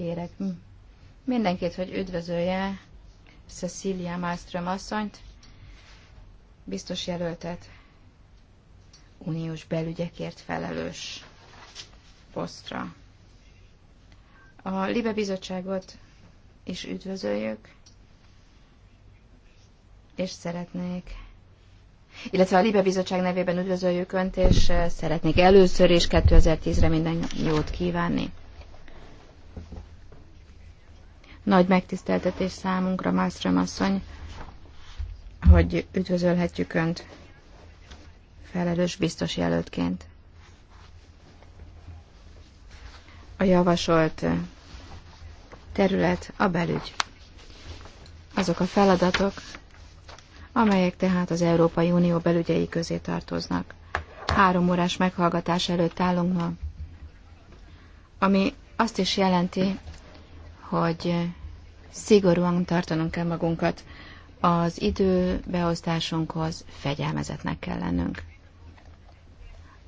kérek mindenkit, hogy üdvözölje Cecilia Malmström asszonyt, biztos jelöltet, uniós belügyekért felelős posztra. A Libe Bizottságot is üdvözöljük, és szeretnék illetve a Libe Bizottság nevében üdvözöljük Önt, és eh, szeretnék először is 2010-re minden jót kívánni. Nagy megtiszteltetés számunkra, Mászröm asszony, hogy üdvözölhetjük Önt felelős biztos jelöltként. A javasolt terület a belügy. Azok a feladatok, amelyek tehát az Európai Unió belügyei közé tartoznak. Három órás meghallgatás előtt állunk ma, ami azt is jelenti, hogy szigorúan tartanunk kell magunkat az időbeosztásunkhoz, fegyelmezetnek kell lennünk.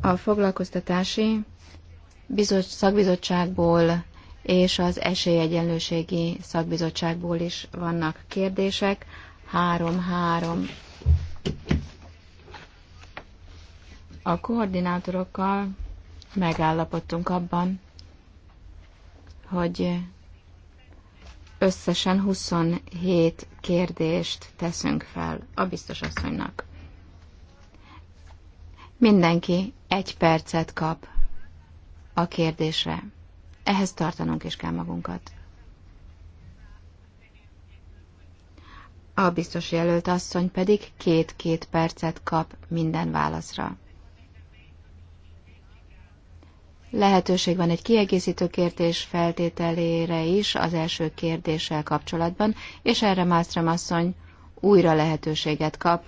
A foglalkoztatási bizot, szakbizottságból és az esélyegyenlőségi szakbizottságból is vannak kérdések. Három-három. A koordinátorokkal megállapodtunk abban, hogy összesen 27 kérdést teszünk fel a biztos asszonynak. Mindenki egy percet kap a kérdésre. Ehhez tartanunk is kell magunkat. A biztos jelölt asszony pedig két-két percet kap minden válaszra. Lehetőség van egy kiegészítő kérdés feltételére is az első kérdéssel kapcsolatban, és erre Mászram asszony újra lehetőséget kap,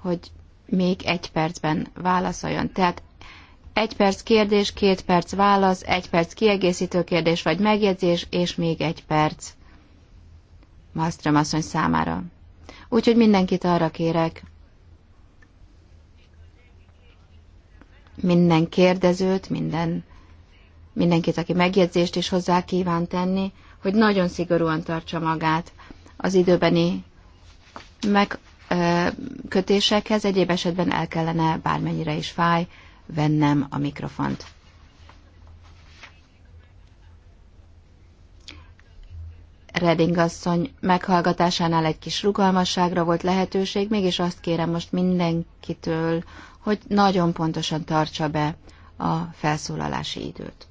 hogy még egy percben válaszoljon. Tehát egy perc kérdés, két perc válasz, egy perc kiegészítő kérdés vagy megjegyzés, és még egy perc. Mastrom asszony számára. Úgyhogy mindenkit arra kérek, minden kérdezőt, minden, mindenkit, aki megjegyzést is hozzá kíván tenni, hogy nagyon szigorúan tartsa magát az időbeni megkötésekhez, egyéb esetben el kellene bármennyire is fáj vennem a mikrofont. Reding asszony meghallgatásánál egy kis rugalmasságra volt lehetőség, mégis azt kérem most mindenkitől, hogy nagyon pontosan tartsa be a felszólalási időt.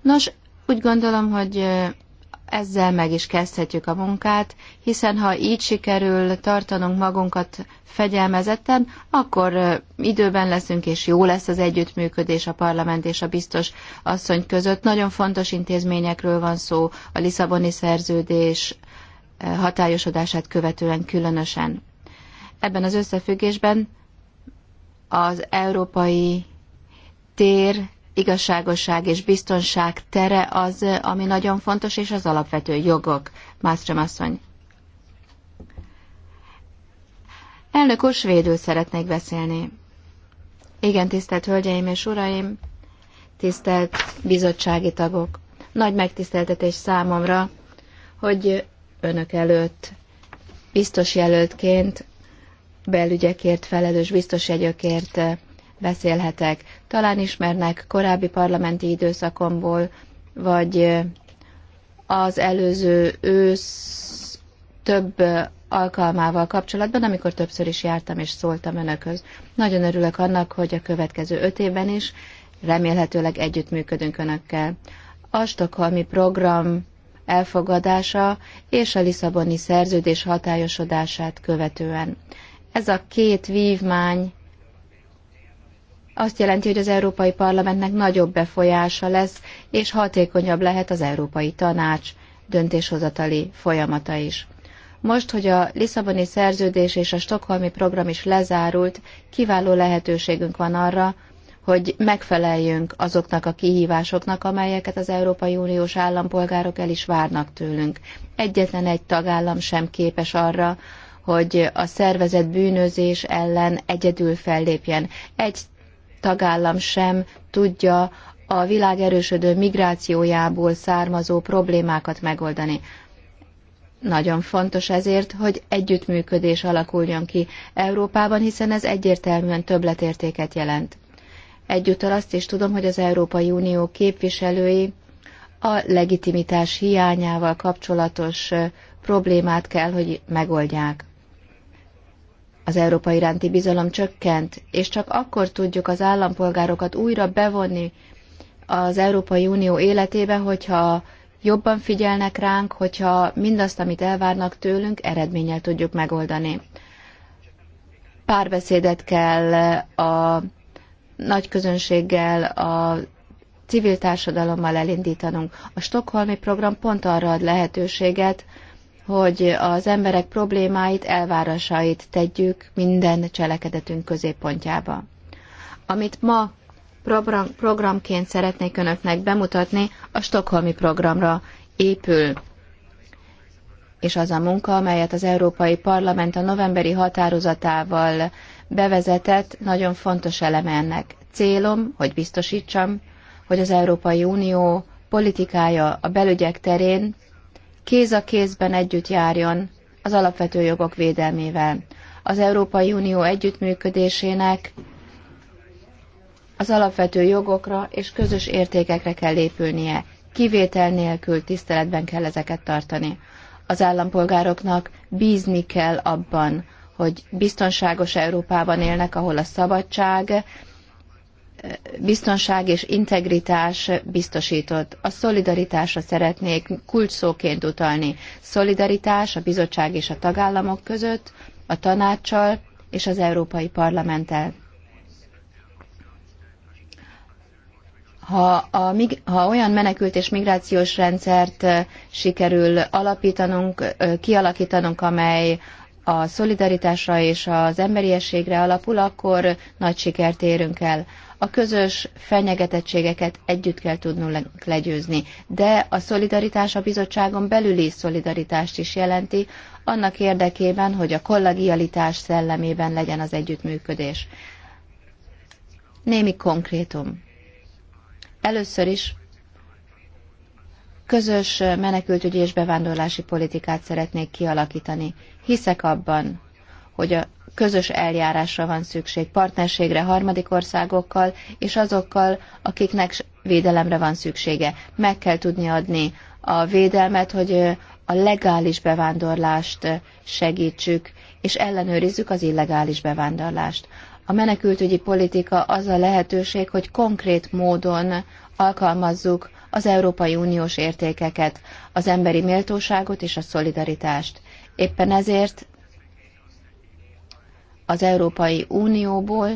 Nos, úgy gondolom, hogy ezzel meg is kezdhetjük a munkát, hiszen ha így sikerül tartanunk magunkat fegyelmezetten, akkor időben leszünk, és jó lesz az együttműködés a parlament és a biztos asszony között. Nagyon fontos intézményekről van szó, a Lisszaboni szerződés, hatályosodását követően különösen. Ebben az összefüggésben az európai tér, igazságosság és biztonság tere az, ami nagyon fontos, és az alapvető jogok. Mászrom asszony. Elnök úr, svédül szeretnék beszélni. Igen, tisztelt hölgyeim és uraim, tisztelt bizottsági tagok. Nagy megtiszteltetés számomra, hogy önök előtt biztos jelöltként, belügyekért felelős biztos jegyökért eh, beszélhetek. Talán ismernek korábbi parlamenti időszakomból, vagy eh, az előző ősz több eh, alkalmával kapcsolatban, amikor többször is jártam és szóltam önökhöz. Nagyon örülök annak, hogy a következő öt évben is remélhetőleg együttműködünk önökkel. A stokholmi program elfogadása és a Lisszaboni szerződés hatályosodását követően. Ez a két vívmány azt jelenti, hogy az Európai Parlamentnek nagyobb befolyása lesz, és hatékonyabb lehet az Európai Tanács döntéshozatali folyamata is. Most, hogy a Lisszaboni szerződés és a Stockholmi program is lezárult, kiváló lehetőségünk van arra, hogy megfeleljünk azoknak a kihívásoknak, amelyeket az Európai Uniós állampolgárok el is várnak tőlünk. Egyetlen egy tagállam sem képes arra, hogy a szervezet bűnözés ellen egyedül fellépjen. Egy tagállam sem tudja a világ erősödő migrációjából származó problémákat megoldani. Nagyon fontos ezért, hogy együttműködés alakuljon ki Európában, hiszen ez egyértelműen többletértéket jelent. Egyúttal azt is tudom, hogy az Európai Unió képviselői a legitimitás hiányával kapcsolatos problémát kell, hogy megoldják. Az európai iránti bizalom csökkent, és csak akkor tudjuk az állampolgárokat újra bevonni az Európai Unió életébe, hogyha jobban figyelnek ránk, hogyha mindazt, amit elvárnak tőlünk, eredménnyel tudjuk megoldani. Párbeszédet kell a nagy közönséggel, a civil társadalommal elindítanunk. A Stockholmi program pont arra ad lehetőséget, hogy az emberek problémáit, elvárásait tegyük minden cselekedetünk középpontjába. Amit ma program, programként szeretnék önöknek bemutatni, a Stockholmi programra épül. És az a munka, amelyet az Európai Parlament a novemberi határozatával bevezetett nagyon fontos eleme ennek. Célom, hogy biztosítsam, hogy az Európai Unió politikája a belügyek terén kéz a kézben együtt járjon az alapvető jogok védelmével. Az Európai Unió együttműködésének az alapvető jogokra és közös értékekre kell épülnie. Kivétel nélkül tiszteletben kell ezeket tartani. Az állampolgároknak bízni kell abban, hogy biztonságos Európában élnek, ahol a szabadság, biztonság és integritás biztosított. A szolidaritásra szeretnék kulcsszóként utalni. Szolidaritás a bizottság és a tagállamok között, a tanácssal és az Európai Parlamenttel. Ha, a, ha olyan menekült és migrációs rendszert sikerül alapítanunk, kialakítanunk, amely a szolidaritásra és az emberiességre alapul, akkor nagy sikert érünk el. A közös fenyegetettségeket együtt kell tudnunk legyőzni, de a szolidaritás a bizottságon belüli szolidaritást is jelenti, annak érdekében, hogy a kollegialitás szellemében legyen az együttműködés. Némi konkrétum. Először is közös menekültügyi és bevándorlási politikát szeretnék kialakítani. Hiszek abban, hogy a közös eljárásra van szükség, partnerségre harmadik országokkal és azokkal, akiknek védelemre van szüksége. Meg kell tudni adni a védelmet, hogy a legális bevándorlást segítsük, és ellenőrizzük az illegális bevándorlást. A menekültügyi politika az a lehetőség, hogy konkrét módon alkalmazzuk az Európai Uniós értékeket, az emberi méltóságot és a szolidaritást. Éppen ezért az Európai Unióból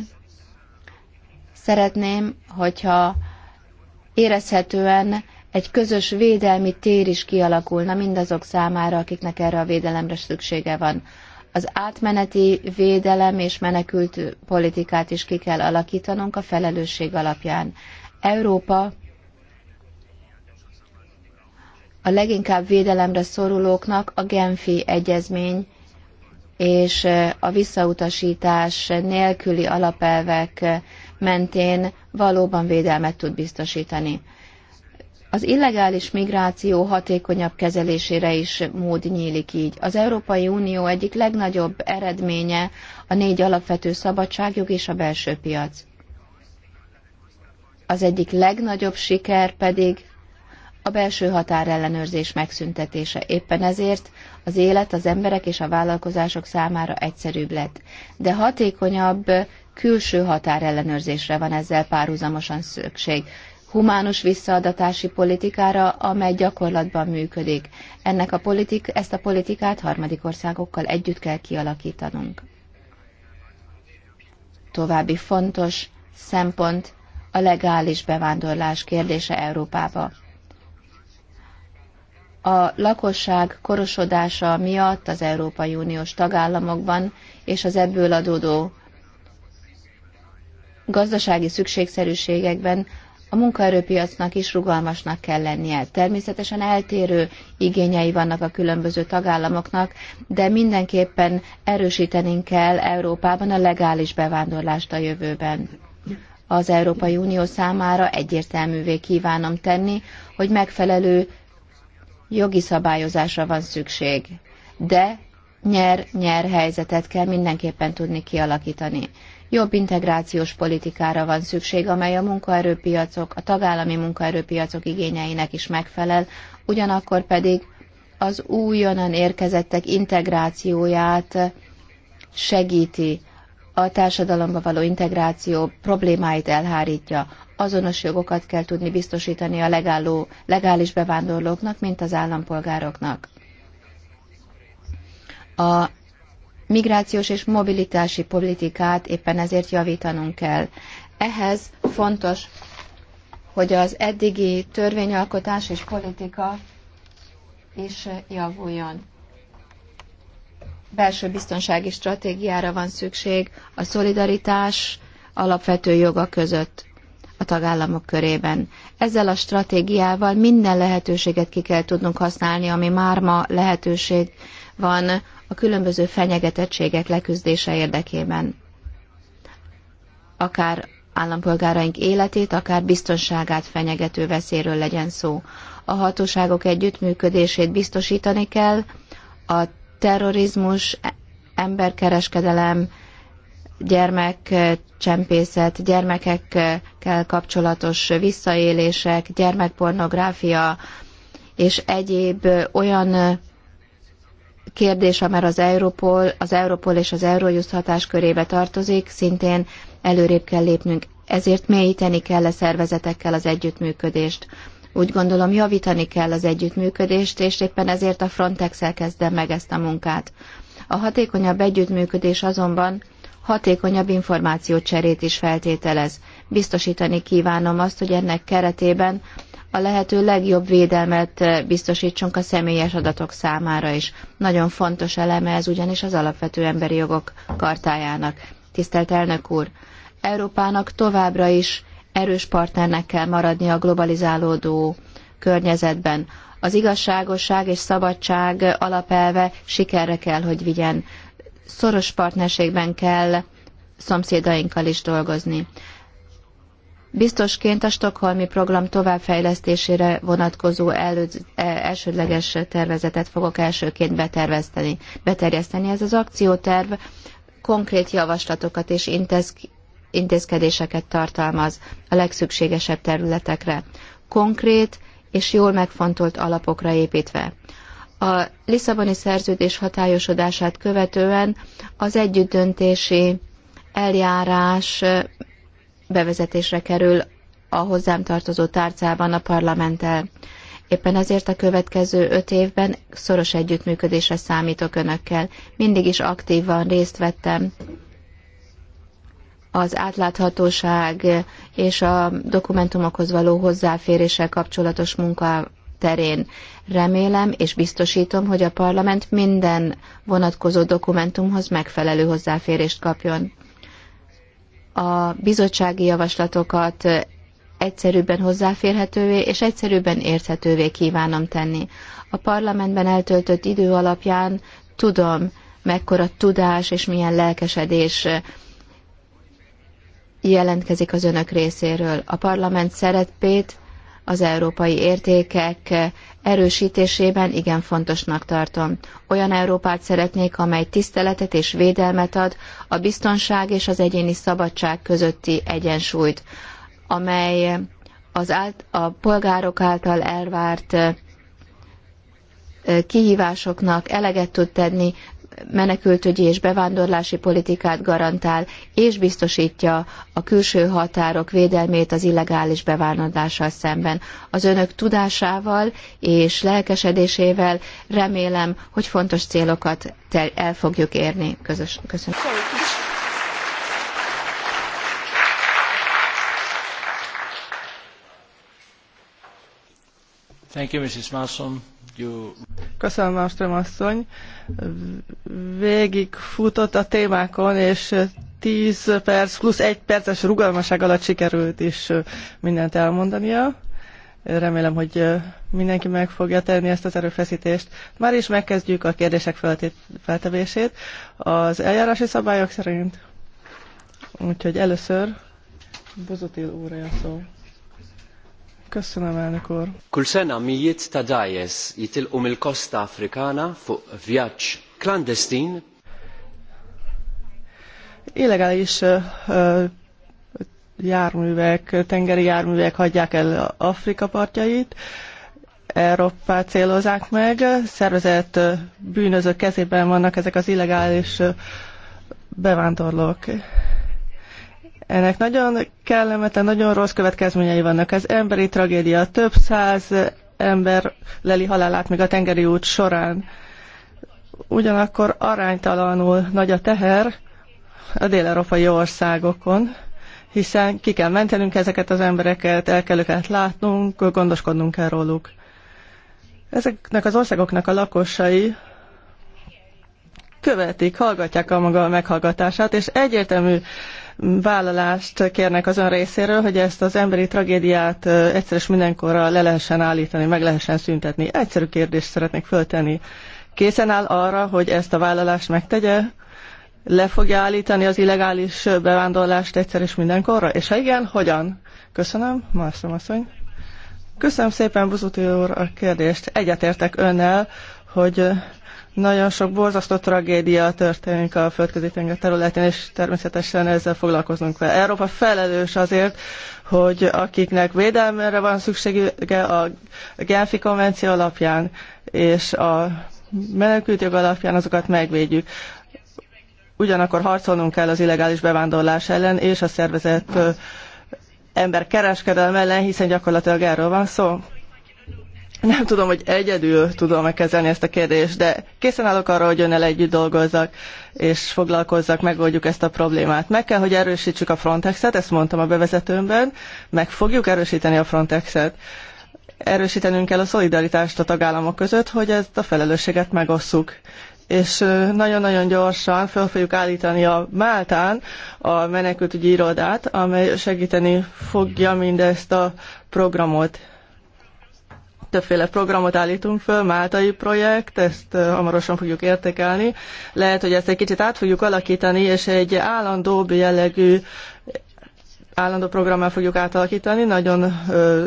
szeretném, hogyha érezhetően egy közös védelmi tér is kialakulna mindazok számára, akiknek erre a védelemre szüksége van. Az átmeneti védelem és menekült politikát is ki kell alakítanunk a felelősség alapján. Európa a leginkább védelemre szorulóknak a Genfi egyezmény és a visszautasítás nélküli alapelvek mentén valóban védelmet tud biztosítani. Az illegális migráció hatékonyabb kezelésére is mód nyílik így. Az Európai Unió egyik legnagyobb eredménye a négy alapvető szabadságjog és a belső piac. Az egyik legnagyobb siker pedig a belső határellenőrzés megszüntetése. Éppen ezért az élet az emberek és a vállalkozások számára egyszerűbb lett. De hatékonyabb külső határellenőrzésre van ezzel párhuzamosan szükség. Humánus visszaadatási politikára, amely gyakorlatban működik. Ennek a politik, ezt a politikát harmadik országokkal együtt kell kialakítanunk. További fontos szempont a legális bevándorlás kérdése Európába a lakosság korosodása miatt az Európai Uniós tagállamokban és az ebből adódó gazdasági szükségszerűségekben a munkaerőpiacnak is rugalmasnak kell lennie. Természetesen eltérő igényei vannak a különböző tagállamoknak, de mindenképpen erősítenünk kell Európában a legális bevándorlást a jövőben. Az Európai Unió számára egyértelművé kívánom tenni, hogy megfelelő jogi szabályozásra van szükség, de nyer-nyer helyzetet kell mindenképpen tudni kialakítani. Jobb integrációs politikára van szükség, amely a munkaerőpiacok, a tagállami munkaerőpiacok igényeinek is megfelel, ugyanakkor pedig az újonnan érkezettek integrációját segíti a társadalomba való integráció problémáit elhárítja. Azonos jogokat kell tudni biztosítani a legálló, legális bevándorlóknak, mint az állampolgároknak. A migrációs és mobilitási politikát éppen ezért javítanunk kell. Ehhez fontos, hogy az eddigi törvényalkotás és politika is javuljon belső biztonsági stratégiára van szükség a szolidaritás alapvető joga között a tagállamok körében. Ezzel a stratégiával minden lehetőséget ki kell tudnunk használni, ami már ma lehetőség van a különböző fenyegetettségek leküzdése érdekében. Akár állampolgáraink életét, akár biztonságát fenyegető veszélyről legyen szó. A hatóságok együttműködését biztosítani kell, a terrorizmus, emberkereskedelem, gyermekcsempészet, gyermekekkel kapcsolatos visszaélések, gyermekpornográfia és egyéb olyan kérdés, amely az Europol, az Europol és az Eurojust hatáskörébe tartozik, szintén előrébb kell lépnünk. Ezért mélyíteni kell a szervezetekkel az együttműködést. Úgy gondolom, javítani kell az együttműködést, és éppen ezért a frontex kezdem meg ezt a munkát. A hatékonyabb együttműködés azonban hatékonyabb információcserét is feltételez. Biztosítani kívánom azt, hogy ennek keretében a lehető legjobb védelmet biztosítsunk a személyes adatok számára is. Nagyon fontos eleme ez ugyanis az alapvető emberi jogok kartájának. Tisztelt elnök úr! Európának továbbra is erős partnernek kell maradni a globalizálódó környezetben. Az igazságosság és szabadság alapelve sikerre kell, hogy vigyen. Szoros partnerségben kell szomszédainkkal is dolgozni. Biztosként a Stockholmi program továbbfejlesztésére vonatkozó előd, e, elsődleges tervezetet fogok elsőként beterjeszteni. beterjeszteni. Ez az akcióterv konkrét javaslatokat és intézkedéseket intézkedéseket tartalmaz a legszükségesebb területekre, konkrét és jól megfontolt alapokra építve. A Lisszaboni szerződés hatályosodását követően az együttdöntési eljárás bevezetésre kerül a hozzám tartozó tárcában a parlamenttel. Éppen ezért a következő öt évben szoros együttműködésre számítok önökkel. Mindig is aktívan részt vettem az átláthatóság és a dokumentumokhoz való hozzáféréssel kapcsolatos munka terén. Remélem és biztosítom, hogy a parlament minden vonatkozó dokumentumhoz megfelelő hozzáférést kapjon. A bizottsági javaslatokat egyszerűbben hozzáférhetővé és egyszerűbben érthetővé kívánom tenni. A parlamentben eltöltött idő alapján tudom, mekkora tudás és milyen lelkesedés jelentkezik az önök részéről. A parlament szerepét az európai értékek erősítésében igen fontosnak tartom. Olyan Európát szeretnék, amely tiszteletet és védelmet ad a biztonság és az egyéni szabadság közötti egyensúlyt, amely az ált, a polgárok által elvárt kihívásoknak eleget tud tenni, menekültügyi és bevándorlási politikát garantál, és biztosítja a külső határok védelmét az illegális bevándorlással szemben. Az önök tudásával és lelkesedésével remélem, hogy fontos célokat el fogjuk érni. Közös, köszönöm. Thank you, Mrs. Masson. Köszönöm, Malmström asszony. Végig futott a témákon, és 10 perc plusz 1 perces rugalmaság alatt sikerült is mindent elmondania. Remélem, hogy mindenki meg fogja tenni ezt az erőfeszítést. Már is megkezdjük a kérdések feltevését az eljárási szabályok szerint. Úgyhogy először Bozotil úrja szó. Köszönöm, elnök úr. Kull sena mijiet ta' dajes jitilqu mill-kosta Afrikana fuq vjaġġ klandestin. Illegális járművek, tengeri járművek hagyják el Afrika partjait. Európát célozzák meg, szervezett bűnözők kezében vannak ezek az illegális bevándorlók. Ennek nagyon kellemetlen, nagyon rossz következményei vannak. Ez emberi tragédia. Több száz ember leli halálát még a tengeri út során. Ugyanakkor aránytalanul nagy a teher a dél-európai országokon, hiszen ki kell mentenünk ezeket az embereket, el kell őket látnunk, gondoskodnunk kell róluk. Ezeknek az országoknak a lakosai követik, hallgatják a maga meghallgatását, és egyértelmű vállalást kérnek az ön részéről, hogy ezt az emberi tragédiát egyszer és mindenkorra le lehessen állítani, meg lehessen szüntetni. Egyszerű kérdést szeretnék föltenni. Készen áll arra, hogy ezt a vállalást megtegye? Le fogja állítani az illegális bevándorlást egyszer és mindenkorra? És ha igen, hogyan? Köszönöm, Marszom asszony. Köszönöm szépen, Buzuti úr, a kérdést. Egyetértek önnel, hogy nagyon sok borzasztó tragédia történik a földközi tenger területén, és természetesen ezzel foglalkozunk. kell. Európa felelős azért, hogy akiknek védelmére van szüksége a Genfi konvenció alapján, és a menekültjog alapján azokat megvédjük. Ugyanakkor harcolnunk kell az illegális bevándorlás ellen, és a szervezett emberkereskedelme ellen, hiszen gyakorlatilag erről van szó nem tudom, hogy egyedül tudom-e kezelni ezt a kérdést, de készen állok arra, hogy önnel együtt dolgozzak, és foglalkozzak, megoldjuk ezt a problémát. Meg kell, hogy erősítsük a Frontexet, ezt mondtam a bevezetőmben, meg fogjuk erősíteni a Frontexet. Erősítenünk kell a szolidaritást a tagállamok között, hogy ezt a felelősséget megosszuk és nagyon-nagyon gyorsan fel fogjuk állítani a Máltán a menekültügyi irodát, amely segíteni fogja mindezt a programot többféle programot állítunk föl, Máltai projekt, ezt hamarosan fogjuk értékelni. Lehet, hogy ezt egy kicsit át fogjuk alakítani, és egy állandóbb jellegű állandó programmal fogjuk átalakítani. Nagyon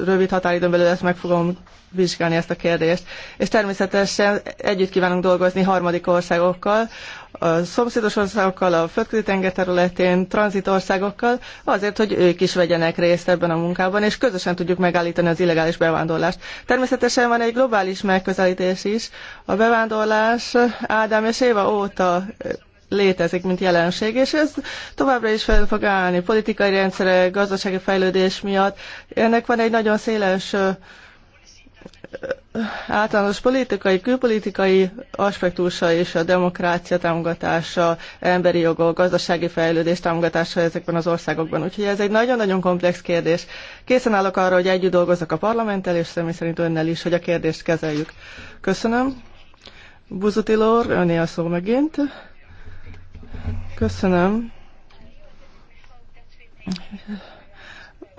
rövid határidőn belül ezt meg fogom vizsgálni ezt a kérdést. És természetesen együtt kívánunk dolgozni harmadik országokkal, a szomszédos országokkal, a földközi tenger területén, tranzitországokkal, azért, hogy ők is vegyenek részt ebben a munkában, és közösen tudjuk megállítani az illegális bevándorlást. Természetesen van egy globális megközelítés is. A bevándorlás Ádám és Éva óta létezik, mint jelenség, és ez továbbra is fel fog állni politikai rendszerek, gazdasági fejlődés miatt. Ennek van egy nagyon széles általános politikai, külpolitikai aspektusa és a demokrácia támogatása, emberi jogok, gazdasági fejlődés támogatása ezekben az országokban. Úgyhogy ez egy nagyon-nagyon komplex kérdés. Készen állok arra, hogy együtt dolgozok a parlamenttel, és személy szerint önnel is, hogy a kérdést kezeljük. Köszönöm. Buzutilor, öné a szó megint. Köszönöm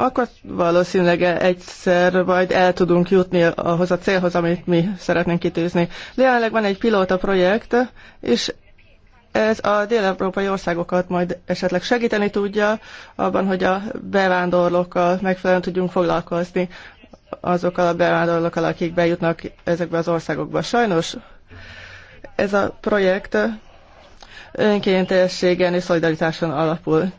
akkor valószínűleg egyszer majd el tudunk jutni ahhoz a célhoz, amit mi szeretnénk kitűzni. De jelenleg van egy pilóta projekt, és ez a dél-európai országokat majd esetleg segíteni tudja abban, hogy a bevándorlókkal megfelelően tudjunk foglalkozni azokkal a bevándorlókkal, akik bejutnak ezekbe az országokba. Sajnos ez a projekt önkéntességen és szolidaritáson alapul.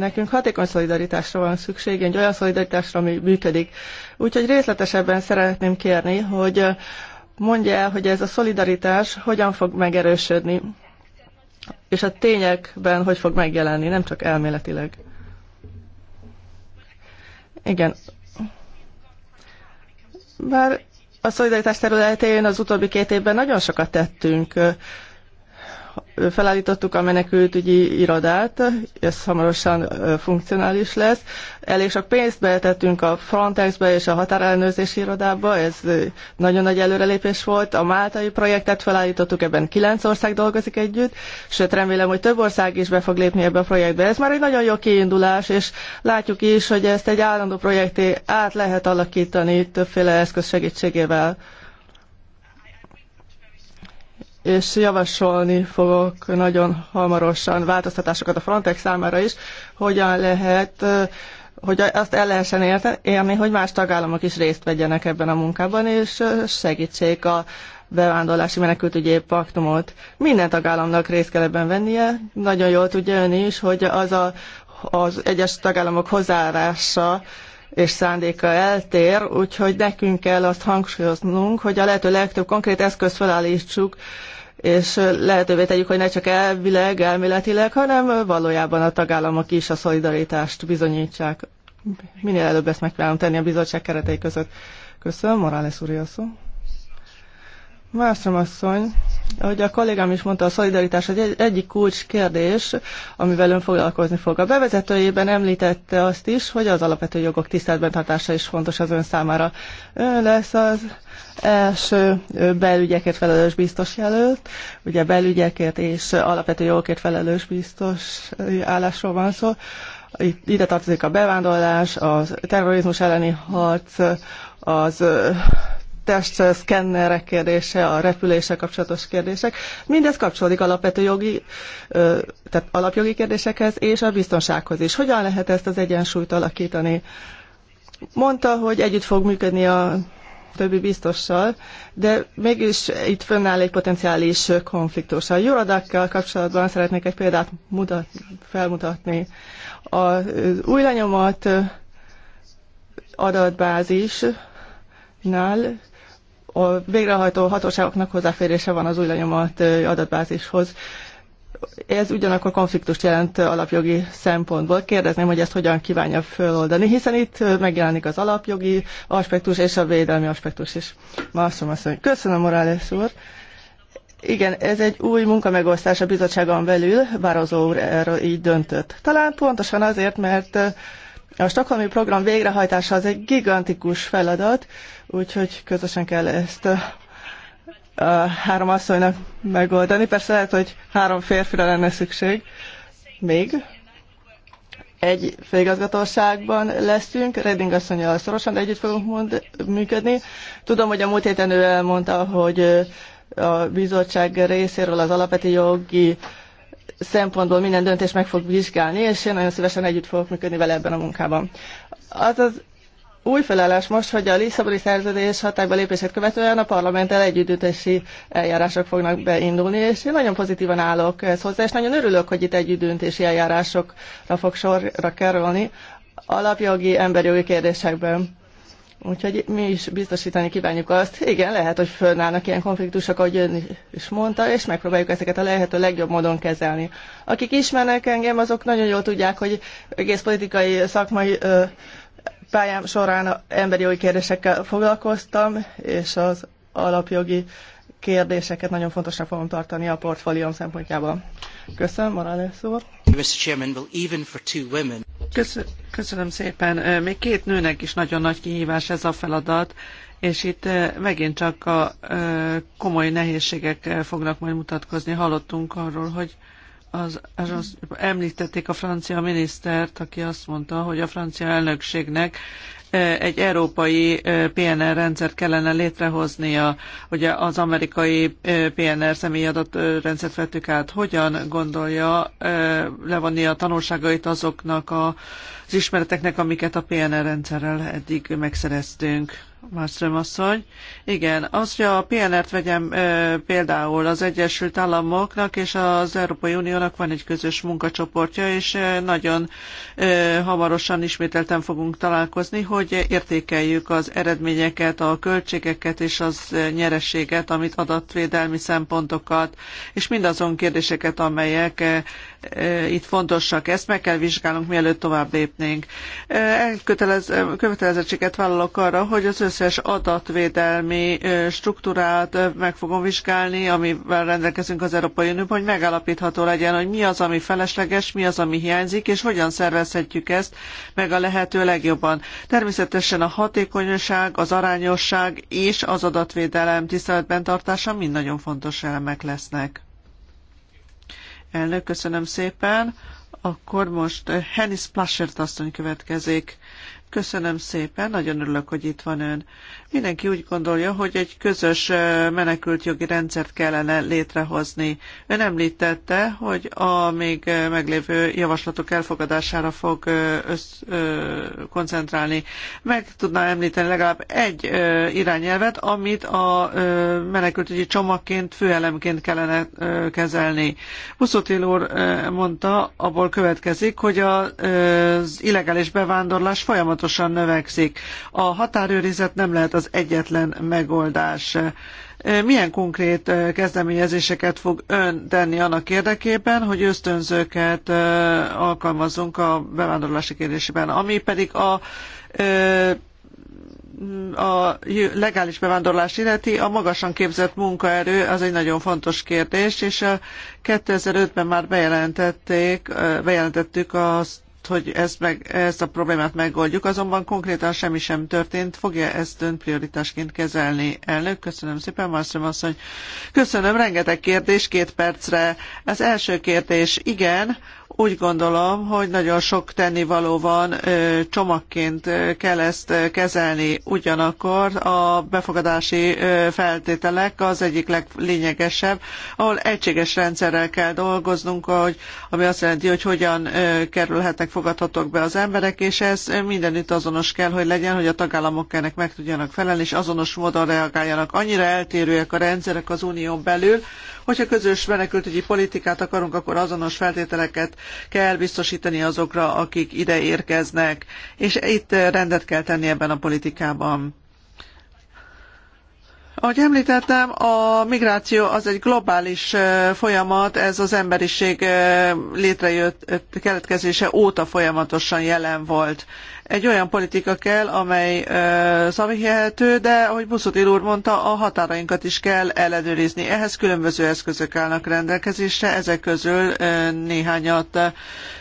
Nekünk hatékony szolidaritásra van szükség, egy olyan szolidaritásra, ami működik. Úgyhogy részletesebben szeretném kérni, hogy mondja el, hogy ez a szolidaritás hogyan fog megerősödni, és a tényekben hogy fog megjelenni, nem csak elméletileg. Igen. Bár a szolidaritás területén az utóbbi két évben nagyon sokat tettünk felállítottuk a menekültügyi irodát, ez hamarosan funkcionális lesz. Elég sok pénzt beletettünk a Frontexbe és a határellenőrzési irodába, ez nagyon nagy előrelépés volt. A máltai projektet felállítottuk, ebben kilenc ország dolgozik együtt, sőt remélem, hogy több ország is be fog lépni ebbe a projektbe. Ez már egy nagyon jó kiindulás, és látjuk is, hogy ezt egy állandó projekté át lehet alakítani többféle eszköz segítségével és javasolni fogok nagyon hamarosan változtatásokat a Frontex számára is, hogyan lehet, hogy azt el lehessen érni, hogy más tagállamok is részt vegyenek ebben a munkában, és segítsék a bevándorlási menekültügyi paktumot. Minden tagállamnak részt kell ebben vennie. Nagyon jól tudja ön is, hogy az a, az egyes tagállamok hozzáállása és szándéka eltér, úgyhogy nekünk kell azt hangsúlyoznunk, hogy a lehető legtöbb konkrét eszközt felállítsuk és lehetővé tegyük, hogy ne csak elvileg, elméletileg, hanem valójában a tagállamok is a szolidaritást bizonyítsák. Minél előbb ezt megpróbálom tenni a bizottság keretei között. Köszönöm, Morales úr, a szó. Mástrom asszony, ahogy a kollégám is mondta, a szolidaritás egy egyik kulcs kérdés, amivel ön foglalkozni fog. A bevezetőjében említette azt is, hogy az alapvető jogok tiszteletben tartása is fontos az ön számára. Ön lesz az első belügyekért felelős biztos jelölt, ugye belügyekért és alapvető jogokért felelős biztos állásról van szó. Itt, ide tartozik a bevándorlás, a terrorizmus elleni harc, az testszkennerek eh, kérdése, a repülése kapcsolatos kérdések, mindez kapcsolódik alapvető jogi, eh, tehát alapjogi kérdésekhez és a biztonsághoz is. Hogyan lehet ezt az egyensúlyt alakítani? Mondta, hogy együtt fog működni a többi biztossal, de mégis itt fönnáll egy potenciális konfliktus. A Juradakkal kapcsolatban szeretnék egy példát mutat, felmutatni. a eh, új lenyomat adatbázisnál a végrehajtó hatóságoknak hozzáférése van az új lenyomott adatbázishoz. Ez ugyanakkor konfliktust jelent alapjogi szempontból. Kérdezném, hogy ezt hogyan kívánja föloldani, hiszen itt megjelenik az alapjogi aspektus és a védelmi aspektus is. Mászom azt mondja. Köszönöm, Morales úr. Igen, ez egy új munkamegosztás a bizottságon belül, Bározó úr erről így döntött. Talán pontosan azért, mert a stokholmi program végrehajtása az egy gigantikus feladat, úgyhogy közösen kell ezt a három asszonynak megoldani. Persze lehet, hogy három férfira lenne szükség még. Egy főigazgatóságban leszünk, Redding asszonyjal szorosan együtt fogunk mond, működni. Tudom, hogy a múlt héten ő elmondta, hogy a bizottság részéről az alapvető jogi szempontból minden döntés meg fog vizsgálni, és én nagyon szívesen együtt fogok működni vele ebben a munkában. Az az új felállás most, hogy a Lisszaboni szerződés hatályba lépését követően a parlamenttel együttdöntési eljárások fognak beindulni, és én nagyon pozitívan állok ez hozzá, és nagyon örülök, hogy itt együttdöntési eljárásokra fog sorra kerülni alapjogi, emberjogi kérdésekben. Úgyhogy mi is biztosítani kívánjuk azt, igen, lehet, hogy fölnálnak ilyen konfliktusok, ahogy ön is mondta, és megpróbáljuk ezeket a lehető legjobb módon kezelni. Akik ismernek engem, azok nagyon jól tudják, hogy egész politikai, szakmai ö, pályám során emberi jogi kérdésekkel foglalkoztam, és az alapjogi kérdéseket nagyon fontosnak fogom tartani a portfólióm szempontjából. Köszönöm, Morales úr. Mr. Chairman, even for two women. Köszönöm szépen. Még két nőnek is nagyon nagy kihívás ez a feladat, és itt megint csak a komoly nehézségek fognak majd mutatkozni. Hallottunk arról, hogy az, az, az említették a francia minisztert, aki azt mondta, hogy a francia elnökségnek egy európai PNR rendszert kellene létrehoznia. hogy az amerikai PNR személyadat adatrendszert vettük át. Hogyan gondolja levonni a tanulságait azoknak az ismereteknek, amiket a PNR rendszerrel eddig megszereztünk? Mászröm asszony. Igen, az, hogy a PNR-t vegyem e, például az Egyesült Államoknak és az Európai Uniónak van egy közös munkacsoportja, és e, nagyon e, hamarosan ismételten fogunk találkozni, hogy értékeljük az eredményeket, a költségeket és az nyereséget, amit adatvédelmi szempontokat, és mindazon kérdéseket, amelyek itt fontosak. Ezt meg kell vizsgálnunk, mielőtt tovább lépnénk. Elkötelez, követelezettséget vállalok arra, hogy az összes adatvédelmi struktúrát meg fogom vizsgálni, amivel rendelkezünk az Európai Unióban, hogy megállapítható legyen, hogy mi az, ami felesleges, mi az, ami hiányzik, és hogyan szervezhetjük ezt meg a lehető legjobban. Természetesen a hatékonyság, az arányosság és az adatvédelem tiszteletben tartása mind nagyon fontos elemek lesznek. Elnök, köszönöm szépen. Akkor most eh, Hennis Plaschert asszony következik. Köszönöm szépen, nagyon örülök, hogy itt van ön. Mindenki úgy gondolja, hogy egy közös menekültjogi rendszert kellene létrehozni. Ön említette, hogy a még meglévő javaslatok elfogadására fog össz, ö, koncentrálni. Meg tudná említeni legalább egy ö, irányelvet, amit a ö, menekültügyi csomagként, főelemként kellene ö, kezelni. Buszotil úr ö, mondta, abból következik, hogy a, ö, az illegális bevándorlás folyamatosan növekszik. A határőrizet nem lehet az az egyetlen megoldás. Milyen konkrét kezdeményezéseket fog ön tenni annak érdekében, hogy ösztönzőket alkalmazzunk a bevándorlási kérdésében, ami pedig a a legális bevándorlás illeti, a magasan képzett munkaerő az egy nagyon fontos kérdés, és 2005-ben már bejelentették, bejelentettük azt, hogy ezt, meg, ezt a problémát megoldjuk, azonban konkrétan semmi sem történt. Fogja ezt ön prioritásként kezelni? Elnök, köszönöm szépen, Marszlom asszony. Köszönöm, rengeteg kérdés, két percre. Az első kérdés, igen, úgy gondolom, hogy nagyon sok tennivaló van, csomagként kell ezt kezelni. Ugyanakkor a befogadási feltételek az egyik leglényegesebb, ahol egységes rendszerrel kell dolgoznunk, hogy, ami azt jelenti, hogy hogyan kerülhetnek, fogadhatók be az emberek, és ez mindenütt azonos kell, hogy legyen, hogy a tagállamok ennek meg tudjanak felelni, és azonos módon reagáljanak. Annyira eltérőek a rendszerek az unión belül, hogyha közös menekültügyi politikát akarunk, akkor azonos feltételeket kell biztosítani azokra, akik ide érkeznek, és itt rendet kell tenni ebben a politikában. Ahogy említettem, a migráció az egy globális folyamat, ez az emberiség létrejött keletkezése óta folyamatosan jelen volt. Egy olyan politika kell, amely szavahihető, de ahogy Buszutil úr mondta, a határainkat is kell ellenőrizni. Ehhez különböző eszközök állnak rendelkezésre, ezek közül ö, néhányat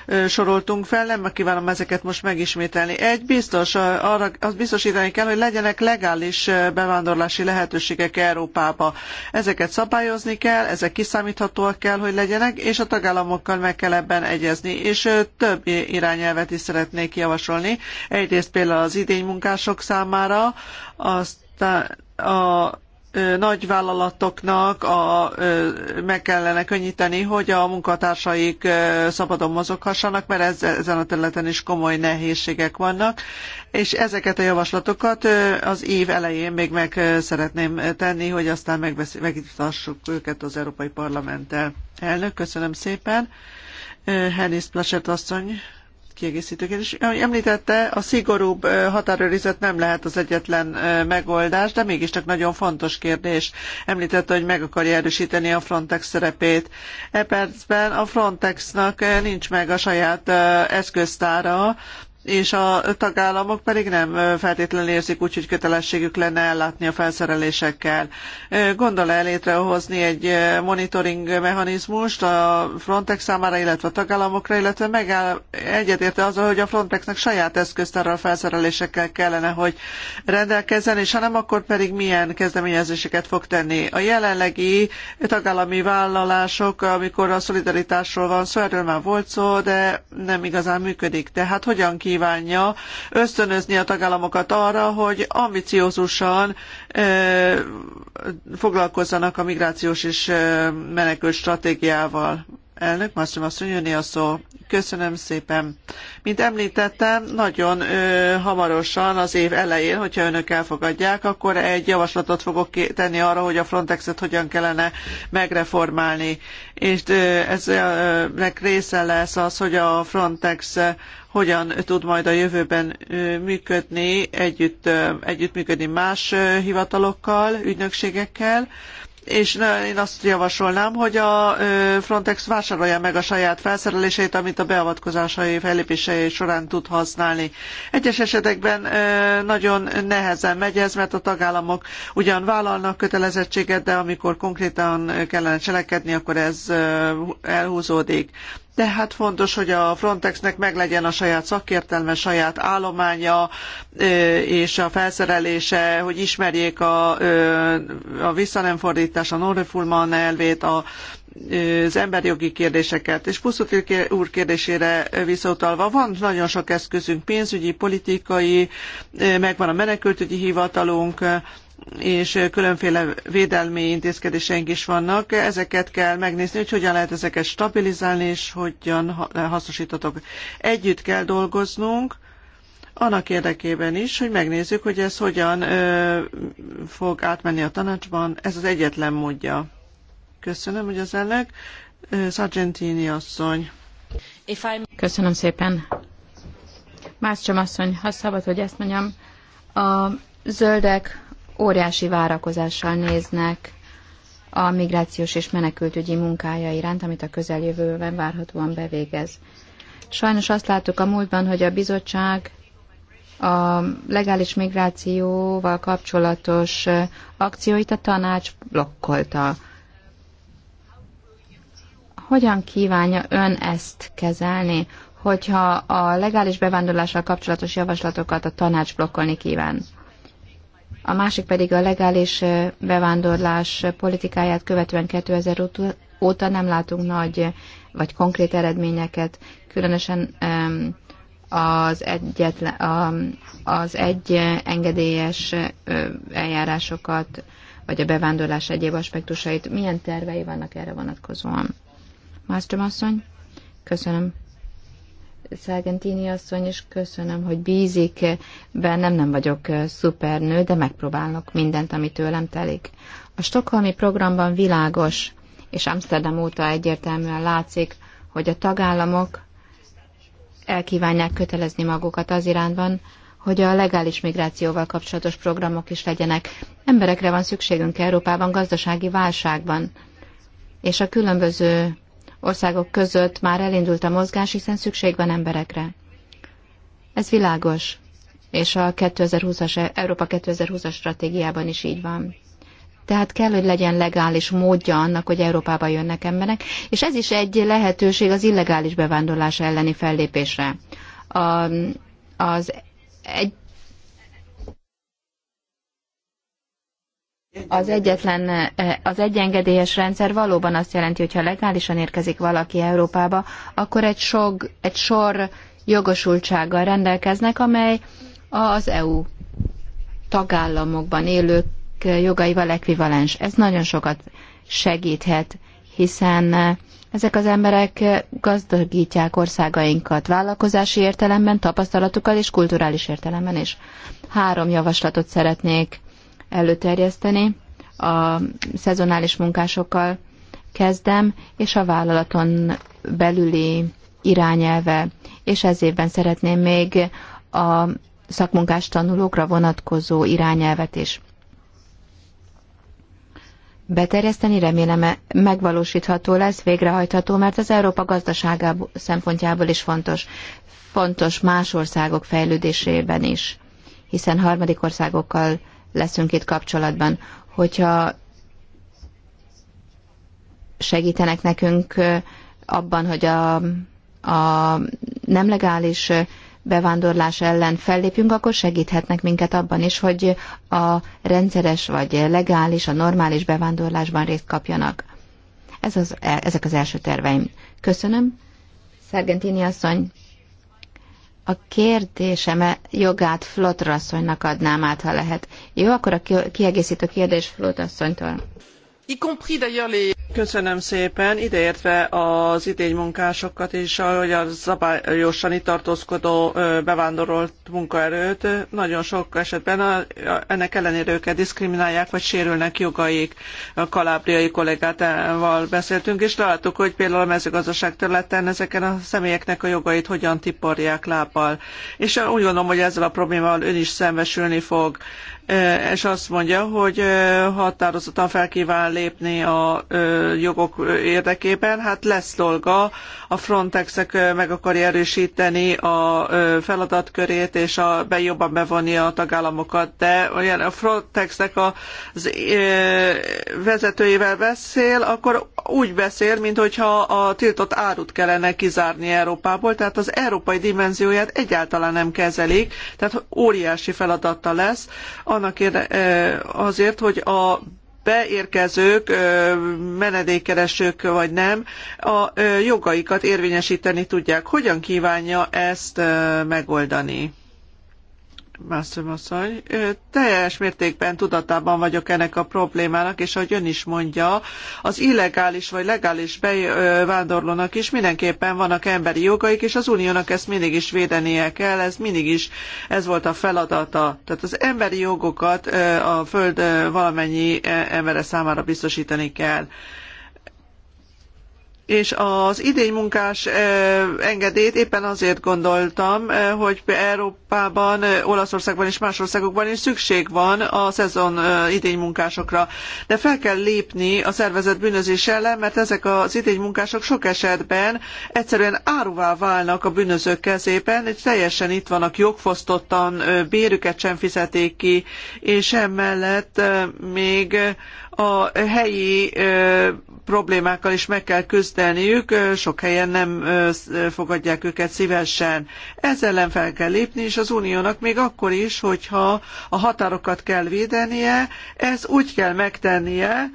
ö, soroltunk fel, nem kívánom ezeket most megismételni. Egy biztos, arra azt biztosítani kell, hogy legyenek legális bevándorlási lehetőségek Európába. Ezeket szabályozni kell, ezek kiszámíthatóak kell, hogy legyenek, és a tagállamokkal meg kell ebben egyezni. És több irányelvet is szeretnék javasolni, Egyrészt például az idény munkások számára, aztán a nagyvállalatoknak a, meg kellene könnyíteni, hogy a munkatársaik szabadon mozoghassanak, mert ez, ezen a területen is komoly nehézségek vannak, és ezeket a javaslatokat az év elején még meg szeretném tenni, hogy aztán megvitassuk őket az Európai Parlamenttel. Elnök, köszönöm szépen. Hennis Plaschert asszony kiegészítő kérdés. Említette, a szigorúbb határőrizet nem lehet az egyetlen megoldás, de mégiscsak nagyon fontos kérdés. Említette, hogy meg akarja erősíteni a Frontex szerepét. E percben a Frontexnak nincs meg a saját eszköztára, és a tagállamok pedig nem feltétlenül érzik úgy, hogy kötelességük lenne ellátni a felszerelésekkel. Gondol-e létrehozni egy monitoring mechanizmust a Frontex számára, illetve a tagállamokra, illetve megáll egyetérte azzal, hogy a Frontexnek saját eszköztárral felszerelésekkel kellene, hogy rendelkezzen, és ha nem, akkor pedig milyen kezdeményezéseket fog tenni. A jelenlegi tagállami vállalások, amikor a szolidaritásról van szó, erről már volt szó, de nem igazán működik. Tehát hogyan ki kívánja ösztönözni a tagállamokat arra, hogy ambiciózusan foglalkozzanak a migrációs és menekült stratégiával. Elnök Mászlom asszony, jönni a szó. Köszönöm szépen. Mint említettem, nagyon ö, hamarosan az év elején, hogyha önök elfogadják, akkor egy javaslatot fogok tenni arra, hogy a Frontexet hogyan kellene megreformálni. És ö, eznek része lesz az, hogy a Frontex hogyan tud majd a jövőben működni, együtt, együttműködni más hivatalokkal, ügynökségekkel, és én azt javasolnám, hogy a Frontex vásárolja meg a saját felszerelését, amit a beavatkozásai fellépései során tud használni. Egyes esetekben nagyon nehezen megy ez, mert a tagállamok ugyan vállalnak kötelezettséget, de amikor konkrétan kellene cselekedni, akkor ez elhúzódik. Tehát fontos, hogy a Frontexnek meglegyen a saját szakértelme, saját állománya és a felszerelése, hogy ismerjék a, a visszanemfordítás, a non-refoulement elvét, a az emberjogi kérdéseket. És Puszutil úr kérdésére visszautalva, van nagyon sok eszközünk, pénzügyi, politikai, megvan a menekültügyi hivatalunk, és különféle védelmi intézkedéseink is vannak. Ezeket kell megnézni, hogy hogyan lehet ezeket stabilizálni, és hogyan hasznosítatok. Együtt kell dolgoznunk, annak érdekében is, hogy megnézzük, hogy ez hogyan ö, fog átmenni a tanácsban. Ez az egyetlen módja. Köszönöm, hogy az elnök. Sargentini asszony. Köszönöm szépen. csak asszony, ha szabad, hogy ezt mondjam, a zöldek óriási várakozással néznek a migrációs és menekültügyi munkája iránt, amit a közeljövőben várhatóan bevégez. Sajnos azt láttuk a múltban, hogy a bizottság a legális migrációval kapcsolatos akcióit a tanács blokkolta. Hogyan kívánja ön ezt kezelni, hogyha a legális bevándorlással kapcsolatos javaslatokat a tanács blokkolni kíván? a másik pedig a legális bevándorlás politikáját követően 2000 óta nem látunk nagy vagy konkrét eredményeket, különösen az, egyetlen, az egy engedélyes eljárásokat, vagy a bevándorlás egyéb aspektusait. Milyen tervei vannak erre vonatkozóan? Mástrom asszony, köszönöm. Szágentini asszony, és köszönöm, hogy bízik bennem, nem vagyok szupernő, de megpróbálok mindent, ami tőlem telik. A stokholmi programban világos, és Amsterdam óta egyértelműen látszik, hogy a tagállamok elkívánják kötelezni magukat az irányban, hogy a legális migrációval kapcsolatos programok is legyenek. Emberekre van szükségünk Európában, gazdasági válságban, és a különböző országok között már elindult a mozgás, hiszen szükség van emberekre. Ez világos, és a 2020-as, Európa 2020-as stratégiában is így van. Tehát kell, hogy legyen legális módja annak, hogy Európába jönnek emberek, és ez is egy lehetőség az illegális bevándorlás elleni fellépésre. A, az egy Az egyetlen, e, az egyengedélyes rendszer valóban azt jelenti, hogy ha legálisan érkezik valaki Európába, akkor egy, sok, egy sor jogosultsággal rendelkeznek, amely az EU tagállamokban élők jogaival ekvivalens. Ez nagyon sokat segíthet, hiszen e, ezek az emberek gazdagítják országainkat vállalkozási értelemben, tapasztalatukkal és kulturális értelemben is. Három javaslatot szeretnék előterjeszteni. A szezonális munkásokkal kezdem, és a vállalaton belüli irányelve, és ez évben szeretném még a szakmunkás tanulókra vonatkozó irányelvet is beterjeszteni, remélem e- megvalósítható lesz, végrehajtható, mert az Európa gazdaságából szempontjából is fontos, fontos más országok fejlődésében is, hiszen harmadik országokkal leszünk itt kapcsolatban. Hogyha segítenek nekünk abban, hogy a, a nem legális bevándorlás ellen fellépjünk, akkor segíthetnek minket abban is, hogy a rendszeres vagy legális, a normális bevándorlásban részt kapjanak. Ez az, e, ezek az első terveim. Köszönöm. Szergentini asszony, a kérdésem jogát Flotrasszonynak adnám át, ha lehet. Jó, akkor a kiegészítő kérdés Flotrasszonytól. Köszönöm szépen, ideértve az idénymunkásokat és ahogy a szabályosan itt tartózkodó bevándorolt munkaerőt, nagyon sok esetben a, ennek ellenére őket diszkriminálják, vagy sérülnek jogaik. A kalábriai kollégával beszéltünk, és láttuk, hogy például a mezőgazdaság területen ezeken a személyeknek a jogait hogyan tiporják lábbal. És úgy gondolom, hogy ezzel a problémával ön is szembesülni fog és azt mondja, hogy határozottan fel kíván lépni a jogok érdekében. Hát lesz dolga, a frontex meg akarja erősíteni a feladatkörét, és a, be jobban bevonni a tagállamokat, de olyan a Frontexnek az vezetőjével beszél, akkor úgy beszél, mintha a tiltott árut kellene kizárni Európából, tehát az európai dimenzióját egyáltalán nem kezelik, tehát óriási feladata lesz, annak érde, azért, hogy a beérkezők, menedékkeresők vagy nem, a jogaikat érvényesíteni tudják. Hogyan kívánja ezt megoldani? Mászlöm asszony, teljes mértékben tudatában vagyok ennek a problémának, és ahogy ön is mondja, az illegális vagy legális bevándorlónak is mindenképpen vannak emberi jogaik, és az uniónak ezt mindig is védenie kell, ez mindig is ez volt a feladata. Tehát az emberi jogokat a föld valamennyi e, embere számára biztosítani kell és az idény munkás engedélyt éppen azért gondoltam, hogy Európában, Olaszországban és más országokban is szükség van a szezon idény munkásokra. De fel kell lépni a szervezet bűnözés ellen, mert ezek az idény munkások sok esetben egyszerűen áruvá válnak a bűnözők kezében, és teljesen itt vannak jogfosztottan, bérüket sem fizetik ki, és emellett még a helyi problémákkal is meg kell küzdeniük, sok helyen nem fogadják őket szívesen. Ez ellen fel kell lépni, és az uniónak még akkor is, hogyha a határokat kell védenie, ez úgy kell megtennie,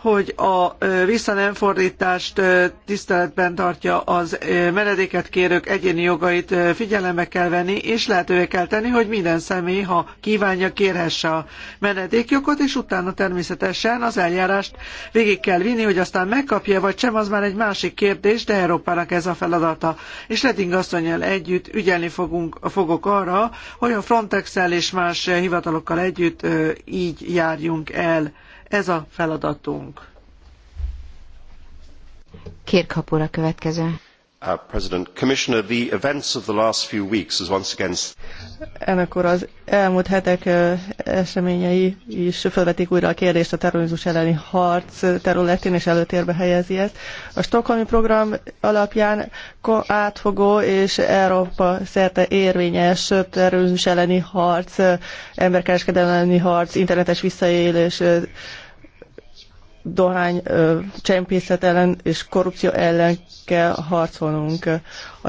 hogy a visszanemfordítást tiszteletben tartja az menedéket kérők egyéni jogait figyelembe kell venni, és lehetővé kell tenni, hogy minden személy, ha kívánja, kérhesse a menedékjogot, és utána természetesen az eljárást végig kell vinni, hogy aztán megkapja vagy sem, az már egy másik kérdés, de Európának ez a feladata. És Reding asszonyjal együtt ügyelni fogunk, fogok arra, hogy a Frontex-el és más hivatalokkal együtt így járjunk el. Ez a feladatunk. Kirkhapura következő. Uh, President, Commissioner, the events of the last few weeks is once again. Ennek az elmúlt hetek eseményei is felvetik újra a kérdést a terrorizmus elleni harc területén, és előtérbe helyezi ezt. A Stockholmi program alapján átfogó és Európa szerte érvényes terrorizmus elleni harc, emberkereskedelmi harc, internetes visszaélés, dohány csempészet ellen és korrupció ellen kell harcolnunk. A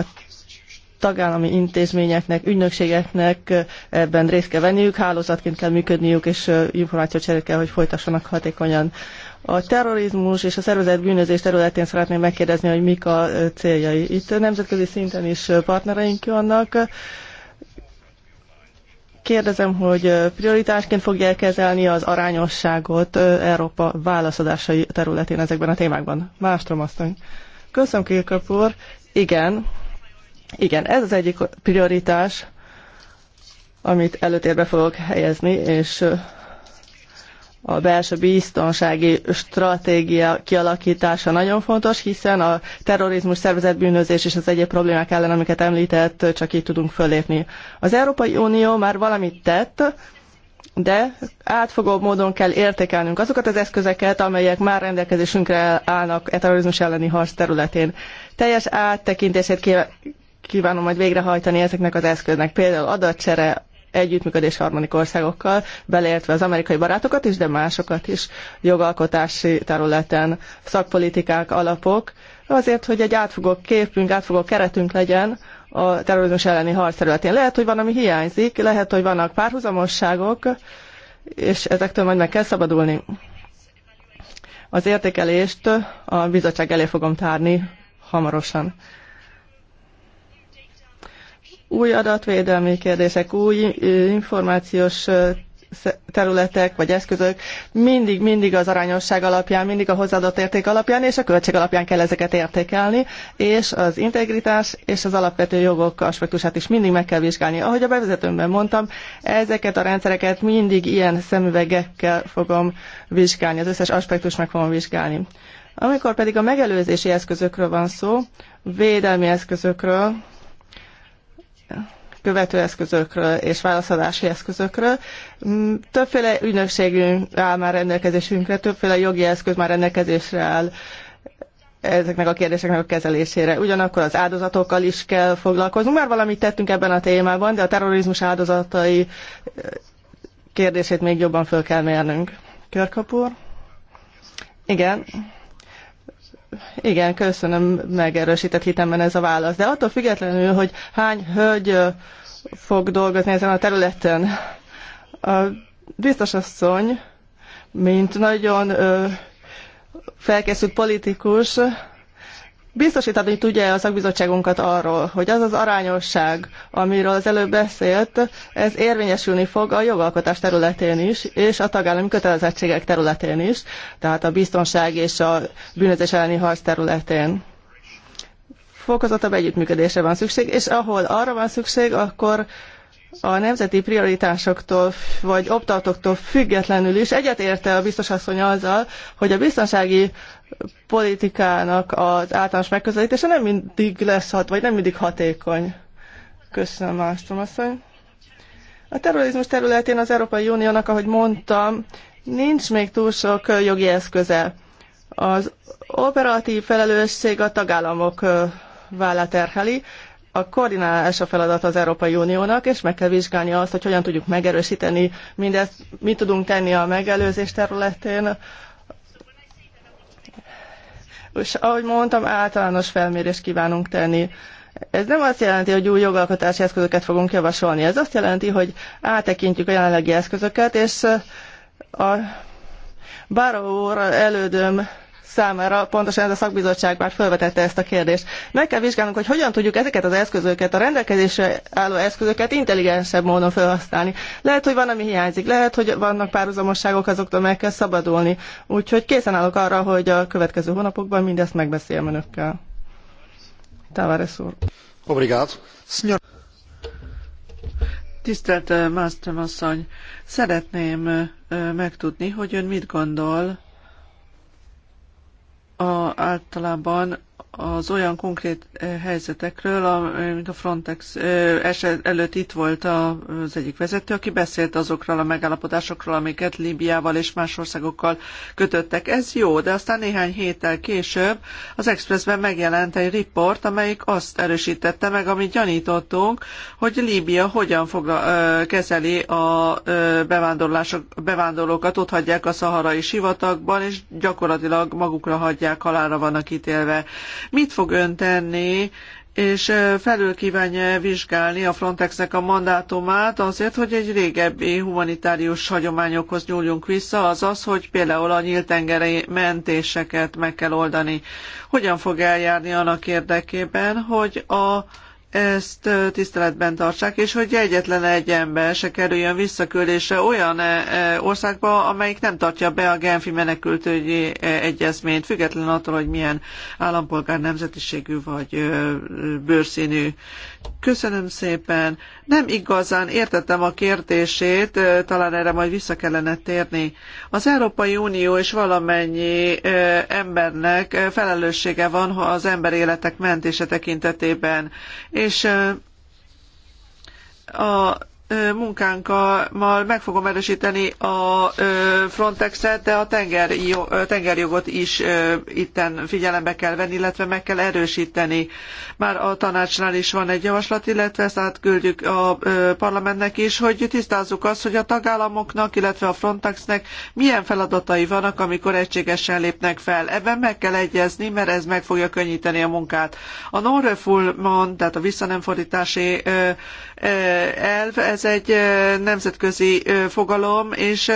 tagállami intézményeknek, ügynökségeknek ebben részt kell venniük, hálózatként kell működniük, és információcserét kell, hogy folytassanak hatékonyan. A terrorizmus és a szervezett bűnözés területén szeretném megkérdezni, hogy mik a céljai. Itt nemzetközi szinten is partnereink vannak, Kérdezem, hogy prioritásként fogja kezelni az arányosságot Európa válaszadásai területén ezekben a témákban. Mástrom asszony. Köszönöm, Kirköp úr. Igen, igen, ez az egyik prioritás, amit előtérbe fogok helyezni, és a belső biztonsági stratégia kialakítása nagyon fontos, hiszen a terrorizmus, szervezetbűnözés és az egyéb problémák ellen, amiket említett, csak így tudunk fölépni. Az Európai Unió már valamit tett, de átfogóbb módon kell értékelnünk azokat az eszközeket, amelyek már rendelkezésünkre állnak e terrorizmus elleni harc területén. Teljes áttekintését kívánom majd végrehajtani ezeknek az eszköznek, például adatcsere, együttműködés harmadik országokkal, beleértve az amerikai barátokat is, de másokat is jogalkotási területen, szakpolitikák, alapok, azért, hogy egy átfogó képünk, átfogó keretünk legyen a terrorizmus elleni harc területén. Lehet, hogy van, ami hiányzik, lehet, hogy vannak párhuzamosságok, és ezektől majd meg kell szabadulni. Az értékelést a bizottság elé fogom tárni hamarosan. Új adatvédelmi kérdések, új információs területek vagy eszközök mindig, mindig az arányosság alapján, mindig a hozzáadott érték alapján és a költség alapján kell ezeket értékelni, és az integritás és az alapvető jogok aspektusát is mindig meg kell vizsgálni. Ahogy a bevezetőmben mondtam, ezeket a rendszereket mindig ilyen szemüvegekkel fogom vizsgálni, az összes aspektus meg fogom vizsgálni. Amikor pedig a megelőzési eszközökről van szó, védelmi eszközökről, követő eszközökről és válaszadási eszközökről. Mm, többféle ügynökségünk áll már rendelkezésünkre, többféle jogi eszköz már rendelkezésre áll ezeknek a kérdéseknek a kezelésére. Ugyanakkor az áldozatokkal is kell foglalkoznunk. Már valamit tettünk ebben a témában, de a terrorizmus áldozatai eh, kérdését még jobban föl kell mérnünk. Körkapúr? Igen igen, köszönöm megerősített hitemben ez a válasz. De attól függetlenül, hogy hány hölgy fog dolgozni ezen a területen, a biztos asszony, mint nagyon felkészült politikus, biztosítani tudja a szakbizottságunkat arról, hogy az az arányosság, amiről az előbb beszélt, ez érvényesülni fog a jogalkotás területén is, és a tagállami kötelezettségek területén is, tehát a biztonság és a bűnözés elleni harc területén. Fokozottabb együttműködésre van szükség, és ahol arra van szükség, akkor a nemzeti prioritásoktól vagy optatoktól függetlenül is egyetérte a biztosasszony azzal, hogy a biztonsági politikának az általános megközelítése nem mindig lesz hat, vagy nem mindig hatékony. Köszönöm, Mástrom asszony. A terrorizmus területén az Európai Uniónak, ahogy mondtam, nincs még túl sok jogi eszköze. Az operatív felelősség a tagállamok vállá terheli, a koordinálás a feladat az Európai Uniónak, és meg kell vizsgálni azt, hogy hogyan tudjuk megerősíteni mindezt, mit tudunk tenni a megelőzés területén, és ahogy mondtam, általános felmérést kívánunk tenni. Ez nem azt jelenti, hogy új jogalkotási eszközöket fogunk javasolni. Ez azt jelenti, hogy áttekintjük a jelenlegi eszközöket, és a Barrow elődöm számára pontosan ez a szakbizottság már felvetette ezt a kérdést. Meg kell vizsgálnunk, hogy hogyan tudjuk ezeket az eszközöket, a rendelkezésre álló eszközöket intelligensebb módon felhasználni. Lehet, hogy van, ami hiányzik, lehet, hogy vannak párhuzamosságok, azoktól meg kell szabadulni. Úgyhogy készen állok arra, hogy a következő hónapokban mindezt megbeszéljem önökkel. Tavares úr. Obrigado. Senyor... Tisztelt eh, Másztrom szeretném eh, megtudni, hogy ön mit gondol a, általában az olyan konkrét eh, helyzetekről, mint a Frontex eh, eset előtt itt volt az egyik vezető, aki beszélt azokról a megállapodásokról, amiket Líbiával és más országokkal kötöttek. Ez jó, de aztán néhány héttel később az Expressben megjelent egy riport, amelyik azt erősítette meg, amit gyanítottunk, hogy Líbia hogyan fogla, eh, kezeli a bevándorlókat, ott hagyják a szaharai sivatagban, és gyakorlatilag magukra hagyják, halára vannak ítélve. Mit fog ön tenni, és felül kívánja vizsgálni a Frontexnek a mandátumát azért, hogy egy régebbi humanitárius hagyományokhoz nyúljunk vissza, azaz, hogy például a nyílt tengeri mentéseket meg kell oldani. Hogyan fog eljárni annak érdekében, hogy a ezt tiszteletben tartsák, és hogy egyetlen egy ember se kerüljön visszaküldésre olyan országba, amelyik nem tartja be a Genfi menekültügyi egyezményt, független attól, hogy milyen állampolgár nemzetiségű vagy bőrszínű. Köszönöm szépen. Nem igazán értettem a kérdését, talán erre majd vissza kellene térni. Az Európai Unió és valamennyi embernek felelőssége van ha az ember életek mentése tekintetében, és a munkánkkal meg fogom erősíteni a Frontexet, de a tengeri, tengerjogot is itten figyelembe kell venni, illetve meg kell erősíteni. Már a tanácsnál is van egy javaslat, illetve ezt átküldjük a parlamentnek is, hogy tisztázzuk azt, hogy a tagállamoknak, illetve a Frontexnek milyen feladatai vannak, amikor egységesen lépnek fel. Ebben meg kell egyezni, mert ez meg fogja könnyíteni a munkát. A non-refoulement, tehát a visszanemfordítási elv, ez ez egy nemzetközi fogalom, és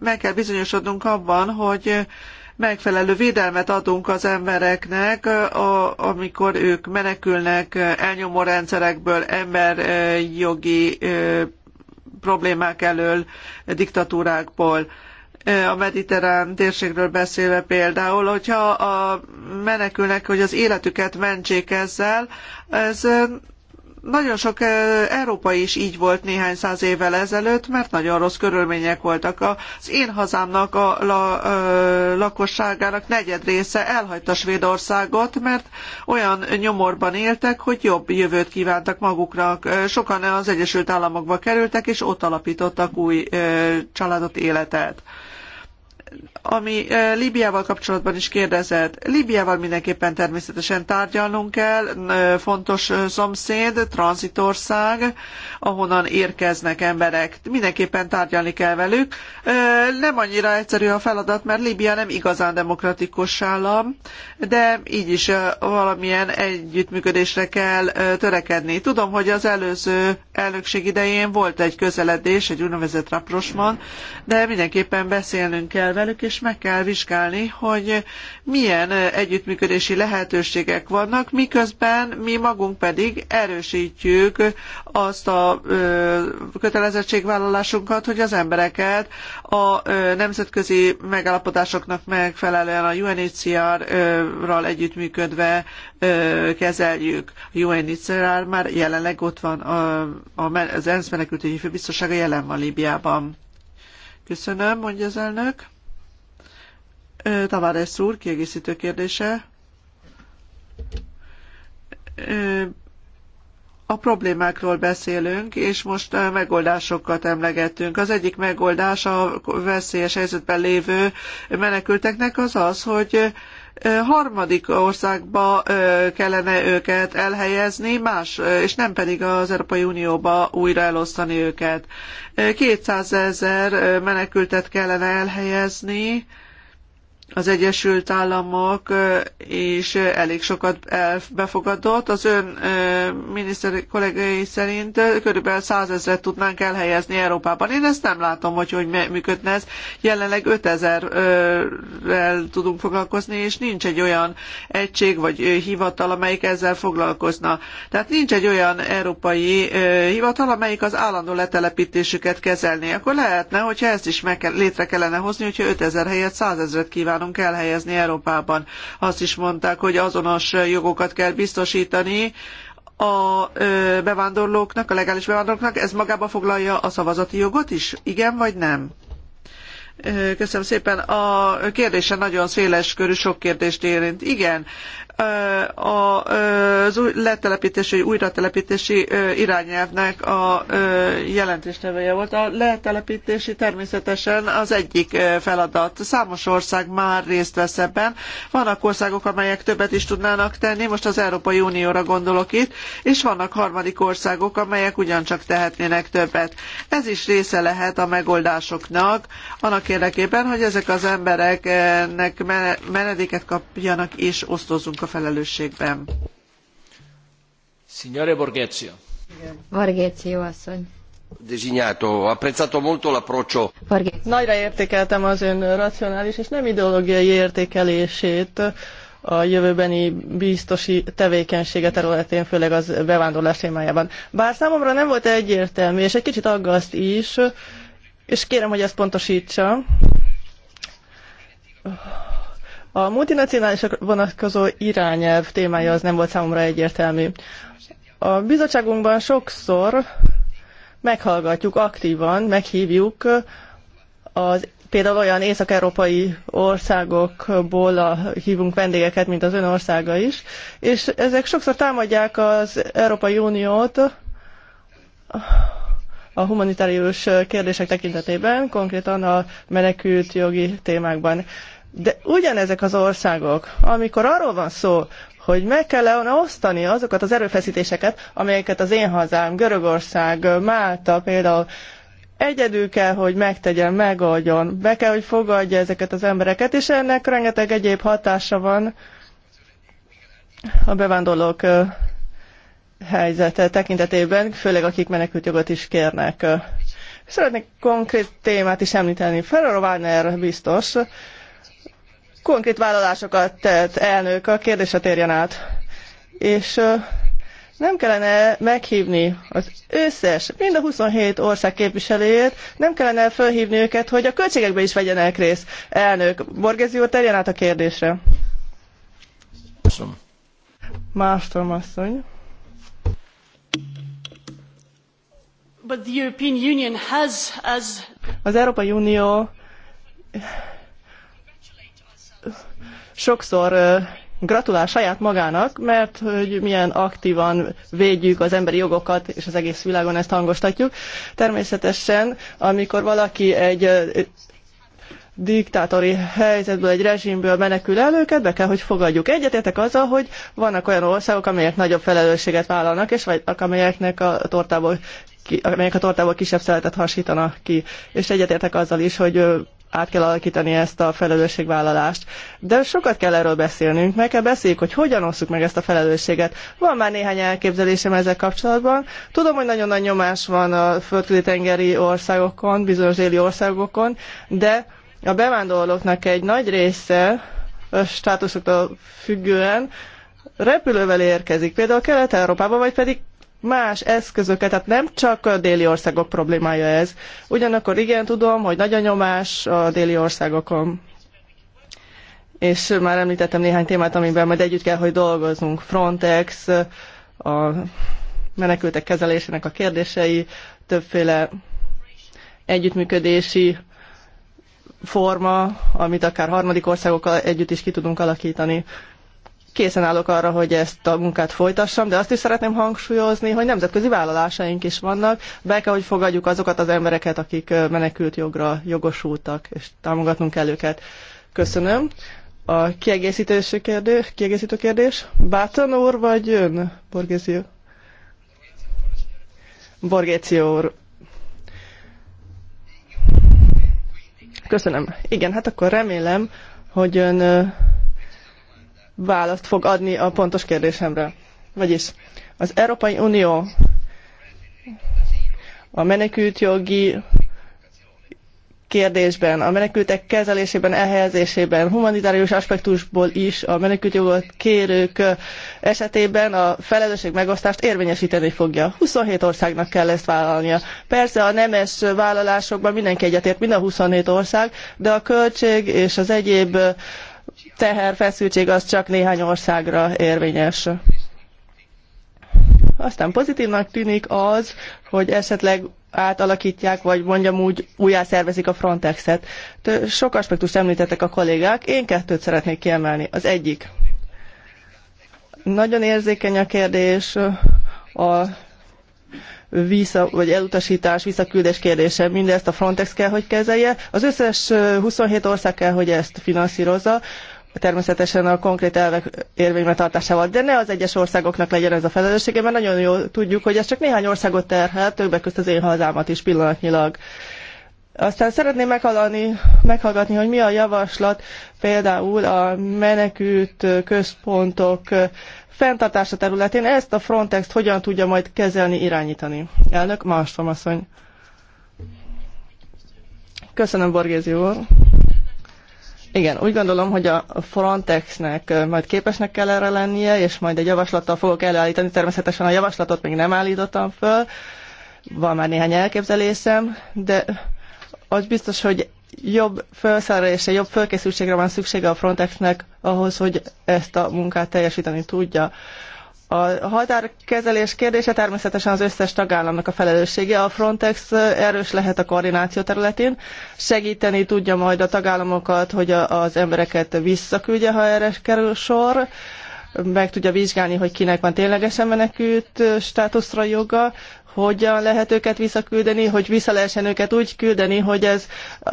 meg kell bizonyosodnunk abban, hogy megfelelő védelmet adunk az embereknek, amikor ők menekülnek elnyomó rendszerekből, emberjogi problémák elől, diktatúrákból a mediterrán térségről beszélve például, hogyha a menekülnek, hogy az életüket mentsék ezzel, ez nagyon sok eh, európai is így volt néhány száz évvel ezelőtt, mert nagyon rossz körülmények voltak. Az én hazámnak a, la, ö, eh, lakosságának negyed része elhagyta Svédországot, mert olyan nyomorban éltek, hogy jobb jövőt kívántak maguknak. Eh, sokan az Egyesült Államokba kerültek, és ott alapítottak új családot, életet ami Líbiával kapcsolatban is kérdezett. Líbiával mindenképpen természetesen tárgyalnunk kell, fontos szomszéd, tranzitország, ahonnan érkeznek emberek. Mindenképpen tárgyalni kell velük. Nem annyira egyszerű a feladat, mert Líbia nem igazán demokratikus állam, de így is valamilyen együttműködésre kell törekedni. Tudom, hogy az előző elnökség idején volt egy közeledés, egy úgynevezett rapprochement, de mindenképpen beszélnünk kell velük, és meg kell vizsgálni, hogy milyen együttműködési lehetőségek vannak, miközben mi magunk pedig erősítjük azt a kötelezettségvállalásunkat, hogy az embereket a nemzetközi megállapodásoknak megfelelően a UNHCR-ral együttműködve kezeljük. A UNHCR már jelenleg ott van, az ENSZ menekültügyi főbiztossága jelen van Líbiában. Köszönöm, mondja az elnök. Tavares úr, kiegészítő kérdése. A problémákról beszélünk, és most megoldásokat emlegetünk. Az egyik megoldás a veszélyes helyzetben lévő menekülteknek az az, hogy harmadik országba kellene őket elhelyezni, más, és nem pedig az Európai Unióba újra elosztani őket. 200 ezer menekültet kellene elhelyezni, az Egyesült Államok is elég sokat befogadott. Az ön miniszteri kollégai szerint körülbelül százezret tudnánk elhelyezni Európában. Én ezt nem látom, hogy hogy működne ez. Jelenleg 5000-rel tudunk foglalkozni, és nincs egy olyan egység vagy hivatal, amelyik ezzel foglalkozna. Tehát nincs egy olyan európai hivatal, amelyik az állandó letelepítésüket kezelné. Akkor lehetne, hogyha ezt is meg kell, létre kellene hozni, hogyha 5000 helyett százezret kíván kívánunk elhelyezni Európában. Azt is mondták, hogy azonos jogokat kell biztosítani a bevándorlóknak, a legális bevándorlóknak. Ez magába foglalja a szavazati jogot is? Igen vagy nem? Köszönöm szépen. A kérdése nagyon széles körű, sok kérdést érint. Igen, az letelepítési, újratelepítési irányelvnek a jelentéstevője volt. A letelepítési természetesen az egyik feladat. Számos ország már részt vesz ebben. Vannak országok, amelyek többet is tudnának tenni, most az Európai Unióra gondolok itt, és vannak harmadik országok, amelyek ugyancsak tehetnének többet. Ez is része lehet a megoldásoknak, annak érdekében, hogy ezek az embereknek menedéket kapjanak és osztozunk a felelősségben. Signore Borghezio. Borghezio asszony. Designato, apprezzato molto l'approccio. Nagyra értékeltem az ön racionális és nem ideológiai értékelését a jövőbeni biztosi tevékenysége területén, főleg az bevándorlás témájában. Bár számomra nem volt egyértelmű, és egy kicsit aggaszt is, és kérem, hogy ezt pontosítsa a multinacionálisok vonatkozó irányelv témája az nem volt számomra egyértelmű. A bizottságunkban sokszor meghallgatjuk aktívan, meghívjuk az például olyan észak-európai országokból a, hívunk vendégeket, mint az ön országa is, és ezek sokszor támadják az Európai Uniót a humanitárius kérdések tekintetében, konkrétan a menekült jogi témákban. De ugyanezek az országok, amikor arról van szó, hogy meg kellene osztani azokat az erőfeszítéseket, amelyeket az én hazám, Görögország, Málta például egyedül kell, hogy megtegyen, megoldjon, be kell, hogy fogadja ezeket az embereket, és ennek rengeteg egyéb hatása van a bevándorlók helyzete tekintetében, főleg akik menekültjogot is kérnek. Szeretnék konkrét témát is említeni. Ferrer Wagner biztos, konkrét vállalásokat tett elnök, a kérdésre térjen át. És nem kellene meghívni az összes, mind a 27 ország képviselőjét, nem kellene felhívni őket, hogy a költségekbe is vegyenek részt. Elnök, Borgezi úr, terjen át a kérdésre. Köszönöm. Mástrom asszony. But the European Union has, as... Az Európai Unió sokszor gratulál saját magának, mert hogy milyen aktívan védjük az emberi jogokat, és az egész világon ezt hangoztatjuk. Természetesen, amikor valaki egy diktátori helyzetből, egy rezsimből menekül el őket, be kell, hogy fogadjuk. Egyetértek azzal, hogy vannak olyan országok, amelyek nagyobb felelősséget vállalnak, és vagy amelyeknek a tortából ki, amelyek a tortából kisebb szeletet hasítanak ki. És egyetértek azzal is, hogy át kell alakítani ezt a felelősségvállalást. De sokat kell erről beszélnünk, meg kell beszéljük, hogy hogyan osszuk meg ezt a felelősséget. Van már néhány elképzelésem ezzel kapcsolatban. Tudom, hogy nagyon nagy nyomás van a földközi-tengeri országokon, bizonyos déli országokon, de a bevándorlóknak egy nagy része státuszoktól függően repülővel érkezik, például Kelet-Európába, vagy pedig más eszközöket, tehát nem csak a déli országok problémája ez. Ugyanakkor igen, tudom, hogy nagy a nyomás a déli országokon. És már említettem néhány témát, amiben majd együtt kell, hogy dolgozunk. Frontex, a menekültek kezelésének a kérdései, többféle együttműködési forma, amit akár harmadik országokkal együtt is ki tudunk alakítani készen állok arra, hogy ezt a munkát folytassam, de azt is szeretném hangsúlyozni, hogy nemzetközi vállalásaink is vannak. Be kell, hogy fogadjuk azokat az embereket, akik menekült jogra jogosultak, és támogatnunk kell őket. Köszönöm. A kiegészítő kérdés, kiegészítő kérdés. Báton úr vagy ön, Borgézió? Borgéció úr. Köszönöm. Igen, hát akkor remélem, hogy ön választ fog adni a pontos kérdésemre. Vagyis az Európai Unió a menekültjogi kérdésben, a menekültek kezelésében, elhelyezésében, humanitárius aspektusból is a jogot kérők esetében a felelősség megosztást érvényesíteni fogja. 27 országnak kell ezt vállalnia. Persze a nemes vállalásokban mindenki egyetért, mind a 27 ország, de a költség és az egyéb teherfeszültség az csak néhány országra érvényes. Aztán pozitívnak tűnik az, hogy esetleg átalakítják, vagy mondjam úgy, újjá szervezik a Frontexet. Sok aspektust említettek a kollégák, én kettőt szeretnék kiemelni. Az egyik. Nagyon érzékeny a kérdés a vissza, vagy elutasítás, visszaküldés kérdése, mindezt a Frontex kell, hogy kezelje. Az összes 27 ország kell, hogy ezt finanszírozza természetesen a konkrét elvek érvényben tartásával, de ne az egyes országoknak legyen ez a felelőssége, mert nagyon jól tudjuk, hogy ez csak néhány országot terhel, többek között az én hazámat is pillanatnyilag. Aztán szeretném meghallani, meghallgatni, hogy mi a javaslat például a menekült központok fenntartása területén. Ezt a Frontex hogyan tudja majd kezelni, irányítani? Elnök, Malmström asszony. Köszönöm, Borgézi úr. Igen, úgy gondolom, hogy a Frontexnek majd képesnek kell erre lennie, és majd egy javaslattal fogok előállítani. Természetesen a javaslatot még nem állítottam föl, van már néhány elképzelésem, de az biztos, hogy jobb felszerelésre, jobb fölkészültségre van szüksége a Frontexnek ahhoz, hogy ezt a munkát teljesíteni tudja. A határkezelés kérdése természetesen az összes tagállamnak a felelőssége. A Frontex erős lehet a koordináció területén, segíteni tudja majd a tagállamokat, hogy az embereket visszaküldje, ha erre kerül sor meg tudja vizsgálni, hogy kinek van ténylegesen menekült státuszra joga, hogyan lehet őket visszaküldeni, hogy vissza lehessen őket úgy küldeni, hogy ez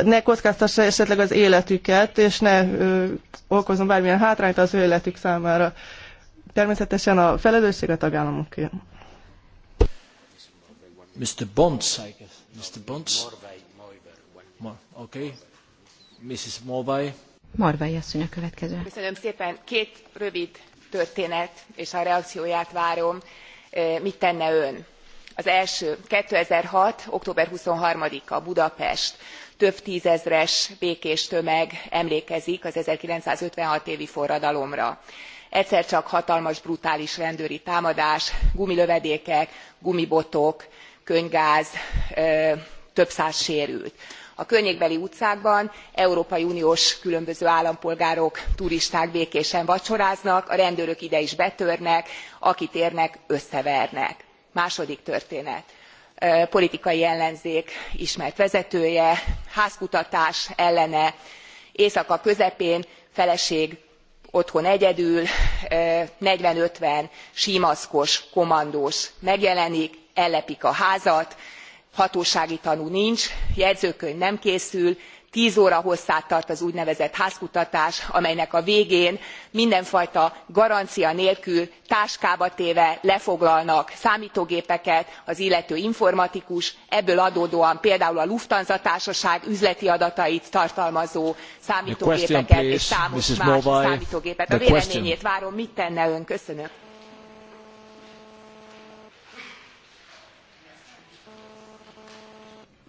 ne kockáztassa esetleg az életüket, és ne ö, bármilyen hátrányt az ő életük számára. Természetesen a felelősség a tagállamoké. Mr. Bonds, Mr. Bonds. Ma, okay. Mrs. Morvai. Morvai asszony a következő. Köszönöm szépen. Két rövid történet, és a reakcióját várom. Mit tenne ön? az első 2006. október 23 three a budapest több tzezres békés tömeg emlékezik az one thousand évi forradalomra egyszer csak hatalmas brutális rendőri támadás gumilövedékek gumibotok könnygáz több száz sérült. a környékbeli utcákban európai uniós különböző állampolgárok turisták békésen vacsoráznak a rendőrök ide is betörnek akit érnek összevernek. második történet politikai ellenzék ismert vezetője házkutatás ellene éjszaka közepén feleség otthon egyedül forty fifty simaszkos kommandós megjelenik ellepik a házat hatósági tanú nincs jegyzőkönyv nem készül ten óra hosszát tart az úgynevezett házkutatás amelynek a végén mindenfajta garancia nélkül táskába téve lefoglalnak számtógépeket az illető informatikus ebből adódóan például a lufthansa társaság üzleti adatait tartalmazó számtógépeket és számos más számtógépet. a véleményét várom mit tenne ön? köszönöm.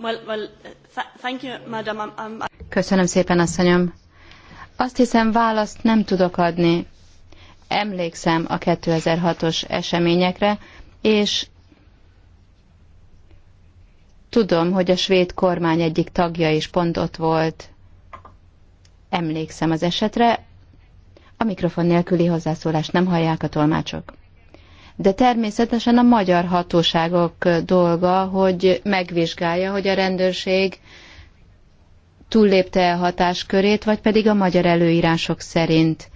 Well, well, Köszönöm szépen, asszonyom. Azt hiszem, választ nem tudok adni. Emlékszem a 2006-os eseményekre, és tudom, hogy a svéd kormány egyik tagja is pont ott volt. Emlékszem az esetre. A mikrofon nélküli hozzászólást nem hallják a tolmácsok. De természetesen a magyar hatóságok dolga, hogy megvizsgálja, hogy a rendőrség túllépte e hatáskörét, vagy pedig a magyar előírások szerint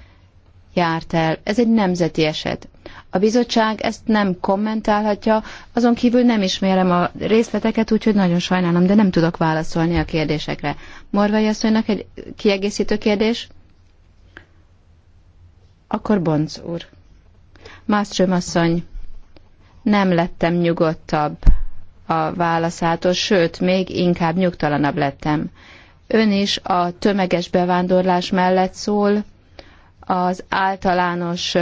járt el. Ez egy nemzeti eset. A bizottság ezt nem kommentálhatja, azon kívül nem ismerem a részleteket, úgyhogy nagyon sajnálom, de nem tudok válaszolni a kérdésekre. Morvai asszonynak egy kiegészítő kérdés? Akkor Bonc úr. Mászröm asszony, nem lettem nyugodtabb a válaszától, sőt, még inkább nyugtalanabb lettem. Ön is a tömeges bevándorlás mellett szól, az általános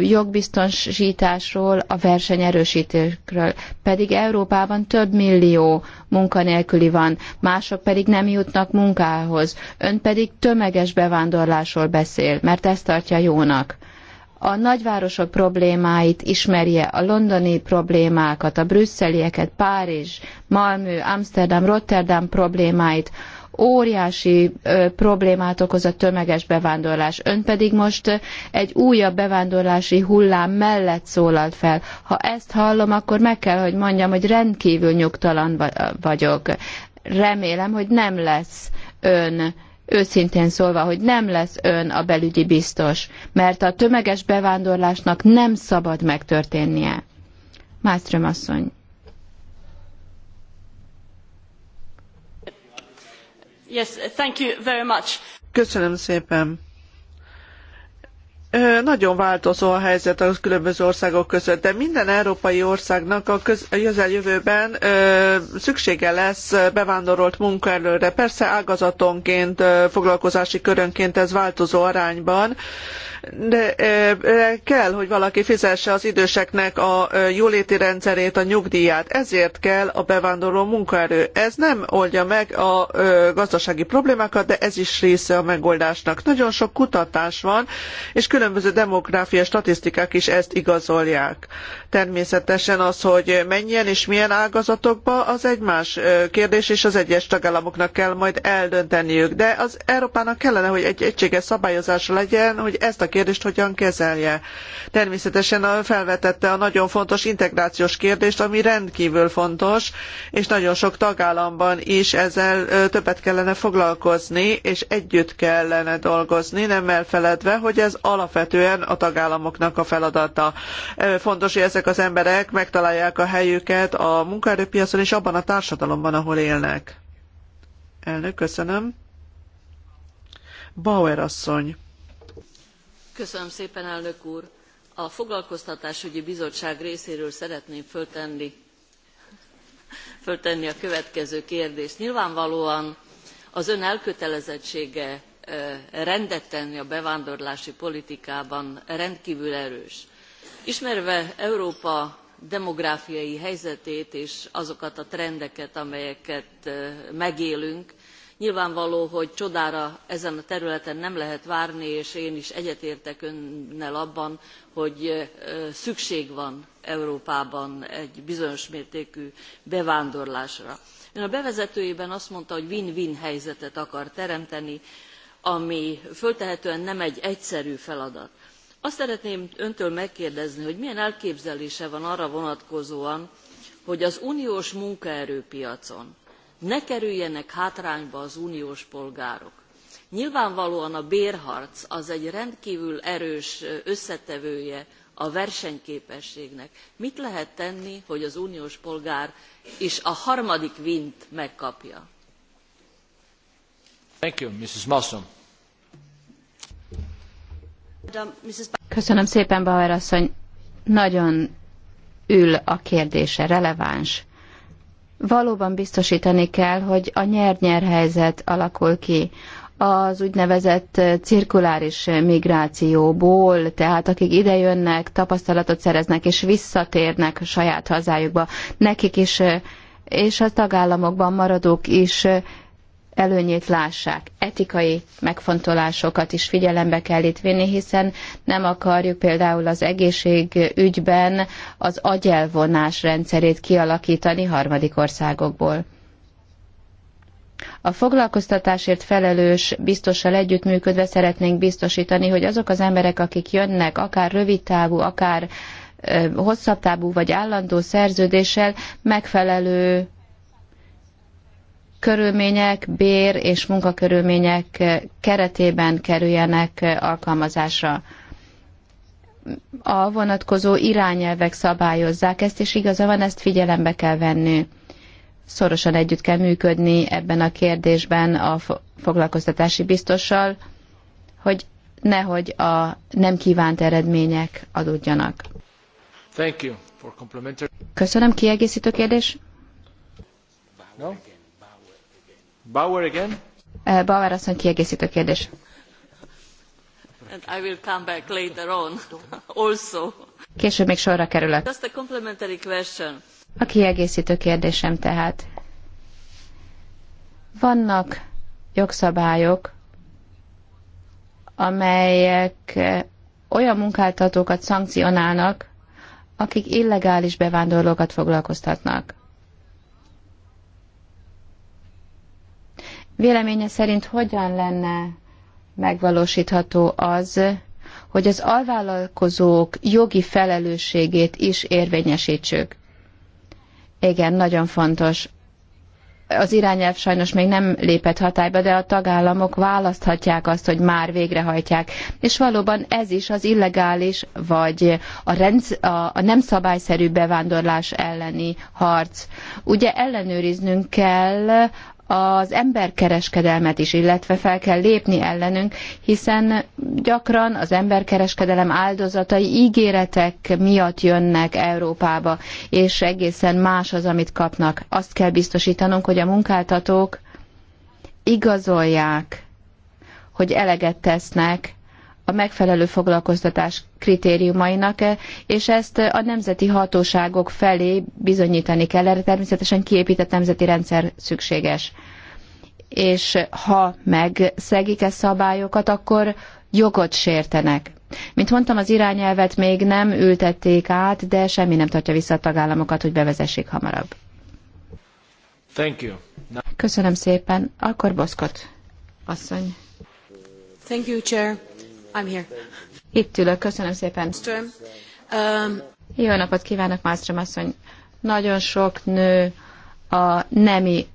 jogbiztonsításról, a verseny erősítésről. Pedig Európában több millió munkanélküli van, mások pedig nem jutnak munkához. Ön pedig tömeges bevándorlásról beszél, mert ezt tartja jónak a nagyvárosok problémáit ismerje, a londoni problémákat, a brüsszelieket, Párizs, Malmö, Amsterdam, Rotterdam problémáit, óriási ö, problémát okoz a tömeges bevándorlás. Ön pedig most egy újabb bevándorlási hullám mellett szólalt fel. Ha ezt hallom, akkor meg kell, hogy mondjam, hogy rendkívül nyugtalan vagyok. Remélem, hogy nem lesz ön őszintén szólva, hogy nem lesz ön a belügyi biztos, mert a tömeges bevándorlásnak nem szabad megtörténnie. Mászröm asszony. Yes, thank you very much. Köszönöm szépen. Nagyon változó a helyzet a különböző országok között, de minden európai országnak a közeljövőben szüksége lesz bevándorolt munkaerőre. Persze ágazatonként, foglalkozási körönként ez változó arányban, de kell, hogy valaki fizesse az időseknek a jóléti rendszerét, a nyugdíját. Ezért kell a bevándorló munkaerő. Ez nem oldja meg a gazdasági problémákat, de ez is része a megoldásnak. Nagyon sok kutatás van, és külön különböző demográfiai statisztikák is ezt igazolják. Természetesen az, hogy mennyien és milyen ágazatokba, az egy más kérdés, és az egyes tagállamoknak kell majd eldönteniük. De az Európának kellene, hogy egy egységes szabályozása legyen, hogy ezt a kérdést hogyan kezelje. Természetesen felvetette a nagyon fontos integrációs kérdést, ami rendkívül fontos, és nagyon sok tagállamban is ezzel többet kellene foglalkozni, és együtt kellene dolgozni, nem elfeledve, hogy ez alapvetően a tagállamoknak a feladata. Fontos, hogy ezek ezek az emberek megtalálják a helyüket a munkaerőpiacon és abban a társadalomban, ahol élnek. Elnök, köszönöm. Bauer asszony. Köszönöm szépen, elnök úr. A Foglalkoztatásügyi Bizottság részéről szeretném föltenni, föltenni a következő kérdést. Nyilvánvalóan az ön elkötelezettsége eh, rendet tenni a bevándorlási politikában rendkívül erős ismerve európa demográfiai helyzetét és azokat a trendeket amelyeket megélünk nyilvánvaló hogy csodára ezen a területen nem lehet várni és én is egyetértek önnel abban hogy szükség van európában egy bizonyos mértékű bevándorlásra. ön a bevezetőjében azt mondta hogy win win helyzetet akar teremteni ami föltehetően nem egy egyszerű feladat azt szeretném öntől megkérdezni hogy milyen elképzelése van arra vonatkozóan hogy az uniós munkaerőpiacon ne kerüljenek hátrányba az uniós polgárok. nyilvánvalóan a bérharc az egy rendkvül erős összetevője a versenyképességnek. mit lehet tenni hogy az uniós polgár is a harmadik vint megkapja? Thank you, Mrs. Köszönöm szépen, Bauer asszony. Nagyon ül a kérdése, releváns. Valóban biztosítani kell, hogy a nyer-nyer helyzet alakul ki az úgynevezett cirkuláris migrációból, tehát akik idejönnek, tapasztalatot szereznek és visszatérnek saját hazájukba, nekik is és a tagállamokban maradók is előnyét lássák. Etikai megfontolásokat is figyelembe kell itt vinni, hiszen nem akarjuk például az egészségügyben az agyelvonás rendszerét kialakítani harmadik országokból. A foglalkoztatásért felelős biztossal együttműködve szeretnénk biztosítani, hogy azok az emberek, akik jönnek, akár rövidtávú, akár hosszabb távú vagy állandó szerződéssel megfelelő körülmények, bér és munkakörülmények keretében kerüljenek alkalmazásra. A vonatkozó irányelvek szabályozzák ezt, és igaza van, ezt figyelembe kell venni. Szorosan együtt kell működni ebben a kérdésben a foglalkoztatási biztossal, hogy nehogy a nem kívánt eredmények adódjanak. Thank you for Köszönöm, kiegészítő kérdés? No? Bauer again? Eh, Bauer asszony kiegészítő kérdés. And I will come back later on also. Később még sorra kerülök. Just a complementary question. A kiegészítő kérdésem tehát. Vannak jogszabályok, amelyek eh, olyan munkáltatókat szankcionálnak, akik illegális bevándorlókat foglalkoztatnak. Véleménye szerint hogyan lenne megvalósítható az, hogy az alvállalkozók jogi felelősségét is érvényesítsük? Igen, nagyon fontos. Az irányelv sajnos még nem lépett hatályba, de a tagállamok választhatják azt, hogy már végrehajtják. És valóban ez is az illegális, vagy a, rendsz, a, a nem szabályszerű bevándorlás elleni harc. Ugye ellenőriznünk kell az emberkereskedelmet is, illetve fel kell lépni ellenünk, hiszen gyakran az emberkereskedelem áldozatai ígéretek miatt jönnek Európába, és egészen más az, amit kapnak. Azt kell biztosítanunk, hogy a munkáltatók igazolják, hogy eleget tesznek a megfelelő foglalkoztatás kritériumainak, eh, és ezt a nemzeti hatóságok felé bizonyítani kell. Erre természetesen kiépített nemzeti rendszer szükséges. És ha megszegik e szabályokat, akkor jogot sértenek. Mint mondtam, az irányelvet még nem ültették át, de semmi nem tartja vissza a tagállamokat, hogy bevezessék hamarabb. Thank you. Köszönöm szépen. Akkor Boszkot asszony. Thank you, Chair. I'm here. Itt ülök, köszönöm szépen. Um, Jó napot kívánok, Mástrom asszony. Nagyon sok nő a nemi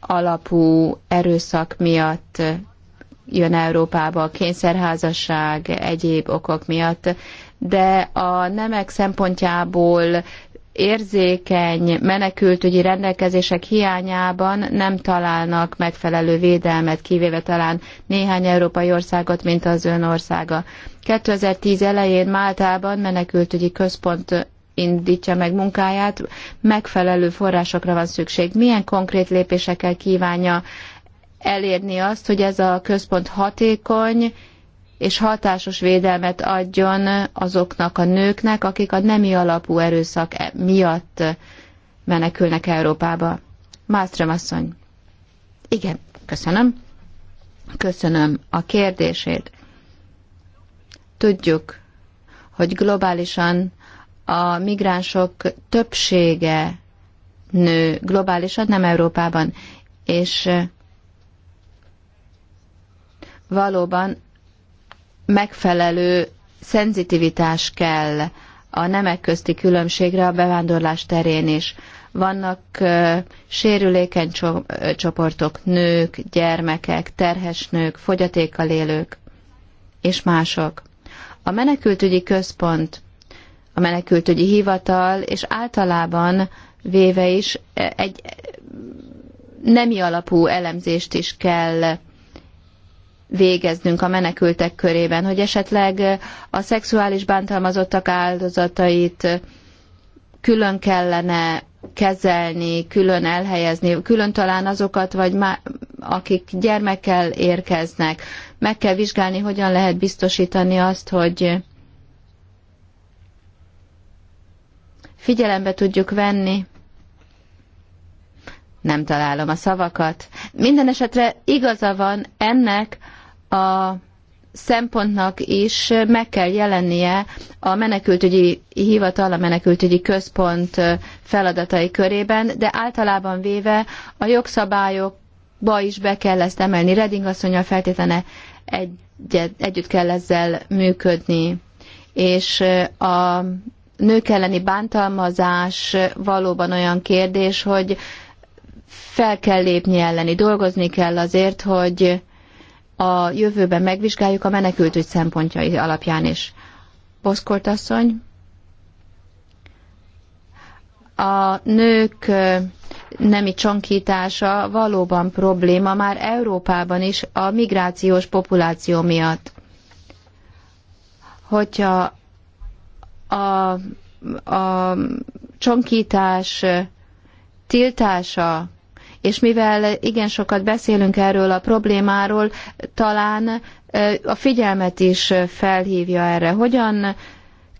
alapú erőszak miatt jön Európába, kényszerházasság, egyéb okok miatt, de a nemek szempontjából érzékeny menekültügyi rendelkezések hiányában nem találnak megfelelő védelmet, kivéve talán néhány európai országot, mint az ön országa. 2010 elején Máltában menekültügyi központ indítja meg munkáját, megfelelő forrásokra van szükség. Milyen konkrét lépésekkel kívánja elérni azt, hogy ez a központ hatékony és hatásos védelmet adjon azoknak a nőknek, akik a nemi alapú erőszak e- miatt menekülnek Európába. Mátrem asszony. Igen, köszönöm. Köszönöm a kérdését. Tudjuk, hogy globálisan a migránsok többsége nő, globálisan, nem Európában, és valóban megfelelő szenzitivitás kell a nemek közti különbségre a bevándorlás terén is. Vannak sérülékeny csoportok, nők, gyermekek, terhes nők, fogyatékkal élők és mások. A menekültügyi központ, a menekültügyi hivatal és általában véve is egy nemi alapú elemzést is kell végeznünk a menekültek körében, hogy esetleg a szexuális bántalmazottak áldozatait külön kellene kezelni, külön elhelyezni, külön talán azokat, vagy má, akik gyermekkel érkeznek. Meg kell vizsgálni, hogyan lehet biztosítani azt, hogy figyelembe tudjuk venni. Nem találom a szavakat. Minden esetre igaza van ennek, a szempontnak is meg kell jelennie a menekültügyi hivatal, a menekültügyi központ feladatai körében, de általában véve a jogszabályokba is be kell ezt emelni. Reding asszonyal feltétlene egy, együtt kell ezzel működni. És a nők elleni bántalmazás valóban olyan kérdés, hogy fel kell lépni elleni, dolgozni kell azért, hogy a jövőben megvizsgáljuk a menekültügy szempontjai alapján is. Boszkort asszony, a nők nemi csonkítása valóban probléma már Európában is a migrációs populáció miatt. Hogyha a, a csonkítás tiltása és mivel igen sokat beszélünk erről a problémáról, talán a figyelmet is felhívja erre. Hogyan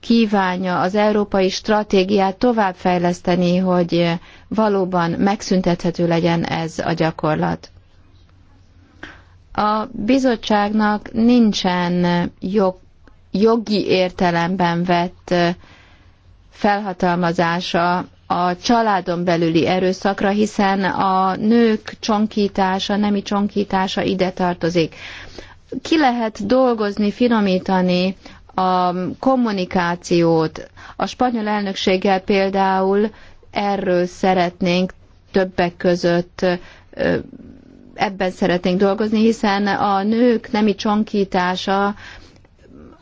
kívánja az európai stratégiát továbbfejleszteni, hogy valóban megszüntethető legyen ez a gyakorlat? A bizottságnak nincsen jog, jogi értelemben vett felhatalmazása a családon belüli erőszakra, hiszen a nők csonkítása, nemi csonkítása ide tartozik. Ki lehet dolgozni, finomítani a kommunikációt? A spanyol elnökséggel például erről szeretnénk többek között ebben szeretnénk dolgozni, hiszen a nők nemi csonkítása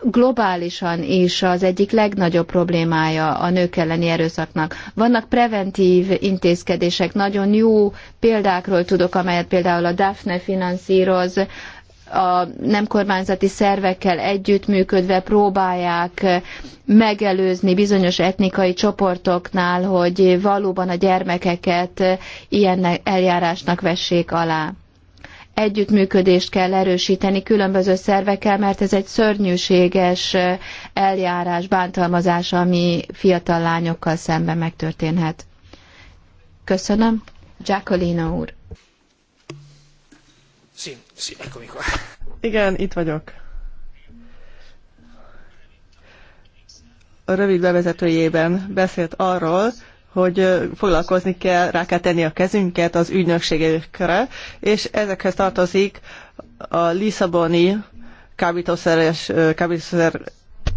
globálisan is az egyik legnagyobb problémája a nők elleni erőszaknak. Vannak preventív intézkedések, nagyon jó példákról tudok, amelyet például a Daphne finanszíroz, a nem kormányzati szervekkel együttműködve próbálják megelőzni bizonyos etnikai csoportoknál, hogy valóban a gyermekeket ilyen eljárásnak vessék alá együttműködést kell erősíteni különböző szervekkel, mert ez egy szörnyűséges eljárás, bántalmazás, ami fiatal lányokkal szemben megtörténhet. Köszönöm. Jacqueline úr. Sí, sí, Igen, itt vagyok. A rövid bevezetőjében beszélt arról, hogy foglalkozni kell, rá kell tenni a kezünket az ügynökségekre, és ezekhez tartozik a Lisszaboni kábítószeres, kábítószer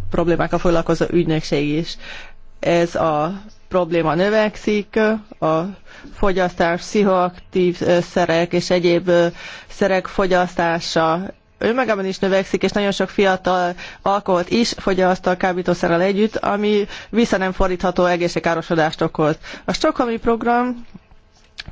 problémákkal foglalkozó ügynökség is. Ez a probléma növekszik, a fogyasztás, pszichoaktív szerek és egyéb szerek fogyasztása önmagában is növekszik, és nagyon sok fiatal alkoholt is fogyaszt a kábítószerrel együtt, ami vissza nem fordítható egészségkárosodást okoz. A Stockholmi program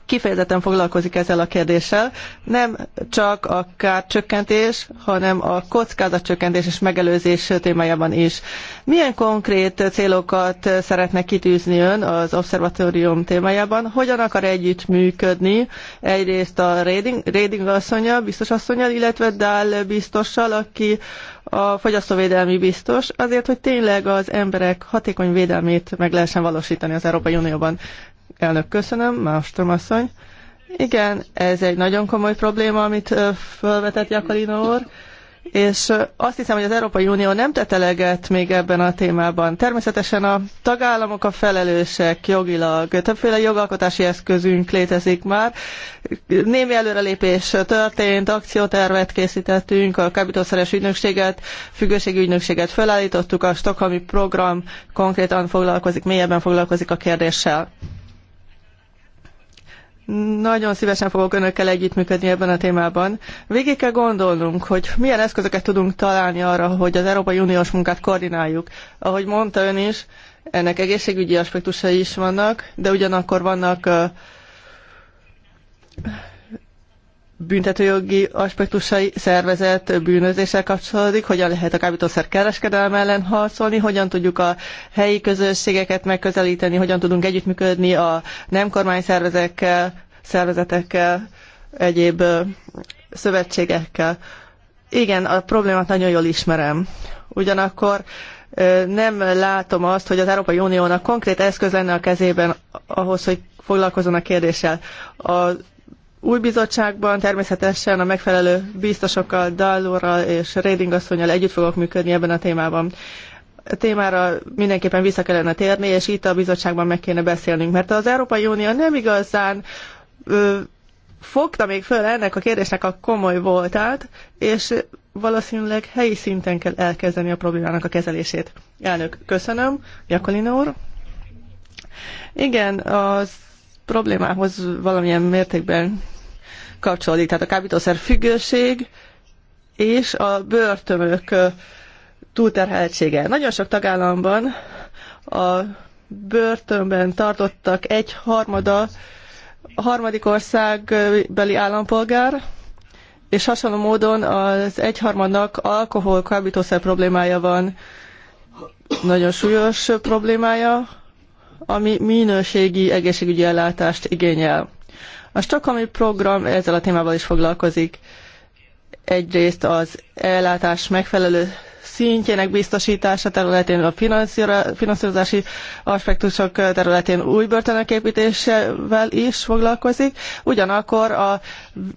kifejezetten foglalkozik ezzel a kérdéssel. Nem csak a kárcsökkentés, hanem a kockázatcsökkentés és megelőzés témájában is. Milyen konkrét célokat szeretne kitűzni ön az obszervatórium témájában? Hogyan akar együttműködni egyrészt a Reding, Reding asszonya, biztos asszonyal, illetve Dál biztossal, aki a fogyasztóvédelmi biztos, azért, hogy tényleg az emberek hatékony védelmét meg lehessen valósítani az Európai Unióban. Elnök, köszönöm, Mástrom asszony. Igen, ez egy nagyon komoly probléma, amit felvetett Jakarino úr, és azt hiszem, hogy az Európai Unió nem tett eleget még ebben a témában. Természetesen a tagállamok a felelősek jogilag, többféle jogalkotási eszközünk létezik már. Némi előrelépés történt, akciótervet készítettünk, a kábítószeres ügynökséget, függőségi ügynökséget felállítottuk, a Stockholmi program konkrétan foglalkozik, mélyebben foglalkozik a kérdéssel. Nagyon szívesen fogok önökkel együttműködni ebben a témában. Végig kell gondolnunk, hogy milyen eszközöket tudunk találni arra, hogy az Európai Uniós munkát koordináljuk. Ahogy mondta ön is, ennek egészségügyi aspektusai is vannak, de ugyanakkor vannak büntetőjogi aspektusai szervezett bűnözéssel kapcsolódik, hogyan lehet a kábítószer kereskedelme ellen harcolni, hogyan tudjuk a helyi közösségeket megközelíteni, hogyan tudunk együttműködni a nem kormány szervezekkel, szervezetekkel, egyéb szövetségekkel. Igen, a problémát nagyon jól ismerem. Ugyanakkor nem látom azt, hogy az Európai Uniónak konkrét eszköz lenne a kezében ahhoz, hogy foglalkozzon a kérdéssel. A új bizottságban természetesen a megfelelő biztosokkal, Dallóral és Reding asszonyjal együtt fogok működni ebben a témában. A témára mindenképpen vissza kellene térni, és itt a bizottságban meg kéne beszélnünk, mert az Európai Unió nem igazán ö, fogta még föl ennek a kérdésnek a komoly voltát, és valószínűleg helyi szinten kell elkezdeni a problémának a kezelését. Elnök, köszönöm. Jakolina úr. Igen, az problémához valamilyen mértékben kapcsolódik. Tehát a kábítószer függőség és a börtönök túlterheltsége. Nagyon sok tagállamban a börtönben tartottak egy harmada a harmadik országbeli állampolgár, és hasonló módon az egyharmadnak alkohol, kábítószer problémája van, nagyon súlyos problémája, ami minőségi egészségügyi ellátást igényel. A Stockholmi program ezzel a témával is foglalkozik. Egyrészt az ellátás megfelelő szintjének biztosítása területén, a finanszírozási aspektusok területén új börtönök építésével is foglalkozik, ugyanakkor a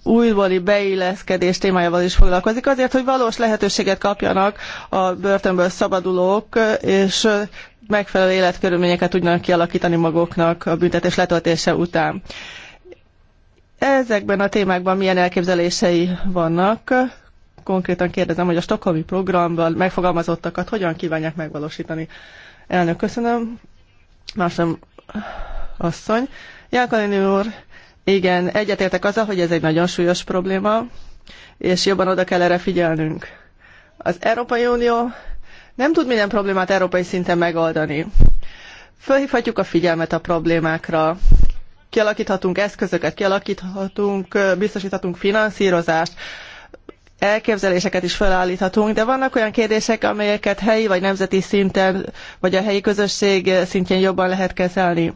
újbóli beilleszkedés témájával is foglalkozik, azért, hogy valós lehetőséget kapjanak a börtönből szabadulók, és megfelelő életkörülményeket tudnak kialakítani maguknak a büntetés letöltése után. Ezekben a témákban milyen elképzelései vannak? konkrétan kérdezem, hogy a stokholmi programban megfogalmazottakat hogyan kívánják megvalósítani. Elnök, köszönöm. Másom asszony. Jánkalini úr, igen, egyetértek azzal, hogy ez egy nagyon súlyos probléma, és jobban oda kell erre figyelnünk. Az Európai Unió nem tud minden problémát európai szinten megoldani. Fölhívhatjuk a figyelmet a problémákra, kialakíthatunk eszközöket, kialakíthatunk, biztosíthatunk finanszírozást, elképzeléseket is felállíthatunk, de vannak olyan kérdések, amelyeket helyi vagy nemzeti szinten, vagy a helyi közösség szintjén jobban lehet kezelni.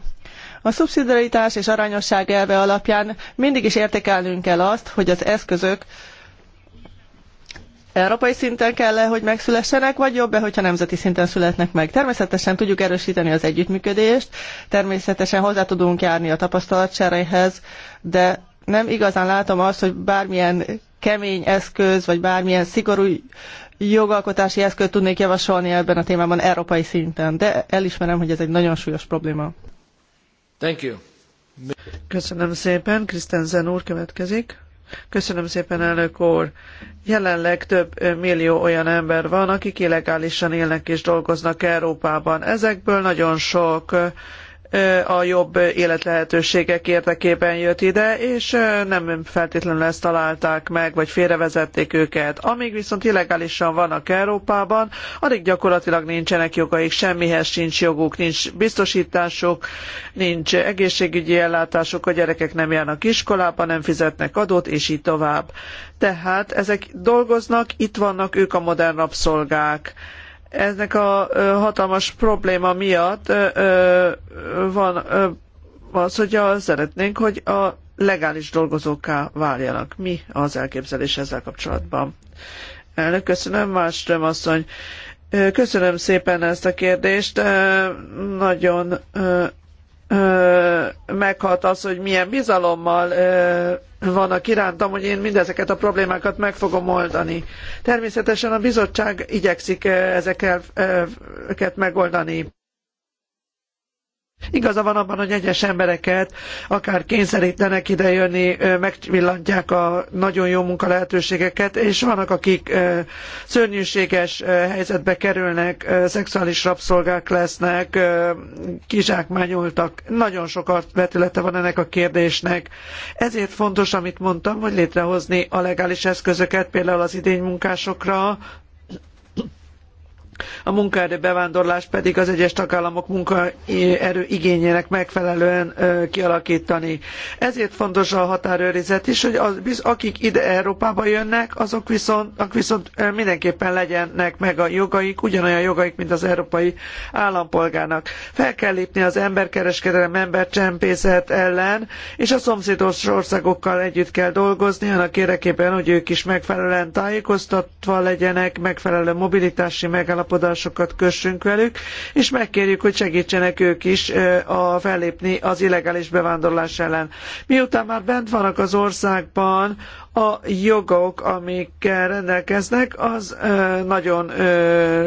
A szubszidiaritás és arányosság elve alapján mindig is értékelnünk kell azt, hogy az eszközök európai szinten kell -e, hogy megszülessenek, vagy jobb-e, hogyha nemzeti szinten születnek meg. Természetesen tudjuk erősíteni az együttműködést, természetesen hozzá tudunk járni a tapasztalatcseréhez, de nem igazán látom azt, hogy bármilyen kemény eszköz, vagy bármilyen szigorú jogalkotási eszközt tudnék javasolni ebben a témában európai szinten, de elismerem, hogy ez egy nagyon súlyos probléma. Thank you. Köszönöm szépen, Krisztenzen úr következik. Köszönöm szépen, elnök úr. Jelenleg több millió olyan ember van, akik illegálisan élnek és dolgoznak Európában. Ezekből nagyon sok a jobb életlehetőségek érdekében jött ide, és nem feltétlenül ezt találták meg, vagy félrevezették őket. Amíg viszont illegálisan vannak Európában, addig gyakorlatilag nincsenek jogaik, semmihez sincs joguk, nincs biztosításuk, nincs egészségügyi ellátásuk, a gyerekek nem járnak iskolába, nem fizetnek adót, és így tovább. Tehát ezek dolgoznak, itt vannak ők a modern rabszolgák Eznek a hatalmas probléma miatt van az, hogy szeretnénk, hogy a legális dolgozóká váljanak. Mi az elképzelés ezzel kapcsolatban? Elnök, köszönöm, Máström asszony. Köszönöm szépen ezt a kérdést. Nagyon meghat az, hogy milyen bizalommal vannak irántam, hogy én mindezeket a problémákat meg fogom oldani. Természetesen a bizottság igyekszik eh, ezeket eh, megoldani. Igaza van abban, hogy egyes embereket akár kényszerítenek idejönni, megvillantják a nagyon jó munkalehetőségeket, és vannak, akik szörnyűséges helyzetbe kerülnek, szexuális rabszolgák lesznek, kizsákmányoltak. Nagyon sok vetülete van ennek a kérdésnek. Ezért fontos, amit mondtam, hogy létrehozni a legális eszközöket, például az idénymunkásokra, a munkaerő bevándorlás pedig az egyes tagállamok munkaerő igényének megfelelően kialakítani. Ezért fontos a határőrizet is, hogy az, akik ide Európába jönnek, azok viszont, viszont mindenképpen legyenek meg a jogaik, ugyanolyan jogaik, mint az európai állampolgárnak. Fel kell lépni az emberkereskedelem, embercsempészet ellen, és a szomszédos országokkal együtt kell dolgozni, annak érdekében, hogy ők is megfelelően tájékoztatva legyenek, megfelelő mobilitási megállapodások, megállapodásokat kössünk velük, és megkérjük, hogy segítsenek ők is a fellépni az illegális bevándorlás ellen. Miután már bent vannak az országban, a jogok, amikkel rendelkeznek, az nagyon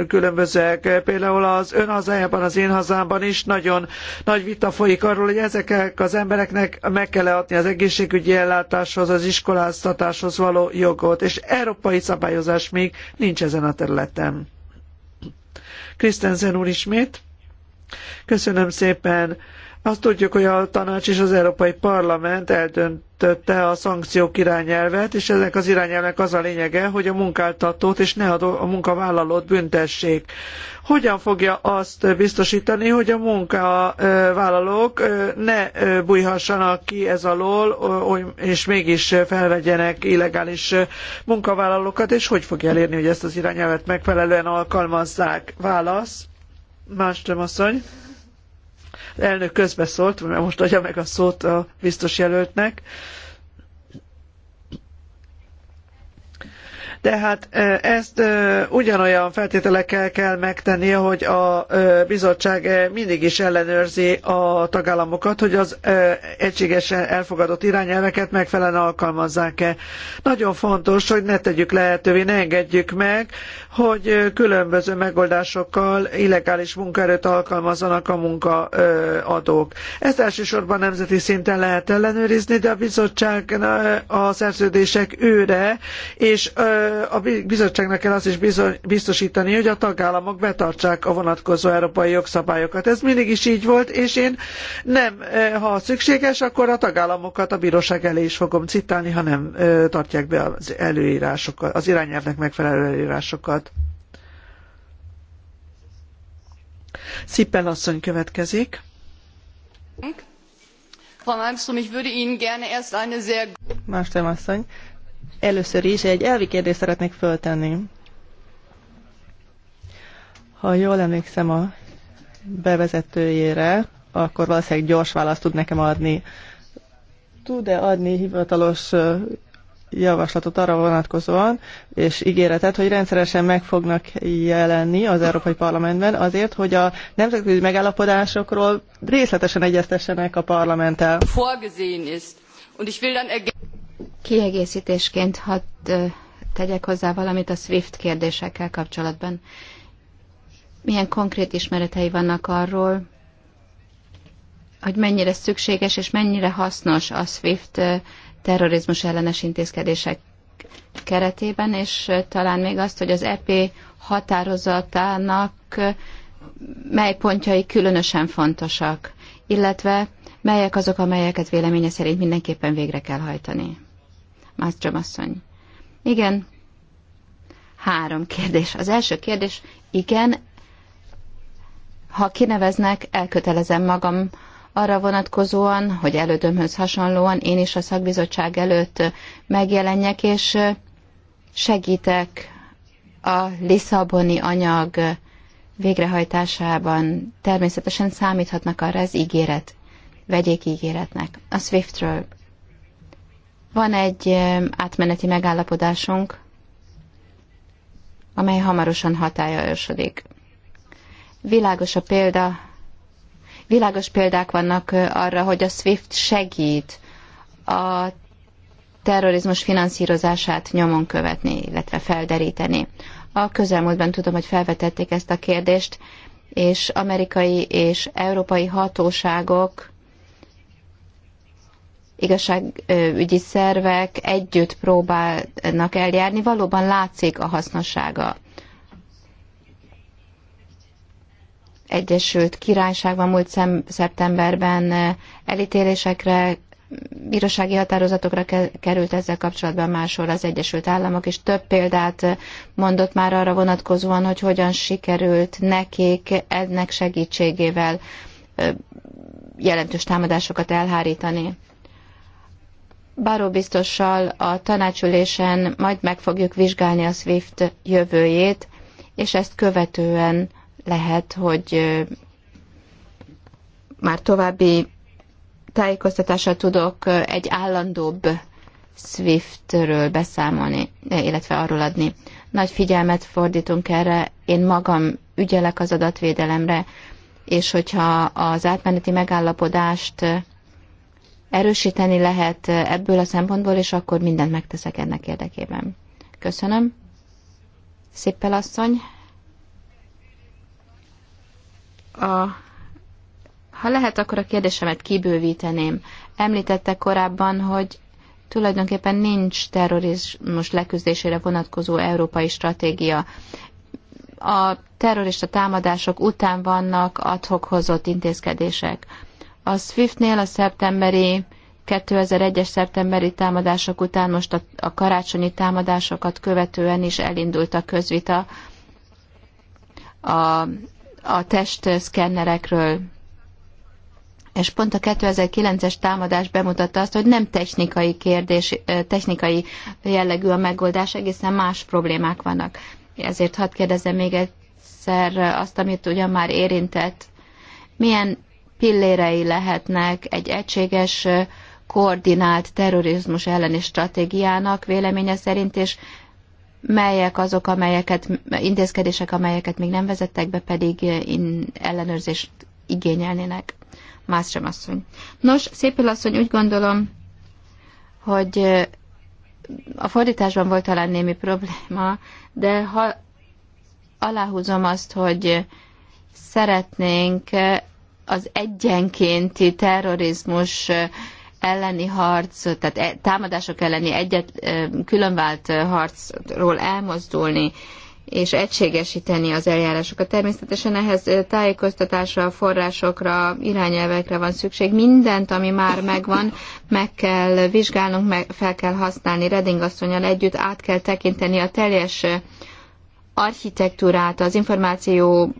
különbözőek. Például az ön hazájában, az én hazámban is nagyon nagy vita folyik arról, hogy ezeknek az embereknek meg kell -e adni az egészségügyi ellátáshoz, az iskoláztatáshoz való jogot, és európai szabályozás még nincs ezen a területen. Krisztenzen úr ismét. Köszönöm szépen. Azt tudjuk, hogy a tanács és az Európai Parlament eldöntötte a szankciók irányelvet, és ennek az irányelvnek az a lényege, hogy a munkáltatót és ne a munkavállalót büntessék. Hogyan fogja azt biztosítani, hogy a munkavállalók ne bújhassanak ki ez alól, és mégis felvegyenek illegális munkavállalókat, és hogy fogja elérni, hogy ezt az irányelvet megfelelően alkalmazzák? Válasz. Mástrom asszony elnök közbeszólt, mert most adja meg a szót a biztos jelöltnek. De hát ezt ugyanolyan feltételekkel kell megtennie, hogy a bizottság mindig is ellenőrzi a tagállamokat, hogy az egységesen elfogadott irányelveket megfelelően alkalmazzák-e. Nagyon fontos, hogy ne tegyük lehetővé, ne engedjük meg, hogy különböző megoldásokkal illegális munkaerőt alkalmazzanak a munkaadók. Ezt elsősorban nemzeti szinten lehet ellenőrizni, de a bizottság a szerződések őre, és a bizottságnak kell azt is biztosítani, hogy a tagállamok betartsák a vonatkozó európai jogszabályokat. Ez mindig is így volt, és én nem, ha szükséges, akkor a tagállamokat a bíróság elé is fogom citálni, ha nem tartják be az előírásokat, az irányelvnek megfelelő előírásokat dolgokat. Szippel asszony következik. Frau Malmström, ich würde Ihnen gerne erst eine sehr... Malmström asszony, először is egy elvi kérdést szeretnék föltenni. Ha jól emlékszem a bevezetőjére, akkor valószínűleg gyors választ tud nekem adni. Tud-e adni hivatalos javaslatot arra vonatkozóan, és ígéretet, hogy rendszeresen meg fognak jelenni az Európai Parlamentben azért, hogy a nemzetközi megállapodásokról részletesen egyeztessenek a parlamenttel. Kiegészítésként hadd tegyek hozzá valamit a SWIFT kérdésekkel kapcsolatban. Milyen konkrét ismeretei vannak arról, hogy mennyire szükséges és mennyire hasznos a SWIFT terrorizmus ellenes intézkedések keretében, és talán még azt, hogy az EP határozatának mely pontjai különösen fontosak, illetve melyek azok, amelyeket véleménye szerint mindenképpen végre kell hajtani. Másztrom asszony. Igen, három kérdés. Az első kérdés, igen, ha kineveznek, elkötelezem magam arra vonatkozóan, hogy elődömhöz hasonlóan én is a szakbizottság előtt megjelenjek, és segítek a Lisszaboni anyag végrehajtásában. Természetesen számíthatnak arra, az ígéret. Vegyék ígéretnek. A Swiftről. Van egy átmeneti megállapodásunk, amely hamarosan hatája ősödik. Világos a példa Világos példák vannak arra, hogy a SWIFT segít a terrorizmus finanszírozását nyomon követni, illetve felderíteni. A közelmúltban tudom, hogy felvetették ezt a kérdést, és amerikai és európai hatóságok, igazságügyi szervek együtt próbálnak eljárni. Valóban látszik a hasznossága Egyesült Királyságban múlt szeptemberben eh, elítélésekre, bírósági határozatokra került ezzel kapcsolatban máshol az Egyesült Államok, és több példát eh, mondott már arra vonatkozóan, hogy hogyan sikerült nekik ennek segítségével eh, jelentős támadásokat elhárítani. Báró biztossal a tanácsülésen majd meg fogjuk vizsgálni a SWIFT jövőjét, és ezt követően lehet, hogy már további tájékoztatásra tudok egy állandóbb Swiftről beszámolni, illetve arról adni. Nagy figyelmet fordítunk erre, én magam ügyelek az adatvédelemre, és hogyha az átmeneti megállapodást erősíteni lehet ebből a szempontból, és akkor mindent megteszek ennek érdekében. Köszönöm. Szippel asszony a, ha lehet, akkor a kérdésemet kibővíteném. Említette korábban, hogy tulajdonképpen nincs terrorizmus leküzdésére vonatkozó európai stratégia. A terrorista támadások után vannak adhok hozott intézkedések. A SWIFT-nél a szeptemberi 2001-es szeptemberi támadások után most a, a karácsonyi támadásokat követően is elindult a közvita a a testszkennerekről. És pont a 2009-es támadás bemutatta azt, hogy nem technikai kérdés, technikai jellegű a megoldás, egészen más problémák vannak. Ezért hadd kérdezem még egyszer azt, amit ugyan már érintett. Milyen pillérei lehetnek egy egységes koordinált terrorizmus elleni stratégiának véleménye szerint, és melyek azok, amelyeket, intézkedések, amelyeket még nem vezettek be, pedig eh, in, ellenőrzést igényelnének. Más sem asszony. Nos, Szépül asszony, úgy gondolom, hogy eh, a fordításban volt talán némi probléma, de ha aláhúzom azt, hogy szeretnénk eh, az egyenkénti terrorizmus elleni harc, tehát e, támadások elleni egyet, e, különvált e, harcról elmozdulni, és egységesíteni az eljárásokat. Természetesen ehhez tájékoztatásra, forrásokra, irányelvekre van szükség. Mindent, ami már megvan, meg kell vizsgálnunk, meg fel kell használni Reding asszonyal együtt, át kell tekinteni a teljes architektúrát, az információ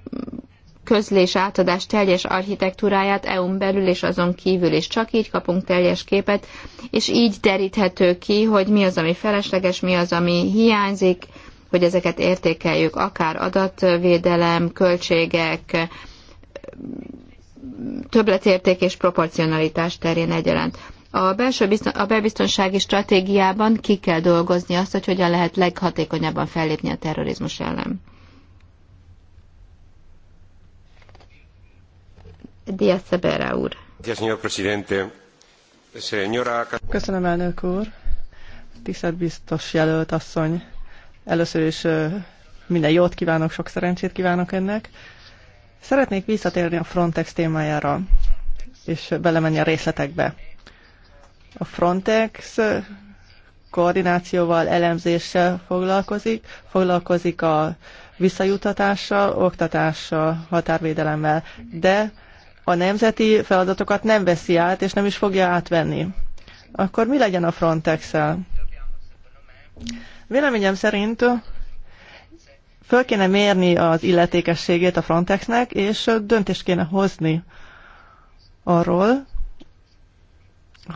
közlés átadás teljes architektúráját EU-n belül és azon kívül is. Csak így kapunk teljes képet, és így deríthető ki, hogy mi az, ami felesleges, mi az, ami hiányzik, hogy ezeket értékeljük, akár adatvédelem, költségek, többletérték és proporcionalitás terén egyaránt. A belső a belbiztonsági stratégiában ki kell dolgozni azt, hogy hogyan lehet leghatékonyabban fellépni a terrorizmus ellen. Díaz úr. Köszönöm, elnök úr. Tisztelt biztos jelölt asszony. Először is minden jót kívánok, sok szerencsét kívánok ennek. Szeretnék visszatérni a Frontex témájára, és belemenni a részletekbe. A Frontex koordinációval, elemzéssel foglalkozik, foglalkozik a visszajutatással, oktatással, határvédelemmel, de a nemzeti feladatokat nem veszi át, és nem is fogja átvenni. Akkor mi legyen a Frontex-el? Véleményem szerint föl kéne mérni az illetékességét a Frontexnek, és döntést kéne hozni arról,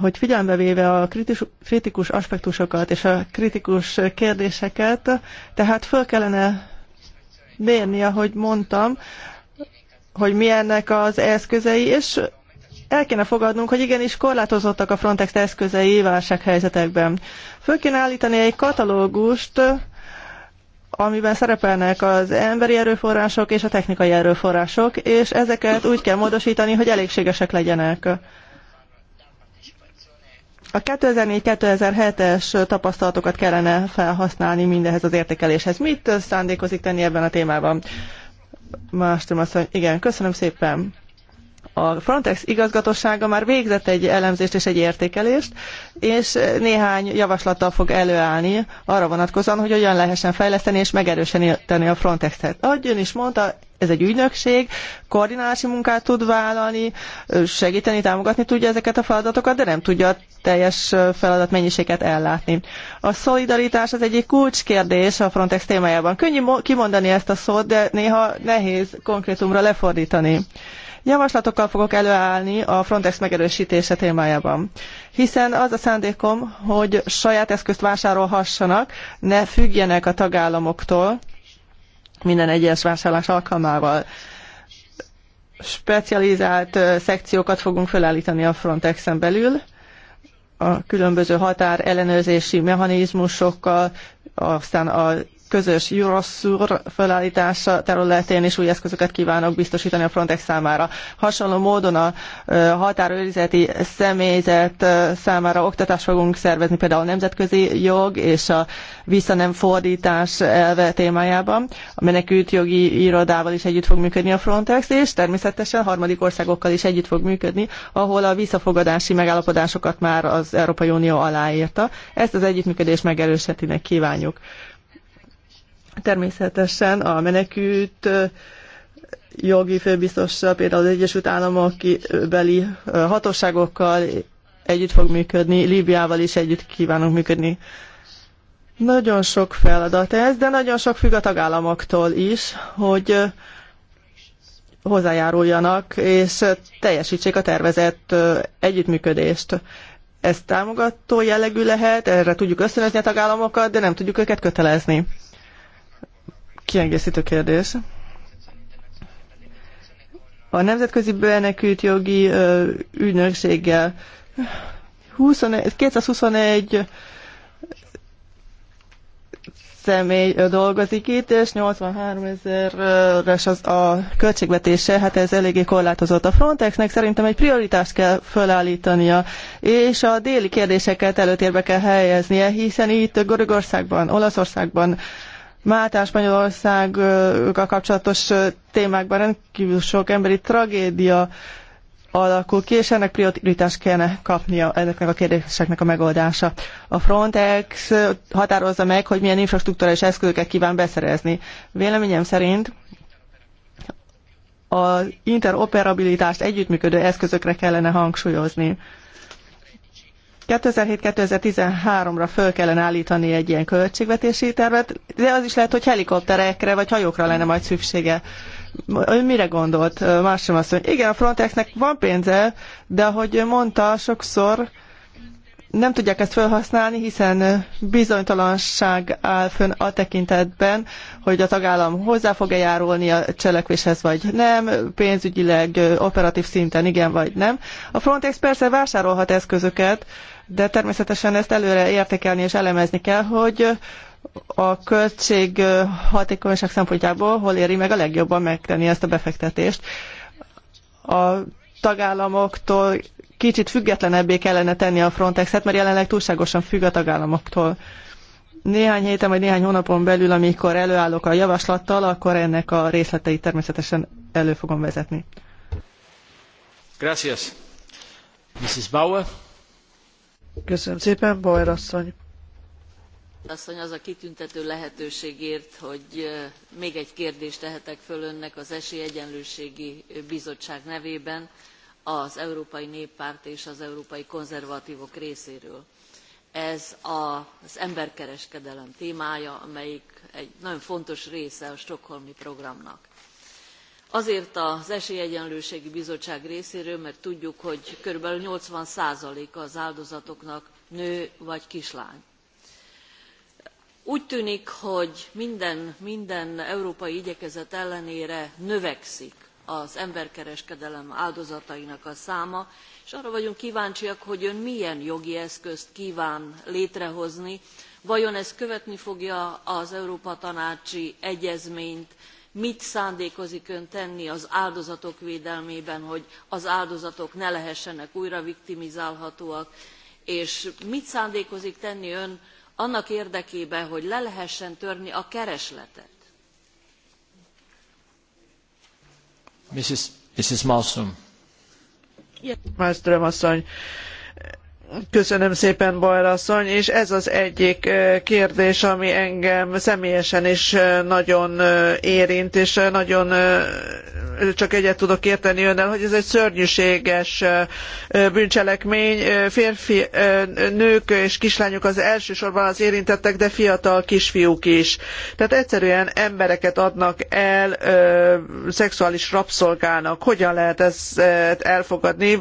hogy figyelembe véve a kritikus, kritikus aspektusokat és a kritikus kérdéseket, tehát föl kellene mérni, ahogy mondtam, hogy milyennek az eszközei, és el kéne fogadnunk, hogy igenis korlátozottak a Frontex eszközei válsághelyzetekben. Föl kéne állítani egy katalógust, amiben szerepelnek az emberi erőforrások és a technikai erőforrások, és ezeket úgy kell módosítani, hogy elégségesek legyenek. A 2004-2007-es tapasztalatokat kellene felhasználni mindehez az értékeléshez. Mit szándékozik tenni ebben a témában? Mástrom asszony, igen, köszönöm szépen. A Frontex igazgatósága már végzett egy elemzést és egy értékelést, és néhány javaslattal fog előállni arra vonatkozóan, hogy hogyan lehessen fejleszteni és megerősíteni a Frontexet. Ahogy ön is mondta, ez egy ügynökség, koordinálási munkát tud vállalni, segíteni, támogatni tudja ezeket a feladatokat, de nem tudja teljes feladatmennyiséget ellátni. A szolidaritás az egyik kulcskérdés a Frontex témájában. Könnyű kimondani ezt a szót, de néha nehéz konkrétumra lefordítani. Javaslatokkal fogok előállni a Frontex megerősítése témájában. Hiszen az a szándékom, hogy saját eszközt vásárolhassanak, ne függjenek a tagállamoktól minden egyes vásárlás alkalmával. Specializált szekciókat fogunk felállítani a Frontexen belül, a különböző határellenőrzési mechanizmusokkal, aztán a közös Eurosur felállítása területén is új eszközöket kívánok biztosítani a Frontex számára. Hasonló módon a határőrizeti személyzet számára oktatást fogunk szervezni, például a nemzetközi jog és a visszanem elve témájában. A menekült jogi irodával is együtt fog működni a Frontex, és természetesen harmadik országokkal is együtt fog működni, ahol a visszafogadási megállapodásokat már az Európai Unió aláírta. Ezt az együttműködést megerősítenek kívánjuk. Természetesen a menekült jogi főbiztossal, például az Egyesült Államok beli hatóságokkal együtt fog működni, Líbiával is együtt kívánunk működni. Nagyon sok feladat ez, de nagyon sok függ a tagállamoktól is, hogy hozzájáruljanak és teljesítsék a tervezett együttműködést. Ez támogató jellegű lehet, erre tudjuk ösztönözni a tagállamokat, de nem tudjuk őket kötelezni. Kiegészítő kérdés. A Nemzetközi Bőenekült Jogi Ügynökséggel 21, 221 személy dolgozik itt, és 83 ezeres az a költségvetése, hát ez eléggé korlátozott. A Frontexnek szerintem egy prioritást kell felállítania, és a déli kérdéseket előtérbe kell helyeznie, hiszen itt Görögországban, Olaszországban, Máltás Spanyolországgal kapcsolatos témákban rendkívül sok emberi tragédia alakul ki, és ennek prioritást kellene kapnia ezeknek a kérdéseknek a megoldása. A Frontex határozza meg, hogy milyen infrastruktúrális eszközöket kíván beszerezni. Véleményem szerint az interoperabilitást együttműködő eszközökre kellene hangsúlyozni. 2007-2013-ra föl kellene állítani egy ilyen költségvetési tervet, de az is lehet, hogy helikopterekre vagy hajókra lenne majd szüksége. Ön mire gondolt, azt mondja. Igen, a Frontexnek van pénze, de ahogy mondta, sokszor nem tudják ezt felhasználni, hiszen bizonytalanság áll fönn a tekintetben, hogy a tagállam hozzá fog-e járulni a cselekvéshez, vagy nem, pénzügyileg, operatív szinten igen, vagy nem. A Frontex persze vásárolhat eszközöket, de természetesen ezt előre értékelni és elemezni kell, hogy a költség hatékonyság szempontjából hol éri meg a legjobban megtenni ezt a befektetést. A tagállamoktól kicsit függetlenebbé kellene tenni a Frontexet, mert jelenleg túlságosan függ a tagállamoktól. Néhány héten vagy néhány hónapon belül, amikor előállok a javaslattal, akkor ennek a részleteit természetesen elő fogom vezetni. Gracias. Mrs. Bauer. Köszönöm szépen, Bauer asszony. Asszony az a kitüntető lehetőségért, hogy még egy kérdést tehetek föl önnek az Esélyegyenlőségi Bizottság nevében az Európai Néppárt és az Európai Konzervatívok részéről. Ez az emberkereskedelem témája, amelyik egy nagyon fontos része a Stockholmi programnak azért az esélyegyenlőségi bizottság részéről mert tudjuk hogy körülbelül eighty a az áldozatoknak nő vagy kislány. úgy tűnik hogy minden, minden európai igyekezet ellenére növekszik az emberkereskedelem áldozatainak a száma és arra vagyunk kíváncsiak hogy ön milyen jogi eszközt kván létrehozni vajon ez követni fogja az európa tanácsi egyezményt mit szándékozik ön tenni az áldozatok védelmében, hogy az áldozatok ne lehessenek újra viktimizálhatóak, és mit szándékozik tenni ön annak érdekében, hogy le lehessen törni a keresletet? Mrs. Mrs. Malmström. Malmström asszony, Köszönöm szépen, Bajra asszony, és ez az egyik kérdés, ami engem személyesen is nagyon érint, és nagyon csak egyet tudok érteni önnel, hogy ez egy szörnyűséges bűncselekmény. Férfi, nők és kislányok az elsősorban az érintettek, de fiatal kisfiúk is. Tehát egyszerűen embereket adnak el szexuális rabszolgának. Hogyan lehet ezt elfogadni?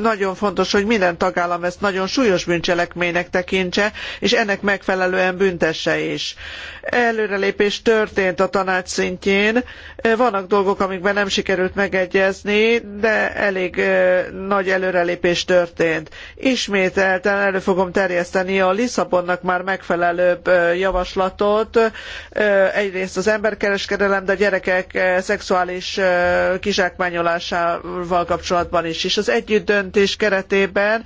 Nagyon fontos, hogy minden tagállam ezt ezt nagyon súlyos bűncselekménynek tekintse, és ennek megfelelően büntesse is. Előrelépés történt a tanács szintjén. Vannak dolgok, amikben nem sikerült megegyezni, de elég nagy előrelépés történt. Ismételten elő fogom terjeszteni a Lisszabonnak már megfelelőbb javaslatot. Egyrészt az emberkereskedelem, de a gyerekek szexuális kizsákmányolásával kapcsolatban is. És az együttdöntés keretében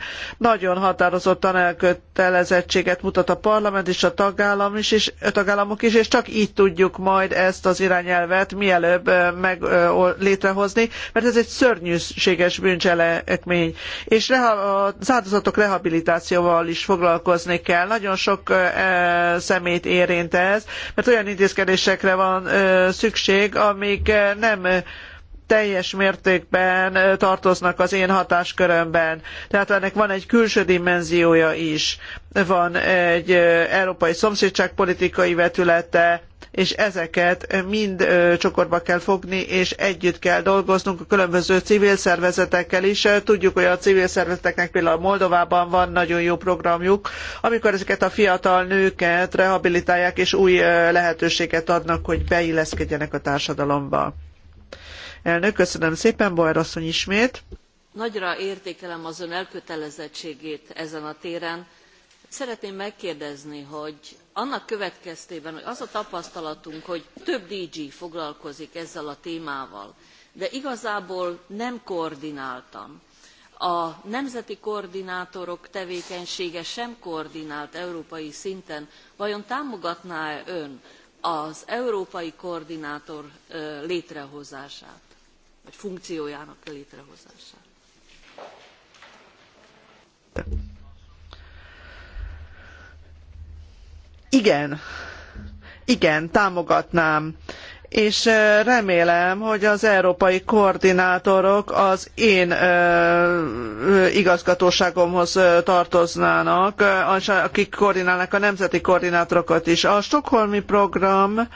nagyon határozottan elkötelezettséget mutat a parlament és a tagállam is, és a tagállamok is, és csak így tudjuk majd ezt az irányelvet mielőbb meg létrehozni, mert ez egy szörnyűséges bűncselekmény. És az áldozatok rehabilitációval is foglalkozni kell. Nagyon sok e, szemét érint ez, mert olyan intézkedésekre van szükség, amik nem teljes mértékben tartoznak az én hatáskörömben. Tehát ennek van egy külső dimenziója is. Van egy európai szomszédságpolitikai vetülete, és ezeket mind csokorba kell fogni, és együtt kell dolgoznunk a különböző civil szervezetekkel is. Tudjuk, hogy a civil szervezeteknek például Moldovában van nagyon jó programjuk, amikor ezeket a fiatal nőket rehabilitálják, és új lehetőséget adnak, hogy beilleszkedjenek a társadalomba. Elnök, köszönöm szépen, Bajr asszony ismét. Nagyra értékelem az ön elkötelezettségét ezen a téren. Szeretném megkérdezni, hogy annak következtében, hogy az a tapasztalatunk, hogy több DG foglalkozik ezzel a témával, de igazából nem koordináltam. A nemzeti koordinátorok tevékenysége sem koordinált európai szinten. Vajon támogatná-e ön az európai koordinátor létrehozását? vagy funkciójának létrehozását. Igen, igen, támogatnám és remélem, hogy az európai koordinátorok az én igazgatóságomhoz tartoznának, akik koordinálnak a nemzeti koordinátorokat is. A Stockholmi program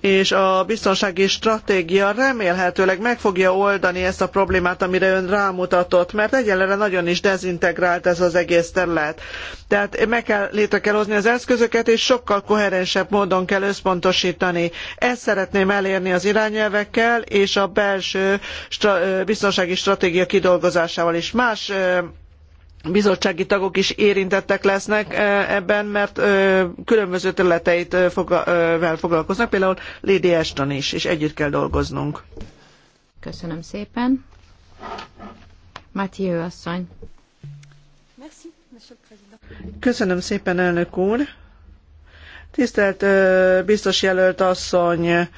és a biztonsági stratégia remélhetőleg meg fogja oldani ezt a problémát, amire ön rámutatott, mert egyelőre nagyon is dezintegrált ez az egész terület. Tehát meg kell, létre kell hozni az eszközöket, és sokkal koherensebb módon kell összpontosítani. Ezt szeretném elérni az irányelvekkel, és a belső stra biztonsági stratégia kidolgozásával is. Más bizottsági tagok is érintettek lesznek ebben, mert különböző területeit foglalkoznak, például Lady Ashton is, és együtt kell dolgoznunk. Köszönöm szépen. Mathieu asszony. Köszönöm szépen, elnök úr. Tisztelt biztos jelölt asszony,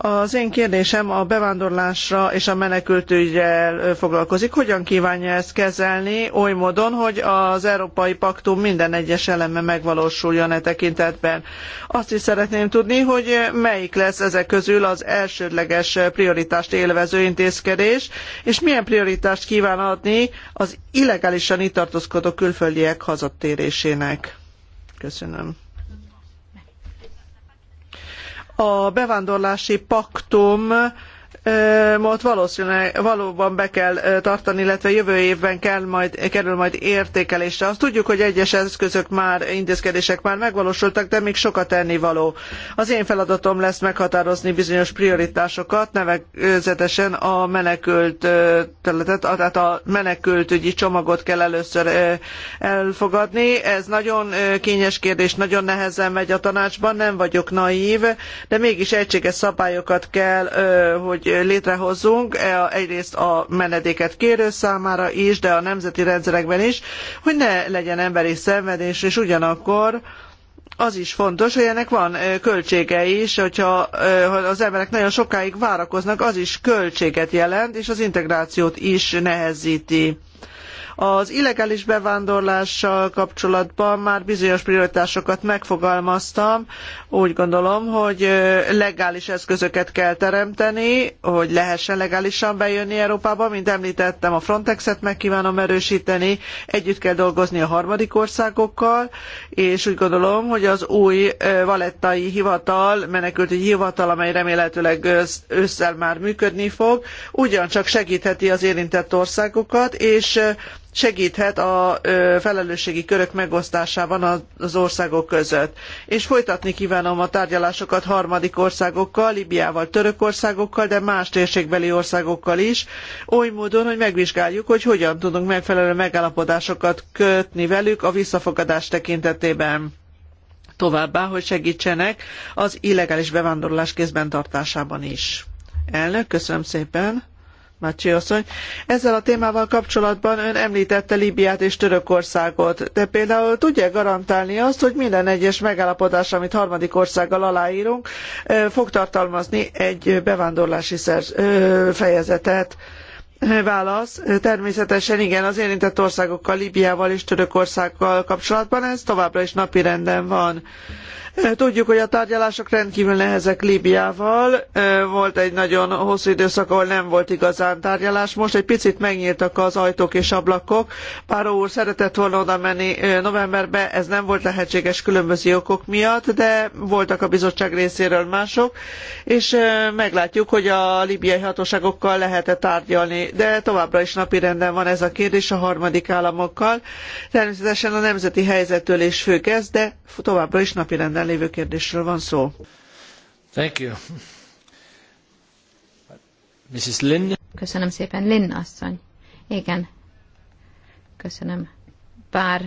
az én kérdésem a bevándorlásra és a menekültügyel foglalkozik. Hogyan kívánja ezt kezelni oly módon, hogy az Európai Paktum minden egyes eleme megvalósuljon e tekintetben? Azt is szeretném tudni, hogy melyik lesz ezek közül az elsődleges prioritást élvező intézkedés, és milyen prioritást kíván adni az illegálisan itt tartózkodó külföldiek hazatérésének. Köszönöm a bevándorlási paktum ott valószínűleg valóban be kell tartani, illetve jövő évben kell majd, kerül majd értékelésre. Azt tudjuk, hogy egyes eszközök már, intézkedések már megvalósultak, de még sokat tennivaló. Az én feladatom lesz meghatározni bizonyos prioritásokat, nevezetesen a menekült területet, tehát a menekültügyi csomagot kell először elfogadni. Ez nagyon kényes kérdés, nagyon nehezen megy a tanácsban, nem vagyok naív, de mégis egységes szabályokat kell, hogy létrehozzunk, e, egyrészt a menedéket kérő számára is, de a nemzeti rendszerekben is, hogy ne legyen emberi szenvedés, és ugyanakkor az is fontos, hogy ennek van e, költsége is, hogyha e, az emberek nagyon sokáig várakoznak, az is költséget jelent, és az integrációt is nehezíti. Az illegális bevándorlással kapcsolatban már bizonyos prioritásokat megfogalmaztam. Úgy gondolom, hogy legális eszközöket kell teremteni, hogy lehessen legálisan bejönni Európába. Mint említettem, a Frontexet meg kívánom erősíteni, együtt kell dolgozni a harmadik országokkal, és úgy gondolom, hogy az új valettai hivatal, menekültügyi hivatal, amely remélhetőleg ősszel már működni fog, ugyancsak segítheti az érintett országokat, és segíthet a felelősségi körök megosztásában az országok között. És folytatni kívánom a tárgyalásokat harmadik országokkal, Libiával, török országokkal, de más térségbeli országokkal is, oly módon, hogy megvizsgáljuk, hogy hogyan tudunk megfelelő megállapodásokat kötni velük a visszafogadás tekintetében. Továbbá, hogy segítsenek az illegális bevándorlás kézben tartásában is. Elnök, köszönöm szépen! Macsi asszony. Ezzel a témával kapcsolatban ön említette Líbiát és Törökországot, de például tudja garantálni azt, hogy minden egyes megállapodás, amit harmadik országgal aláírunk, fog tartalmazni egy bevándorlási szerz, fejezetet. Válasz. Természetesen igen, az érintett országokkal, Líbiával és Törökországgal kapcsolatban ez továbbra is napirenden van Tudjuk, hogy a tárgyalások rendkívül nehezek Líbiával. Volt egy nagyon hosszú időszak, ahol nem volt igazán tárgyalás. Most egy picit megnyíltak az ajtók és ablakok. Páró úr szeretett volna oda menni novemberbe, ez nem volt lehetséges különböző okok miatt, de voltak a bizottság részéről mások, és meglátjuk, hogy a libiai hatóságokkal lehet-e tárgyalni. De továbbra is napirenden van ez a kérdés a harmadik államokkal. Természetesen a nemzeti helyzettől is függ ez, de továbbra is napirenden lévő kérdésről van szó. Thank you. Mrs. Lynn. Köszönöm szépen, Lynn asszony. Igen. Köszönöm. Bár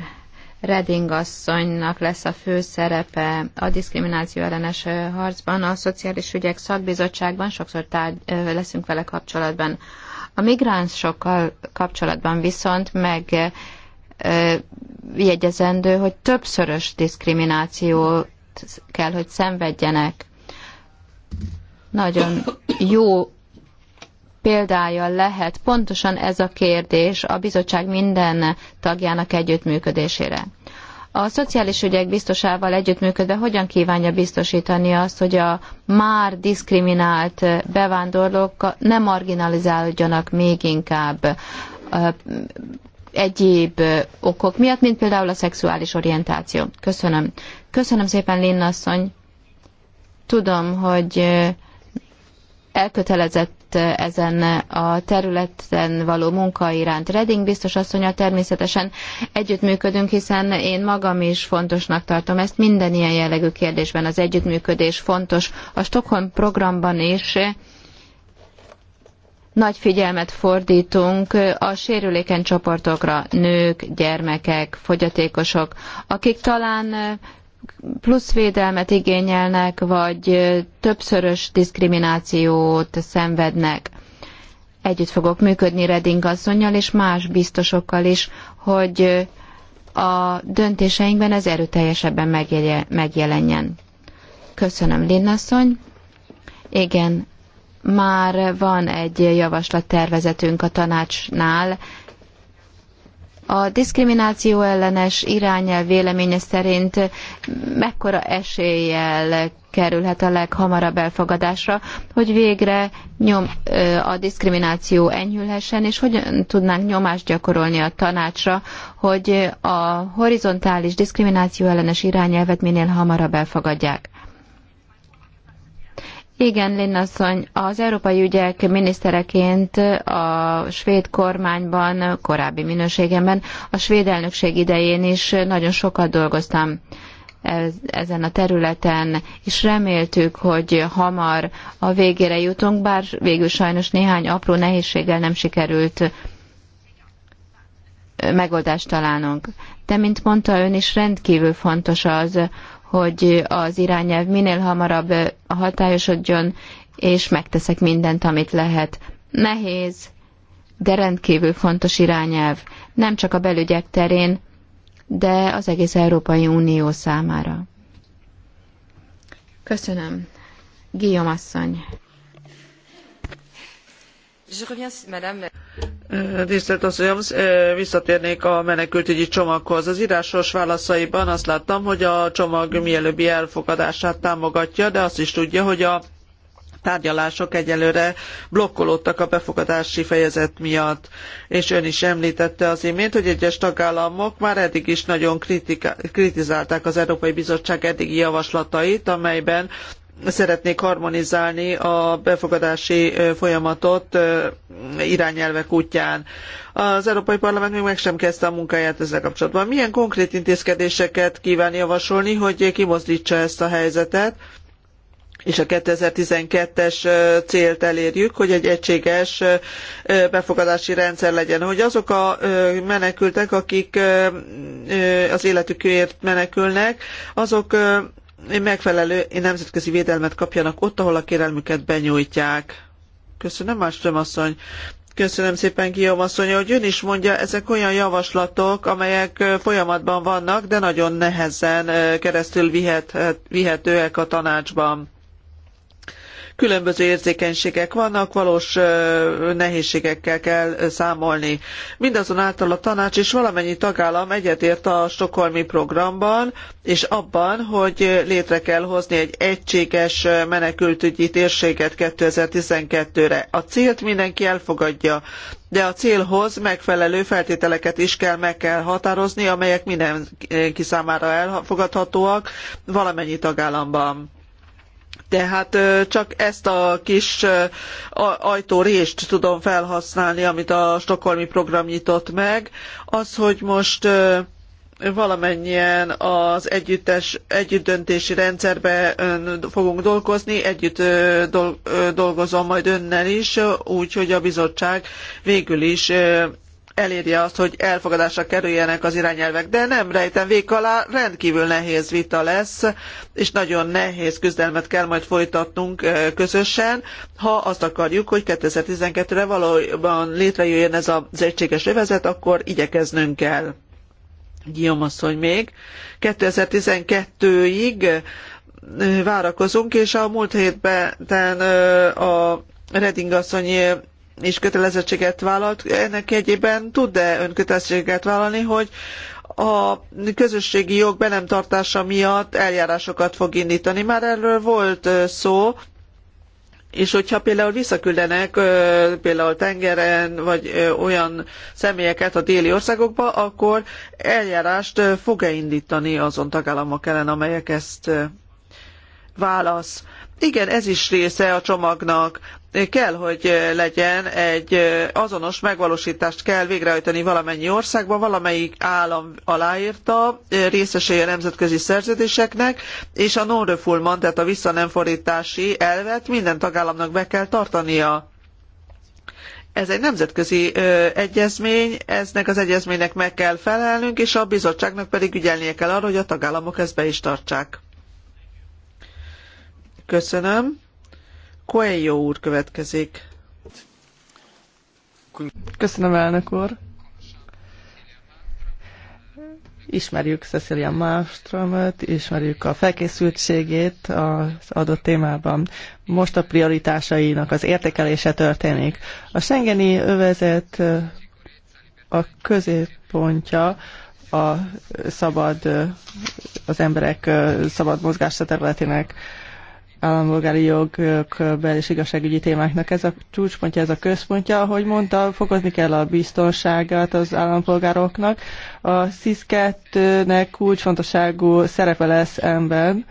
Reding asszonynak lesz a fő szerepe a diszkrimináció ellenes harcban, a Szociális Ügyek Szakbizottságban sokszor tárgy, leszünk vele kapcsolatban. A migránsokkal kapcsolatban viszont meg jegyezendő, hogy többszörös diszkrimináció kell, hogy szenvedjenek. Nagyon jó példája lehet pontosan ez a kérdés a bizottság minden tagjának együttműködésére. A szociális ügyek biztosával együttműködve hogyan kívánja biztosítani azt, hogy a már diszkriminált bevándorlók ne marginalizálódjanak még inkább egyéb okok miatt, mint például a szexuális orientáció. Köszönöm. Köszönöm szépen, Linna asszony. Tudom, hogy elkötelezett ezen a területen való munka iránt. Reding biztos asszonya természetesen együttműködünk, hiszen én magam is fontosnak tartom ezt minden ilyen jellegű kérdésben. Az együttműködés fontos. A Stockholm programban is nagy figyelmet fordítunk a sérülékeny csoportokra, nők, gyermekek, fogyatékosok, akik talán eh, plusz védelmet igényelnek, vagy eh, többszörös diszkriminációt szenvednek. Együtt fogok működni Reding asszonynal és más biztosokkal is, hogy eh, a döntéseinkben ez erőteljesebben megjelenjen. Köszönöm, Linnasszony. Igen, már van egy javaslat tervezetünk a tanácsnál. A diszkrimináció ellenes irányel véleménye szerint mekkora eséllyel kerülhet a leghamarabb elfogadásra, hogy végre nyom, a diszkrimináció enyhülhessen, és hogyan tudnánk nyomást gyakorolni a tanácsra, hogy a horizontális diszkrimináció ellenes irányelvet minél hamarabb elfogadják. Igen, Linnasszony, az európai ügyek minisztereként a svéd kormányban, korábbi minőségemben, a svéd elnökség idején is nagyon sokat dolgoztam ezen a területen, és reméltük, hogy hamar a végére jutunk, bár végül sajnos néhány apró nehézséggel nem sikerült megoldást találnunk. De, mint mondta ön is, rendkívül fontos az, hogy az irányelv minél hamarabb hatályosodjon, és megteszek mindent, amit lehet. Nehéz, de rendkívül fontos irányelv, nem csak a belügyek terén, de az egész Európai Unió számára. Köszönöm. Guillaume asszony. Eh, tisztelt eh, visszatérnék a menekültügyi csomaghoz. Az írásos válaszaiban azt láttam, hogy a csomag mielőbbi elfogadását támogatja, de azt is tudja, hogy a tárgyalások egyelőre blokkolódtak a befogadási fejezet miatt. És ön is említette az imént, hogy egyes tagállamok már eddig is nagyon kritika, kritizálták az Európai Bizottság eddigi javaslatait, amelyben szeretnék harmonizálni a befogadási folyamatot irányelvek útján. Az Európai Parlament még meg sem kezdte a munkáját ezzel kapcsolatban. Milyen konkrét intézkedéseket kíván javasolni, hogy kimozdítsa ezt a helyzetet, és a 2012-es célt elérjük, hogy egy egységes befogadási rendszer legyen. Hogy azok a menekültek, akik az életükért menekülnek, azok megfelelő nemzetközi védelmet kapjanak ott, ahol a kérelmüket benyújtják. Köszönöm, Mástrom asszony. Köszönöm szépen, Guillaume asszony, hogy ön is mondja, ezek olyan javaslatok, amelyek folyamatban vannak, de nagyon nehezen keresztül vihet, vihetőek a tanácsban különböző érzékenységek vannak, valós nehézségekkel kell számolni. Mindazonáltal a tanács és valamennyi tagállam egyetért a stokholmi programban, és abban, hogy létre kell hozni egy egységes menekültügyi térséget 2012-re. A célt mindenki elfogadja, de a célhoz megfelelő feltételeket is kell meg kell határozni, amelyek mindenki számára elfogadhatóak valamennyi tagállamban. Tehát csak ezt a kis ajtórést tudom felhasználni, amit a stokholmi program nyitott meg. Az, hogy most valamennyien az együttes, együttdöntési rendszerbe fogunk dolgozni, együtt dolgozom majd önnel is, úgy, hogy a bizottság végül is elérje azt, hogy elfogadásra kerüljenek az irányelvek, de nem rejtem vék alá, rendkívül nehéz vita lesz, és nagyon nehéz küzdelmet kell majd folytatnunk közösen, ha azt akarjuk, hogy 2012-re valóban létrejöjjön ez az egységes övezet, akkor igyekeznünk kell. Guillaume asszony még. 2012-ig várakozunk, és a múlt hétben a Reding asszony is kötelezettséget vállalt, ennek egyében tud-e ön kötelezettséget vállalni, hogy a közösségi jog be nem tartása miatt eljárásokat fog indítani. Már erről volt szó, és hogyha például visszaküldenek például tengeren, vagy olyan személyeket a déli országokba, akkor eljárást fog-e indítani azon tagállamok ellen, amelyek ezt válasz. Igen, ez is része a csomagnak. Kell, hogy legyen egy azonos megvalósítást kell végrehajtani valamennyi országban, valamelyik állam aláírta, részesei a nemzetközi szerződéseknek, és a non-refoulement, tehát a visszanemfordítási elvet minden tagállamnak be kell tartania. Ez egy nemzetközi ö, egyezmény, eznek az egyezménynek meg kell felelnünk, és a bizottságnak pedig ügyelnie kell arra, hogy a tagállamok ezt be is tartsák. Köszönöm. Coelho úr következik. Köszönöm, elnök úr. Ismerjük Cecilia Malmströmöt, ismerjük a felkészültségét az adott témában. Most a prioritásainak az értékelése történik. A Schengeni övezet a középpontja a szabad, az emberek szabad mozgása területének állampolgári bel- és igazságügyi témáknak ez a csúcspontja, ez a központja, ahogy mondta, fokozni kell a biztonságát az állampolgároknak. A SZIS-2-nek kulcsfontosságú szerepe lesz ebben.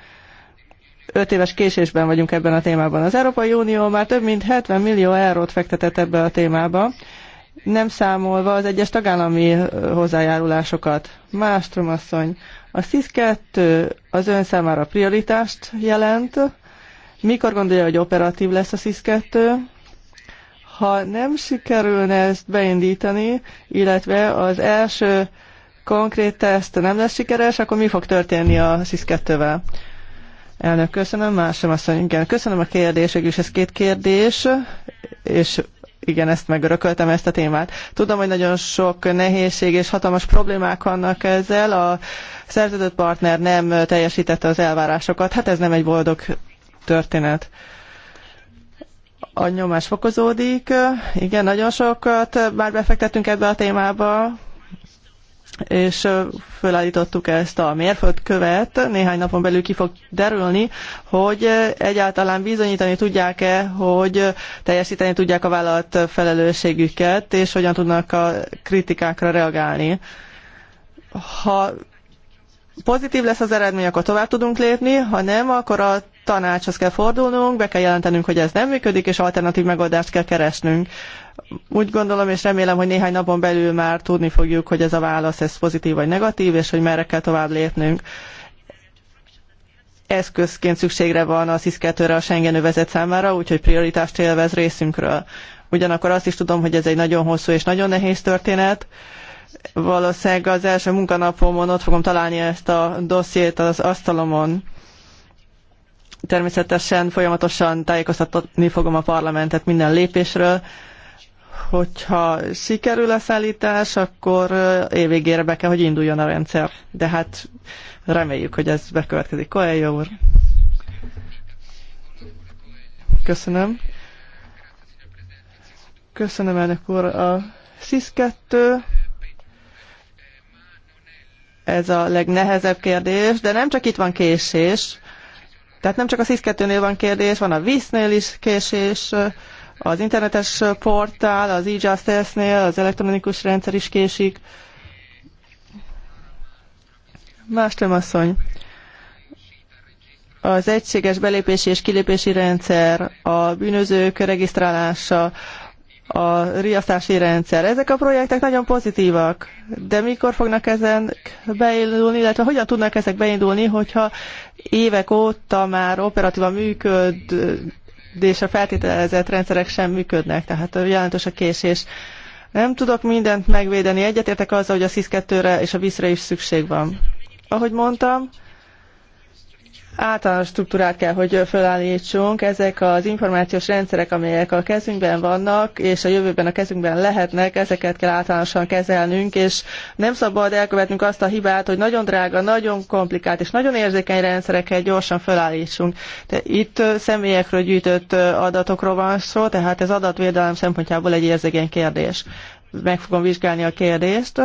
Öt éves késésben vagyunk ebben a témában. Az Európai Unió már több mint 70 millió eurót fektetett ebbe a témába, nem számolva az egyes tagállami hozzájárulásokat. Mástrom asszony, a SZIS-2 az ön számára prioritást jelent, mikor gondolja, hogy operatív lesz a sis 2 Ha nem sikerülne ezt beindítani, illetve az első konkrét teszt nem lesz sikeres, akkor mi fog történni a sis 2 vel Elnök, köszönöm. azt mondja, igen, köszönöm a kérdések is. Ez két kérdés, és igen, ezt megörököltem, ezt a témát. Tudom, hogy nagyon sok nehézség és hatalmas problémák vannak ezzel. A szerződött partner nem teljesítette az elvárásokat. Hát ez nem egy boldog történet. A nyomás fokozódik, igen, nagyon sokat eh, már befektettünk ebbe a témába, és eh, felállítottuk ezt a mérföldkövet, néhány napon belül ki fog derülni, hogy eh, egyáltalán bizonyítani tudják-e, hogy teljesíteni tudják a vállalat felelősségüket, és hogyan tudnak a kritikákra reagálni. Ha pozitív lesz az eredmény, akkor tovább tudunk lépni, ha nem, akkor a tanácshoz kell fordulnunk, be kell jelentenünk, hogy ez nem működik, és alternatív megoldást kell keresnünk. Úgy gondolom és remélem, hogy néhány napon belül már tudni fogjuk, hogy ez a válasz ez pozitív vagy negatív, és hogy merre kell tovább lépnünk eszközként szükségre van a sis a Schengen övezet számára, úgyhogy prioritást élvez részünkről. Ugyanakkor azt is tudom, hogy ez egy nagyon hosszú és nagyon nehéz történet. Valószínűleg az első munkanapomon ott fogom találni ezt a dossziét az asztalomon. Természetesen folyamatosan tájékoztatni fogom a parlamentet minden lépésről. Hogyha sikerül a szállítás, akkor évvégére be kell, hogy induljon a rendszer. De hát reméljük, hogy ez bekövetkezik. Koelja úr. Köszönöm. Köszönöm elnök úr. A sis 2 ez a legnehezebb kérdés, de nem csak itt van késés, tehát nem csak a sis nél van kérdés, van a VISZ-nél is késés, az internetes portál, az e-justice-nél, az elektronikus rendszer is késik. más, asszony, az egységes belépési és kilépési rendszer, a bűnözők regisztrálása, a riasztási rendszer. Ezek a projektek nagyon pozitívak, de mikor fognak ezen beindulni, illetve hogyan tudnak ezek beindulni, hogyha évek óta már operatívan a feltételezett rendszerek sem működnek, tehát jelentős a késés. Nem tudok mindent megvédeni, egyetértek azzal, hogy a sis 2 re és a vízre is szükség van. Ahogy mondtam, általános struktúrát kell, hogy fölállítsunk. Ezek az információs rendszerek, amelyek a kezünkben vannak, és a jövőben a kezünkben lehetnek, ezeket kell általánosan kezelnünk, és nem szabad elkövetnünk azt a hibát, hogy nagyon drága, nagyon komplikált és nagyon érzékeny rendszereket gyorsan fölállítsunk. De itt személyekről gyűjtött adatokról van szó, tehát ez adatvédelem szempontjából egy érzékeny kérdés. Meg fogom vizsgálni a kérdést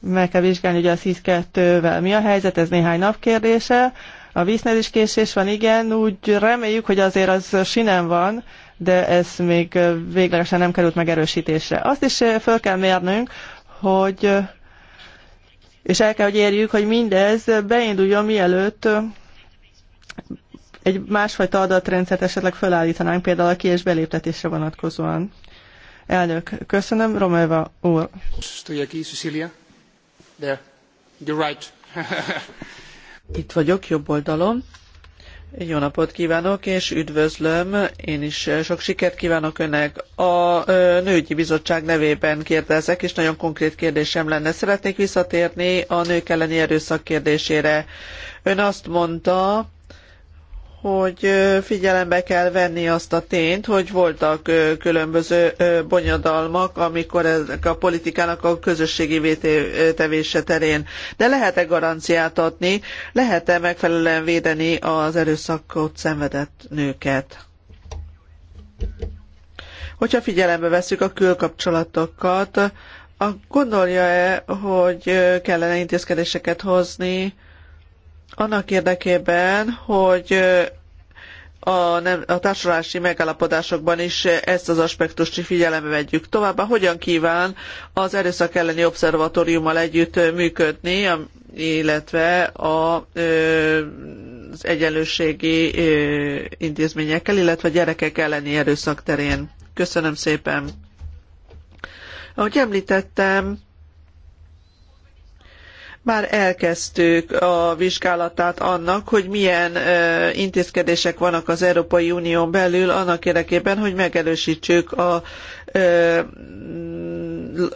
meg kell vizsgálni, hogy a SZISZ 2-vel mi a helyzet, ez néhány nap kérdése. A víznél is késés van, igen, úgy reméljük, hogy azért az sinem van, de ez még véglegesen nem került megerősítésre. Azt is eh, föl kell mérnünk, hogy eh, és el kell, hogy érjük, hogy mindez beinduljon mielőtt eh, egy másfajta adatrendszert esetleg felállítanánk, például a ki- és beléptetésre vonatkozóan. Elnök, köszönöm, Romeva úr. Stojaki, Cecilia. There. You're right. Itt vagyok, jobb oldalon. Jó napot kívánok, és üdvözlöm. Én is sok sikert kívánok Önnek. A Nőgyi Bizottság nevében kérdezek, és nagyon konkrét kérdésem lenne. Szeretnék visszatérni a nők elleni erőszak kérdésére. Ön azt mondta, hogy figyelembe kell venni azt a tényt, hogy voltak különböző bonyodalmak, amikor ezek a politikának a közösségi tevése terén. De lehet-e garanciát adni, lehet-e megfelelően védeni az erőszakot szenvedett nőket? Hogyha figyelembe vesszük a külkapcsolatokat, gondolja-e, hogy kellene intézkedéseket hozni, annak érdekében, hogy a, nem, a társulási megállapodásokban is ezt az aspektust figyelembe vegyük. Továbbá hogyan kíván az erőszak elleni obszervatóriummal együtt működni, illetve a, az egyenlőségi intézményekkel, illetve a gyerekek elleni erőszak terén. Köszönöm szépen! Ahogy említettem, már elkezdtük a vizsgálatát annak, hogy milyen intézkedések vannak az Európai Unión belül annak érdekében, hogy megerősítsük a,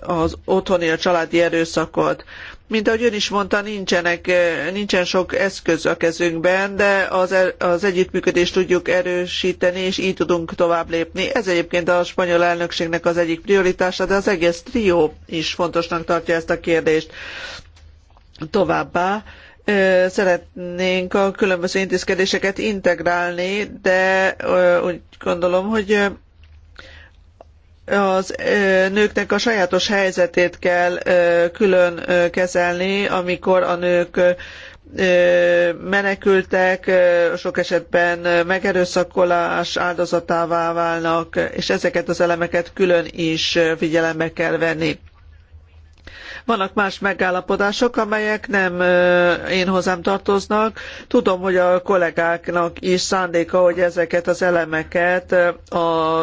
az otthoni, a családi erőszakot. Mint ahogy ön is mondta, nincsenek, nincsen sok eszköz a kezünkben, de az, e, az együttműködést tudjuk erősíteni, és így tudunk tovább lépni. Ez egyébként a spanyol elnökségnek az egyik prioritása, de az egész trió is fontosnak tartja ezt a kérdést Továbbá szeretnénk a különböző intézkedéseket integrálni, de úgy gondolom, hogy az nőknek a sajátos helyzetét kell külön kezelni, amikor a nők menekültek, sok esetben megerőszakolás áldozatává válnak, és ezeket az elemeket külön is figyelembe kell venni. Vannak más megállapodások, amelyek nem én hozzám tartoznak. Tudom, hogy a kollégáknak is szándéka, hogy ezeket az elemeket, a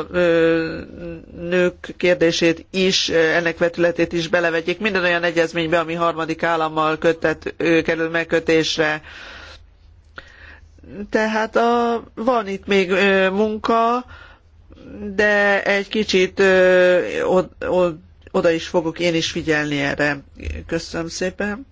nők kérdését is, ennek vetületét is belevegyék minden olyan egyezménybe, ami harmadik állammal kötet, kerül megkötésre. Tehát a, van itt még munka, de egy kicsit ö, oda is fogok én is figyelni erre. Köszönöm szépen.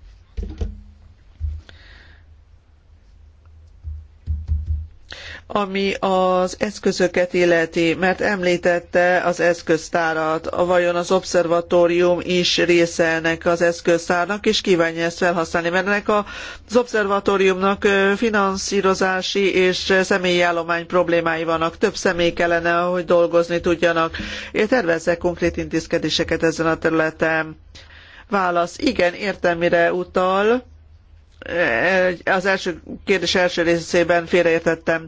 ami az eszközöket illeti, mert említette az eszköztárat, vajon az obszervatórium is része ennek az eszköztárnak, és kívánja ezt felhasználni, mert ennek az obszervatóriumnak finanszírozási és személyi állomány problémái vannak, több személy kellene, hogy dolgozni tudjanak. Én tervezek konkrét intézkedéseket ezen a területen. Válasz, igen, értem, mire utal az első kérdés első részében félreértettem.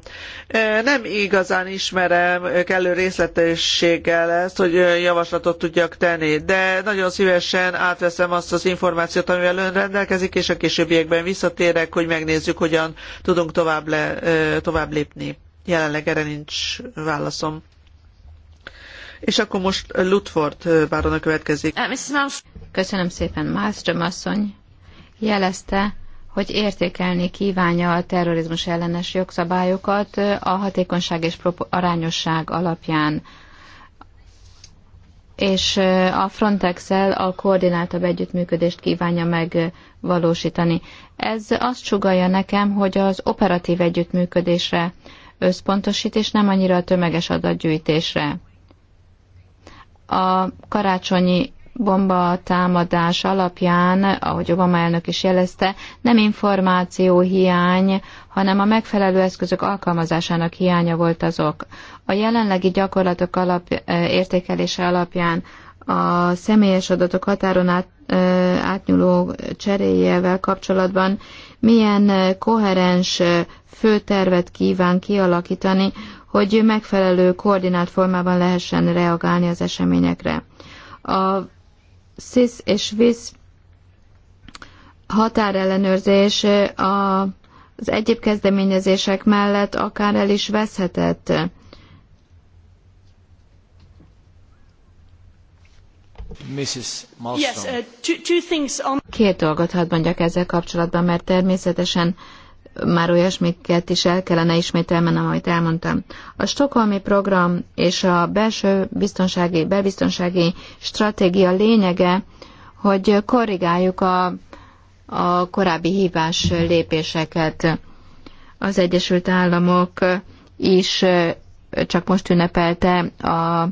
Nem igazán ismerem kellő részletességgel ezt, hogy javaslatot tudjak tenni, de nagyon szívesen átveszem azt az információt, amivel ön rendelkezik, és a későbbiekben visszatérek, hogy megnézzük, hogyan tudunk tovább, le, tovább lépni. Jelenleg erre nincs válaszom. És akkor most Ludford a következik. Köszönöm szépen, Mástrom asszony jelezte, hogy értékelni kívánja a terrorizmus ellenes jogszabályokat a hatékonyság és arányosság alapján és a Frontex-el a koordináltabb együttműködést kívánja megvalósítani. Ez azt sugalja nekem, hogy az operatív együttműködésre összpontosít, és nem annyira a tömeges adatgyűjtésre. A karácsonyi bomba támadás alapján, ahogy Obama elnök is jelezte, nem információ hiány, hanem a megfelelő eszközök alkalmazásának hiánya volt azok. A jelenlegi gyakorlatok alap, értékelése alapján a személyes adatok határon át, átnyúló cseréjével kapcsolatban milyen koherens főtervet kíván kialakítani, hogy megfelelő koordinált formában lehessen reagálni az eseményekre. A SIS és VISZ határellenőrzés a, az egyéb kezdeményezések mellett akár el is veszhetett. Mrs. Malmström. Uh, Két dolgot hadd mondjak ezzel kapcsolatban, mert természetesen uh, már olyasmiket is el kellene ismételmenem, amit elmondtam. A Stockholmi program és a belső biztonsági, belbiztonsági stratégia lényege, hogy korrigáljuk a, a korábbi hívás lépéseket. Az Egyesült Államok is csak most ünnepelte a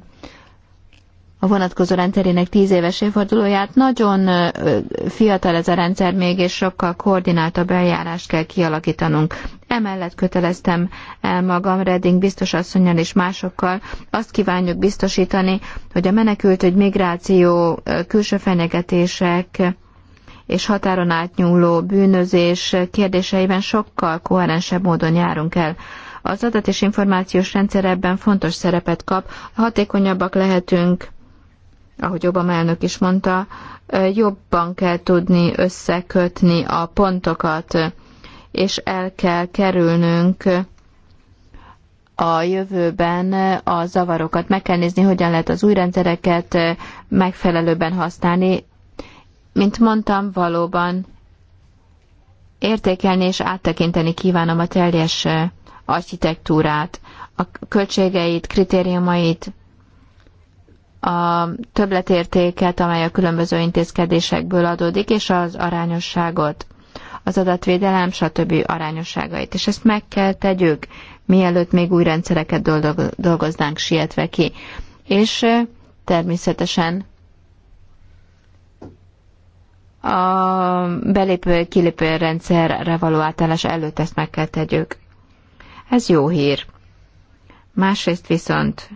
a vonatkozó rendszerének tíz éves évfordulóját. Nagyon fiatal ez a rendszer még, és sokkal koordináltabb eljárást kell kialakítanunk. Emellett köteleztem el magam Redding biztos és másokkal. Azt kívánjuk biztosítani, hogy a menekült, hogy migráció, külső fenyegetések, és határon átnyúló bűnözés kérdéseiben sokkal koherensebb módon járunk el. Az adat és információs rendszer ebben fontos szerepet kap, hatékonyabbak lehetünk ahogy Obama elnök is mondta, jobban kell tudni összekötni a pontokat, és el kell kerülnünk a jövőben a zavarokat. Meg kell nézni, hogyan lehet az új rendszereket megfelelőben használni. Mint mondtam, valóban értékelni és áttekinteni kívánom a teljes architektúrát, a költségeit, kritériumait, a többletértéket, amely a különböző intézkedésekből adódik, és az arányosságot, az adatvédelem, stb. arányosságait. És ezt meg kell tegyük, mielőtt még új rendszereket dolgoznánk sietve ki. És természetesen a belépő-kilépő rendszerre való átállás előtt ezt meg kell tegyük. Ez jó hír. Másrészt viszont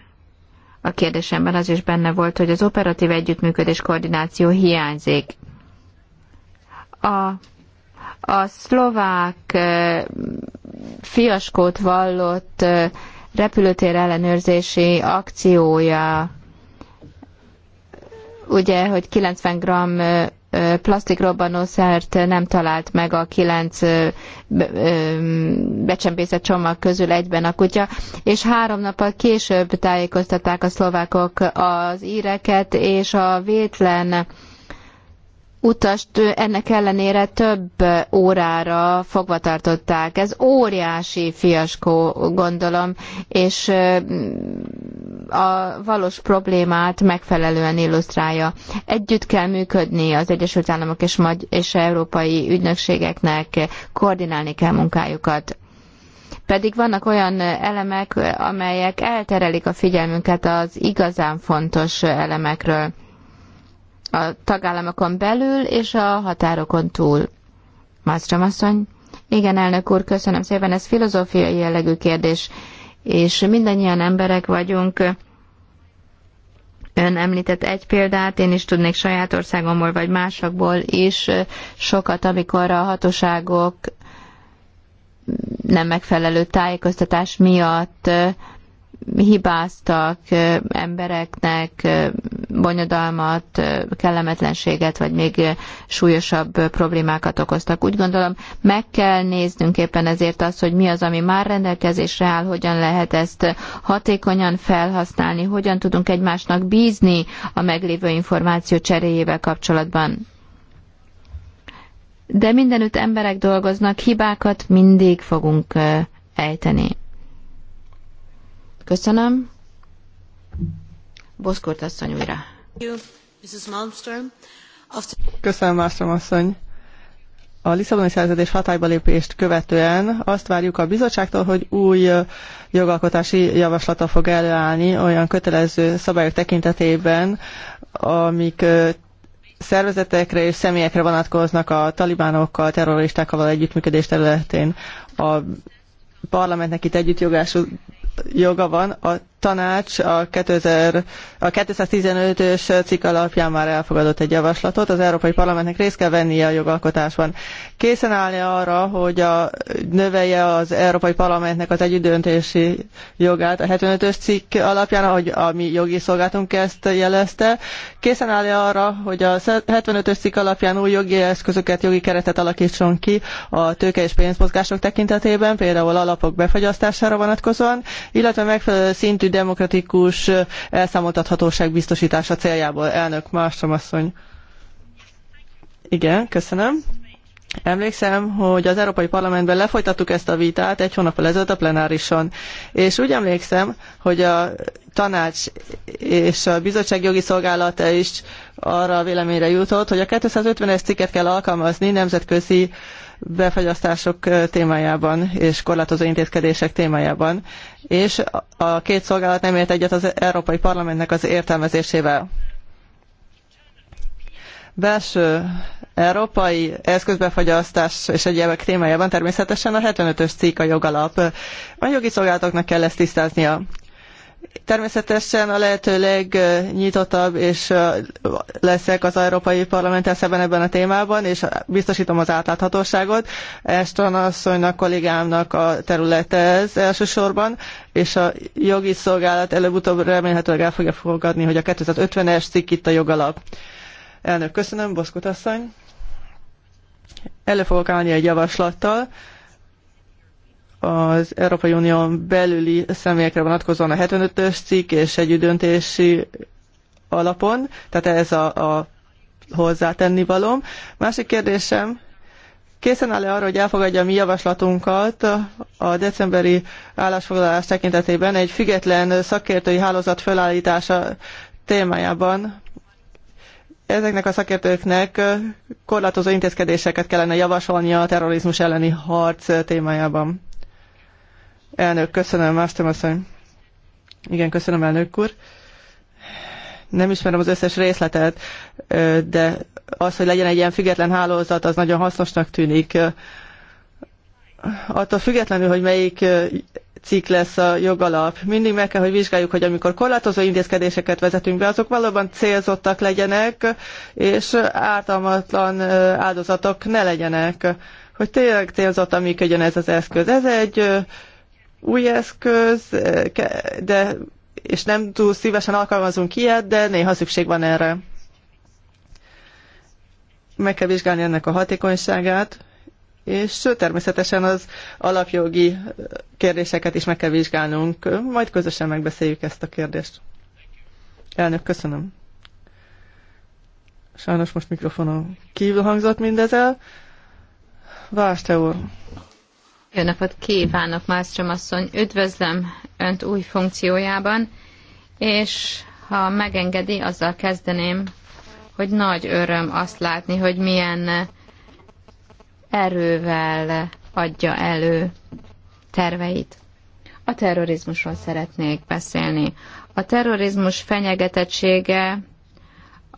a kérdésemben az is benne volt, hogy az operatív együttműködés koordináció hiányzik. A, a szlovák fiaskót vallott repülőtér ellenőrzési akciója, ugye, hogy 90 e, plastikrobbanószert nem talált meg a kilenc becsempészett csomag közül egyben a kutya, és három nappal később tájékoztatták a szlovákok az íreket, és a vétlen utast ennek ellenére több órára fogva tartották. Ez óriási fiaskó, gondolom, és a valós problémát megfelelően illusztrálja. Együtt kell működni az Egyesült Államok és, Magy- és Európai Ügynökségeknek, koordinálni kell munkájukat. Pedig vannak olyan elemek, amelyek elterelik a figyelmünket az igazán fontos elemekről a tagállamokon belül és a határokon túl. Mászcsom asszony? Igen, elnök úr, köszönöm szépen. Ez filozófiai jellegű kérdés, és mindannyian emberek vagyunk. Ön említett egy példát, én is tudnék saját országomból vagy másokból is sokat, amikor a hatóságok nem megfelelő tájékoztatás miatt hibáztak embereknek bonyodalmat, kellemetlenséget, vagy még súlyosabb problémákat okoztak. Úgy gondolom, meg kell néznünk éppen ezért azt, hogy mi az, ami már rendelkezésre áll, hogyan lehet ezt hatékonyan felhasználni, hogyan tudunk egymásnak bízni a meglévő információ cseréjével kapcsolatban. De mindenütt emberek dolgoznak, hibákat mindig fogunk ejteni. Köszönöm. Boszkort asszony újra. Köszönöm, Malmström asszony. A Lisszaboni szerződés hatályba lépést követően azt várjuk a bizottságtól, hogy új jogalkotási javaslata fog előállni olyan kötelező szabályok tekintetében, amik szervezetekre és személyekre vonatkoznak a talibánokkal, terroristákkal együttműködés területén. A parlamentnek itt együttjogású joga van a tanács a, 2000, a 215-ös cikk alapján már elfogadott egy javaslatot. Az Európai Parlamentnek részt kell vennie a jogalkotásban. Készen állni arra, hogy a, növelje az Európai Parlamentnek az együttdöntési jogát a 75-ös cikk alapján, ahogy a mi jogi szolgáltunk ezt jelezte. Készen állni arra, hogy a 75-ös cikk alapján új jogi eszközöket, jogi keretet alakítson ki a tőke és pénzmozgások tekintetében, például alapok befagyasztására vonatkozóan, illetve megfelelő szintű demokratikus elszámoltathatóság biztosítása céljából. Elnök Márstrom asszony. Igen, köszönöm. Emlékszem, hogy az Európai Parlamentben lefolytattuk ezt a vitát egy hónappal ezelőtt a plenárison, és úgy emlékszem, hogy a tanács és a bizottság jogi szolgálata is arra a véleményre jutott, hogy a 250-es cikket kell alkalmazni nemzetközi uh, befagyasztások témájában és korlátozó intézkedések témájában, és a két szolgálat nem ért egyet az Európai Parlamentnek az értelmezésével. Belső európai eszközbefagyasztás és egyebek témájában természetesen a 75-ös cikk a jogalap. A jogi szolgálatoknak kell ezt tisztáznia. Természetesen a lehető legnyitottabb, és leszek az Európai Parlamenttel szemben ebben a témában, és biztosítom az átláthatóságot. Eston asszonynak, kollégámnak a területe ez elsősorban, és a jogi szolgálat előbb-utóbb remélhetőleg el fogja fogadni, hogy a 2050-es cikk itt a jogalap. Elnök, köszönöm, Boszkut asszony. Elő fogok állni egy javaslattal az Európai Unión belüli személyekre vonatkozóan a 75-ös cikk és egy döntési alapon, tehát ez a, a hozzátenni valom. Másik kérdésem, készen áll-e arra, hogy elfogadja a mi javaslatunkat a decemberi állásfoglalás tekintetében egy független szakértői hálózat felállítása témájában? Ezeknek a szakértőknek korlátozó intézkedéseket kellene javasolnia a terrorizmus elleni harc témájában. Elnök, köszönöm, Másztom asszony. Igen, köszönöm, elnök úr. Nem ismerem az összes részletet, de az, hogy legyen egy ilyen független hálózat, az nagyon hasznosnak tűnik. Attól függetlenül, hogy melyik cikk lesz a jogalap. Mindig meg kell, hogy vizsgáljuk, hogy amikor korlátozó intézkedéseket vezetünk be, azok valóban célzottak legyenek, és ártalmatlan áldozatok ne legyenek. Hogy tényleg célzott, amíg ez az eszköz. Ez egy új eszköz, eh, de, és nem túl szívesen alkalmazunk ilyet, de néha szükség van erre. Meg kell vizsgálni ennek a hatékonyságát, és természetesen az alapjogi eh, kérdéseket is meg kell vizsgálnunk, majd közösen megbeszéljük ezt a kérdést. Elnök, köszönöm. Sajnos most mikrofonon kívül hangzott mindezel. el. te úr. Jó napot kívánok, Mászrom asszony! Üdvözlöm Önt új funkciójában, és ha megengedi, azzal kezdeném, hogy nagy öröm azt látni, hogy milyen erővel adja elő terveit. A terrorizmusról szeretnék beszélni. A terrorizmus fenyegetettsége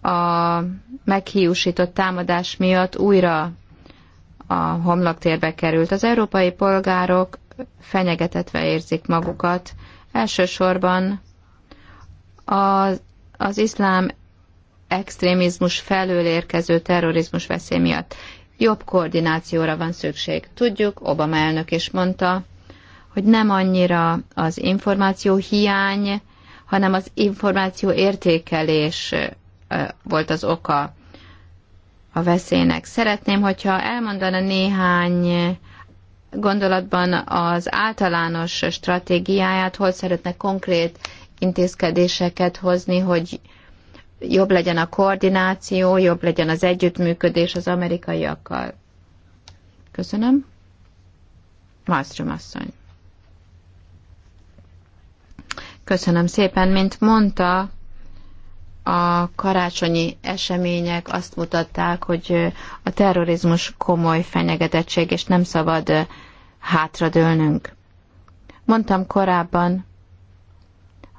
a meghiúsított támadás miatt újra a homloktérbe került. Az európai polgárok fenyegetetve érzik magukat, elsősorban az, az iszlám extrémizmus felől érkező terrorizmus veszély miatt. Jobb koordinációra van szükség. Tudjuk, Obama elnök is mondta, hogy nem annyira az információ hiány, hanem az információ értékelés volt az oka a veszélynek. Szeretném, hogyha elmondana néhány gondolatban az általános stratégiáját, hol szeretne konkrét intézkedéseket hozni, hogy jobb legyen a koordináció, jobb legyen az együttműködés az amerikaiakkal. Köszönöm. Malmström asszony. Köszönöm szépen, mint mondta, a karácsonyi események azt mutatták, hogy a terrorizmus komoly fenyegetettség, és nem szabad hátradőlnünk. Mondtam korábban,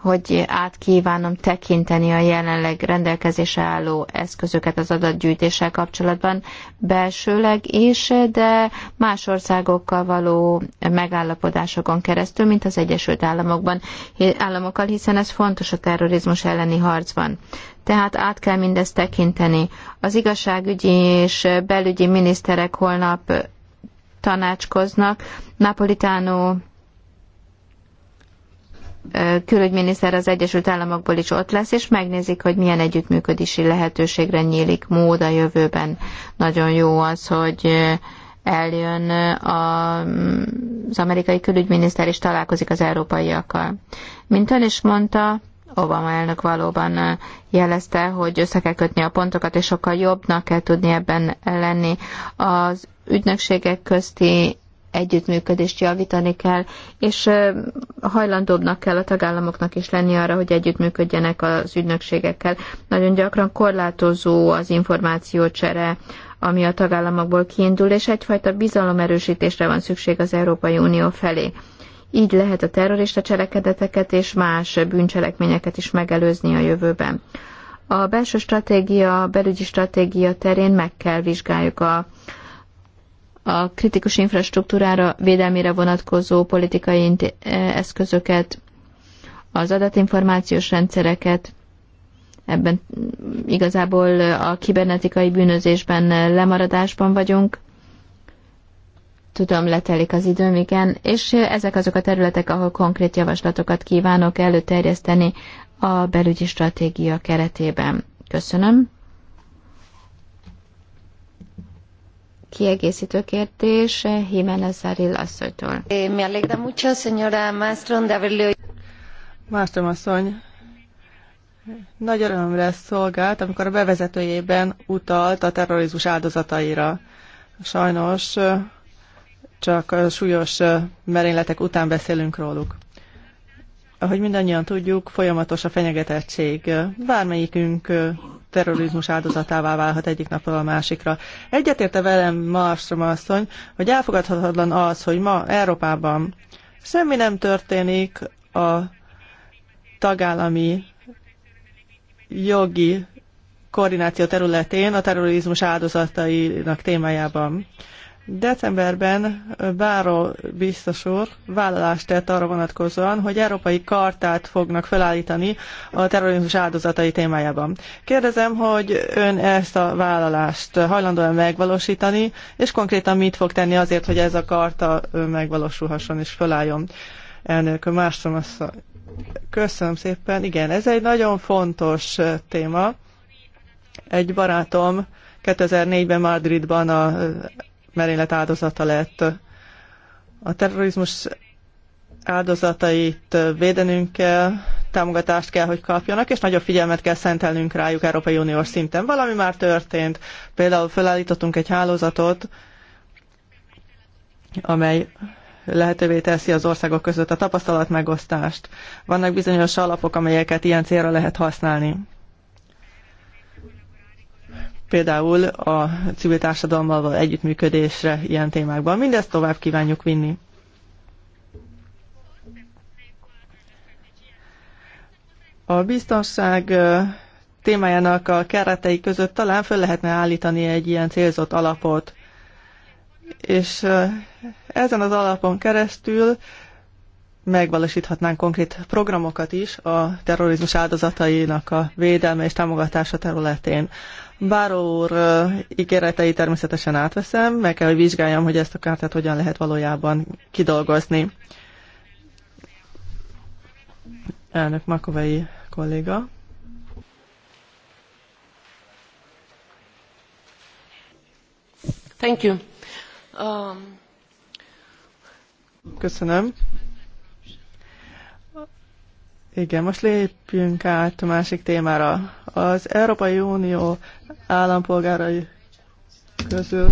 hogy át kívánom tekinteni a jelenleg rendelkezésre álló eszközöket az adatgyűjtéssel kapcsolatban belsőleg is, de más országokkal való megállapodásokon keresztül, mint az Egyesült Államokban, államokkal, hiszen ez fontos a terrorizmus elleni harcban. Tehát át kell mindezt tekinteni. Az igazságügyi és belügyi miniszterek holnap tanácskoznak. Napolitánó külügyminiszter az Egyesült Államokból is ott lesz, és megnézik, hogy milyen együttműködési lehetőségre nyílik mód a jövőben. Nagyon jó az, hogy eljön a, az amerikai külügyminiszter, és találkozik az európaiakkal. Mint ön is mondta, Obama elnök valóban jelezte, hogy össze kell kötni a pontokat, és sokkal jobbnak kell tudni ebben lenni. Az ügynökségek közti együttműködést javítani kell, és hajlandóbbnak kell a tagállamoknak is lenni arra, hogy együttműködjenek az ügynökségekkel. Nagyon gyakran korlátozó az információcsere, ami a tagállamokból kiindul, és egyfajta bizalomerősítésre van szükség az Európai Unió felé. Így lehet a terrorista cselekedeteket és más bűncselekményeket is megelőzni a jövőben. A belső stratégia, belügyi stratégia terén meg kell vizsgáljuk a, a kritikus infrastruktúrára védelmére vonatkozó politikai e, eszközöket, az adatinformációs rendszereket, ebben igazából a kibernetikai bűnözésben lemaradásban vagyunk. Tudom, letelik az időm, igen, és ezek azok a területek, ahol konkrét javaslatokat kívánok előterjeszteni a belügyi stratégia keretében. Köszönöm. kiegészítő kérdés Jiménez Zaril asszonytól. Eh, me alegra mucho, señora Mastron, de haberle... Mastron asszony, nagy örömre szolgált, amikor a bevezetőjében utalt a terrorizmus áldozataira. Sajnos eh, csak eh, súlyos merényletek után beszélünk róluk. Ahogy mindannyian tudjuk, folyamatos a fenyegetettség. Bármelyikünk terrorizmus áldozatává válhat egyik napról a másikra. Egyetérte velem Marstrom asszony, hogy elfogadhatatlan az, hogy ma Európában semmi nem történik a tagállami jogi koordináció területén a terrorizmus áldozatainak témájában. Decemberben Báró biztos úr vállalást tett arra vonatkozóan, hogy európai kartát fognak felállítani a terrorizmus áldozatai témájában. Kérdezem, hogy ön ezt a vállalást hajlandóan megvalósítani, és konkrétan mit fog tenni azért, hogy ez a karta megvalósulhasson és felálljon? Elnök Márstrom asszony. Köszönöm szépen. Igen, ez egy nagyon fontos téma. Egy barátom 2004-ben Madridban a merénylet áldozata lett. A terrorizmus áldozatait védenünk kell, támogatást kell, hogy kapjanak, és nagyobb figyelmet kell szentelnünk rájuk Európai Uniós szinten. Valami már történt. Például felállítottunk egy hálózatot, amely lehetővé teszi az országok között a tapasztalatmegosztást. Vannak bizonyos alapok, amelyeket ilyen célra lehet használni például a civil társadalommal való együttműködésre ilyen témákban. Mindezt tovább kívánjuk vinni. A biztonság témájának a keretei között talán föl lehetne állítani egy ilyen célzott alapot. És ezen az alapon keresztül megvalósíthatnánk konkrét programokat is a terrorizmus áldozatainak a védelme és támogatása területén. Báró úr ígéretei természetesen átveszem, meg kell, hogy vizsgáljam, hogy ezt a kártát hogyan lehet valójában kidolgozni. Elnök Makovei kolléga. Thank you. Um... Köszönöm. Igen, most lépjünk át a másik témára. Az Európai Unió állampolgárai közül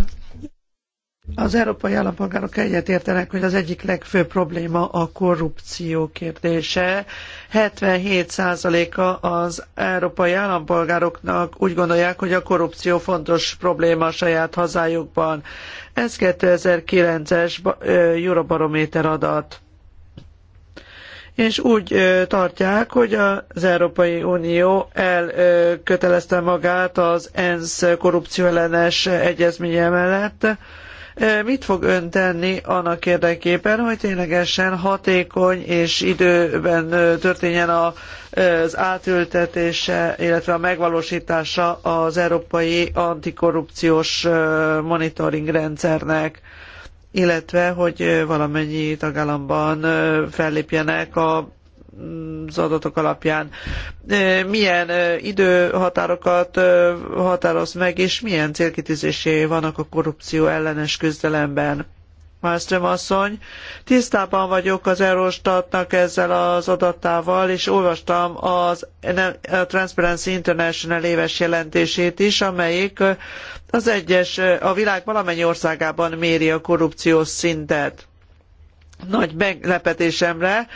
az európai állampolgárok egyetértenek, hogy az egyik legfőbb probléma a korrupció kérdése. 77%-a az európai állampolgároknak úgy gondolják, hogy a korrupció fontos probléma a saját hazájukban. Ez 2009-es Eurobarométer adat és úgy tartják, hogy az Európai Unió elkötelezte magát az ENSZ korrupcióellenes egyezménye mellett. Mit fog ön tenni annak érdekében, hogy ténylegesen hatékony és időben történjen az átültetése, illetve a megvalósítása az Európai Antikorrupciós Monitoring Rendszernek? illetve hogy valamennyi tagállamban fellépjenek a az adatok alapján. Milyen időhatárokat határoz meg, és milyen célkitűzésé vannak a korrupció ellenes küzdelemben? Malmström asszony. Tisztában vagyok az Eurostatnak ezzel az adatával, és olvastam az Transparency International éves jelentését is, amelyik az egyes, a világ valamennyi országában méri a korrupciós szintet nagy meglepetésemre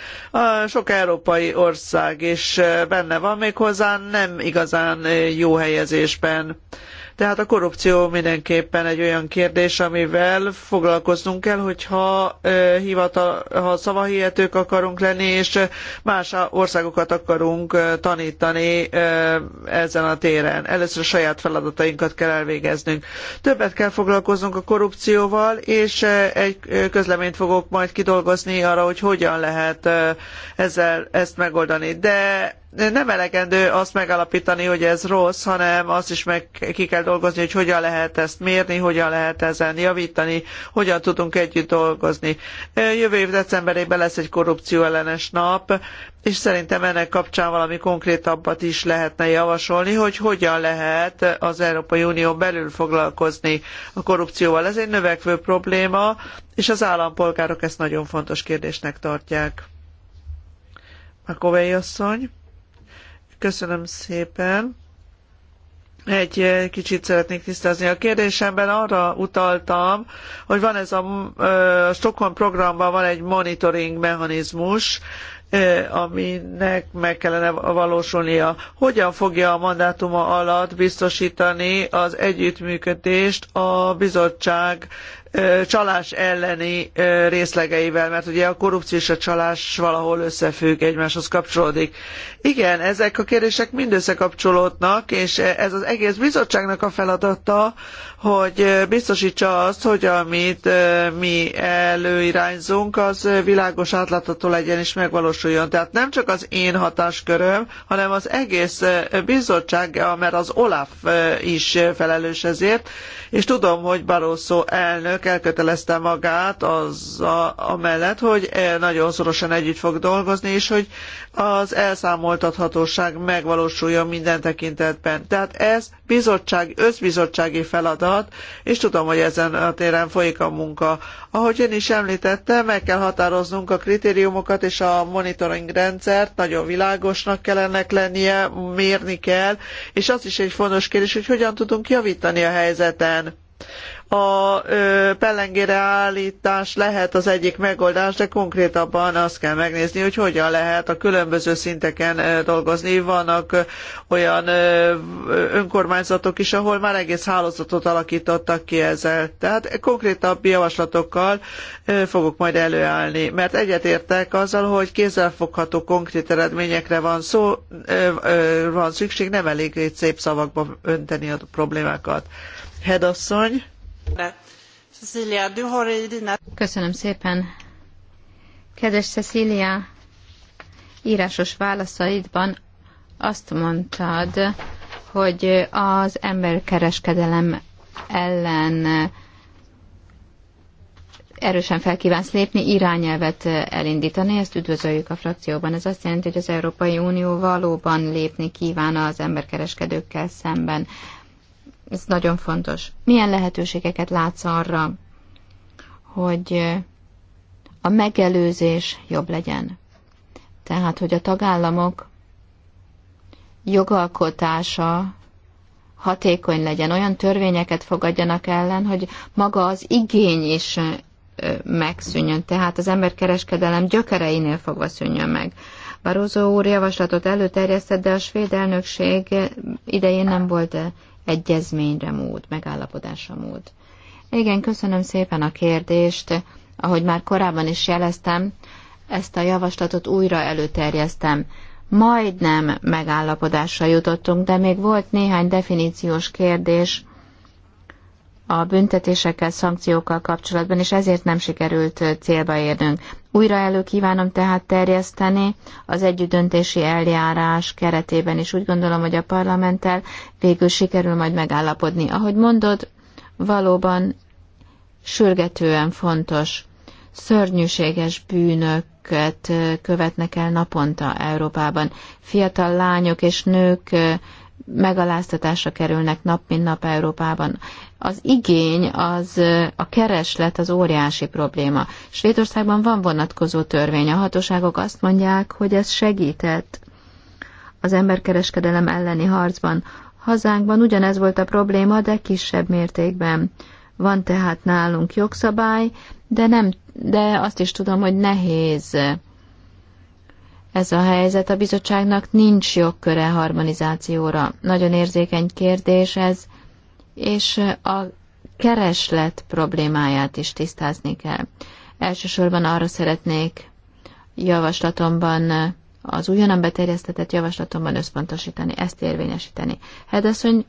sok európai ország is benne van, méghozzá nem igazán jó helyezésben. Tehát a korrupció mindenképpen egy olyan kérdés, amivel foglalkoznunk kell, hogyha hivatal, ha szavahihetők akarunk lenni, és más országokat akarunk tanítani ezen a téren. Először a saját feladatainkat kell elvégeznünk. Többet kell foglalkoznunk a korrupcióval, és egy közleményt fogok majd kidolgozni arra, hogy hogyan lehet ezzel ezt megoldani. De nem elegendő azt megállapítani, hogy ez rossz, hanem azt is meg ki kell dolgozni, hogy hogyan lehet ezt mérni, hogyan lehet ezen javítani, hogyan tudunk együtt dolgozni. Jövő év decemberében lesz egy korrupcióellenes nap, és szerintem ennek kapcsán valami konkrétabbat is lehetne javasolni, hogy hogyan lehet az Európai Unió belül foglalkozni a korrupcióval. Ez egy növekvő probléma, és az állampolgárok ezt nagyon fontos kérdésnek tartják. Makovei asszony, köszönöm szépen. Egy kicsit szeretnék tisztázni a kérdésemben. Arra utaltam, hogy van ez a, a Stockholm programban van egy monitoring mechanizmus, aminek meg kellene valósulnia. Hogyan fogja a mandátuma alatt biztosítani az együttműködést a bizottság csalás elleni részlegeivel, mert ugye a korrupció és a csalás valahol összefügg, egymáshoz kapcsolódik. Igen, ezek a kérdések mind összekapcsolódnak, és ez az egész bizottságnak a feladata, hogy biztosítsa azt, hogy amit mi előirányzunk, az világos átlátható legyen és megvalósuljon. Tehát nem csak az én hatásköröm, hanem az egész bizottság, mert az OLAF is felelős ezért, és tudom, hogy Barroso elnök elnök elkötelezte magát az a, amellett, hogy e nagyon szorosan együtt fog dolgozni, és hogy az elszámoltathatóság megvalósuljon minden tekintetben. Tehát ez bizottság, összbizottsági feladat, és tudom, hogy ezen a téren folyik a munka. Ahogy ön is említette, meg kell határoznunk a kritériumokat és a monitoring rendszert, nagyon világosnak kell ennek lennie, mérni kell, és az is egy fontos kérdés, hogy hogyan tudunk javítani a helyzeten a pellengére állítás lehet az egyik megoldás, de konkrétabban azt kell megnézni, hogy hogyan lehet a különböző szinteken dolgozni. Vannak olyan önkormányzatok is, ahol már egész hálózatot alakítottak ki ezzel. Tehát konkrétabb javaslatokkal fogok majd előállni, mert egyetértek azzal, hogy kézzelfogható konkrét eredményekre van szó, van szükség, nem elég szép szavakba önteni a problémákat. Hedasszony. Köszönöm szépen. Kedves Cecilia, írásos válaszaidban azt mondtad, hogy az emberkereskedelem ellen erősen felkívánsz lépni, irányelvet elindítani, ezt üdvözöljük a frakcióban. Ez azt jelenti, hogy az Európai Unió valóban lépni kíván az emberkereskedőkkel szemben. Ez nagyon fontos. Milyen lehetőségeket látsz arra, hogy a megelőzés jobb legyen? Tehát, hogy a tagállamok jogalkotása hatékony legyen, olyan törvényeket fogadjanak ellen, hogy maga az igény is megszűnjön, tehát az emberkereskedelem gyökereinél fogva szűnjön meg. Barózó úr javaslatot előterjesztett, de a svéd elnökség idején nem volt egyezményre mód, megállapodásra mód. Igen, köszönöm szépen a kérdést. Ahogy már korábban is jeleztem, ezt a javaslatot újra előterjesztem. Majdnem megállapodásra jutottunk, de még volt néhány definíciós kérdés a büntetésekkel, szankciókkal kapcsolatban, és ezért nem sikerült célba érnünk. Újra elő kívánom tehát terjeszteni az együttdöntési eljárás keretében is. Úgy gondolom, hogy a parlamenttel végül sikerül majd megállapodni. Ahogy mondod, valóban sürgetően fontos. Szörnyűséges bűnöket követnek el naponta Európában. Fiatal lányok és nők megaláztatásra kerülnek nap mint nap Európában az igény, az, a kereslet az óriási probléma. Svédországban van vonatkozó törvény. A hatóságok azt mondják, hogy ez segített az emberkereskedelem elleni harcban. Hazánkban ugyanez volt a probléma, de kisebb mértékben. Van tehát nálunk jogszabály, de, nem, de azt is tudom, hogy nehéz ez a helyzet. A bizottságnak nincs jogköre harmonizációra. Nagyon érzékeny kérdés ez, és a kereslet problémáját is tisztázni kell. Elsősorban arra szeretnék javaslatomban, az újonnan beterjesztetett javaslatomban összpontosítani, ezt érvényesíteni. Hedasszony,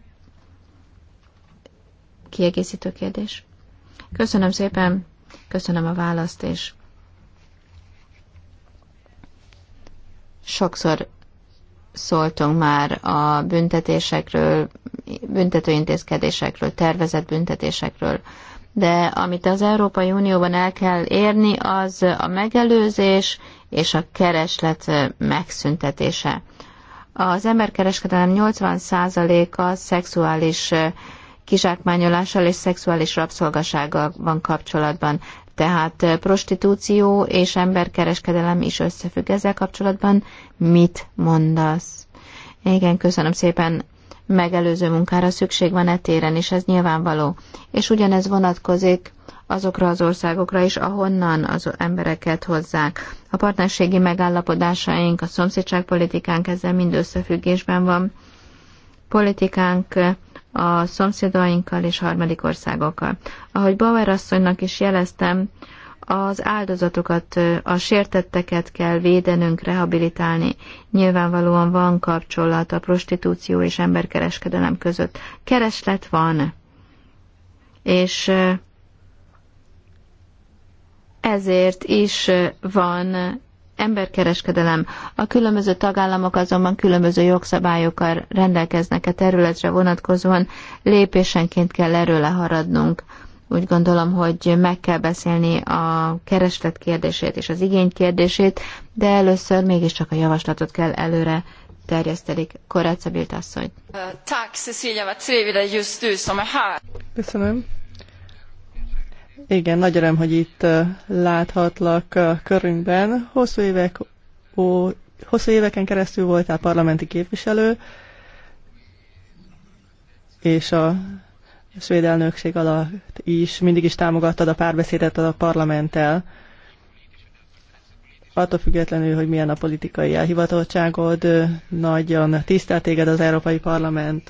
kiegészítő kérdés. Köszönöm szépen, köszönöm a választ, és sokszor szóltunk már a büntetésekről, büntetőintézkedésekről, tervezett büntetésekről, de amit az Európai Unióban el kell érni, az a megelőzés és a kereslet megszüntetése. Az emberkereskedelem 80%-a szexuális kizsákmányolással és szexuális rabszolgasággal van kapcsolatban. Tehát prostitúció és emberkereskedelem is összefügg ezzel kapcsolatban. Mit mondasz? Igen, köszönöm szépen. Megelőző munkára szükség van etéren, és ez nyilvánvaló. És ugyanez vonatkozik azokra az országokra is, ahonnan az embereket hozzák. A partnerségi megállapodásaink, a szomszédságpolitikánk ezzel mind összefüggésben van. Politikánk a szomszédainkkal és harmadik országokkal. Ahogy Bauer asszonynak is jeleztem, az áldozatokat, a sértetteket kell védenünk, rehabilitálni. Nyilvánvalóan van kapcsolat a prostitúció és emberkereskedelem között. Kereslet van, és ezért is van emberkereskedelem. A különböző tagállamok azonban különböző jogszabályokkal rendelkeznek a e területre vonatkozóan, lépésenként kell erről leharadnunk. Úgy gondolom, hogy meg kell beszélni a kereslet kérdését és az igény kérdését, de először mégiscsak a javaslatot kell előre terjesztelik. Koráca Bilt asszony. Köszönöm. Igen, nagy öröm, hogy itt láthatlak körünkben. Hosszú, évek, ó, hosszú éveken keresztül voltál parlamenti képviselő, és a svéd elnökség alatt is mindig is támogattad a párbeszédet a parlamenttel. Attól függetlenül, hogy milyen a politikai elhivatottságod, nagyon tisztelt téged az Európai Parlament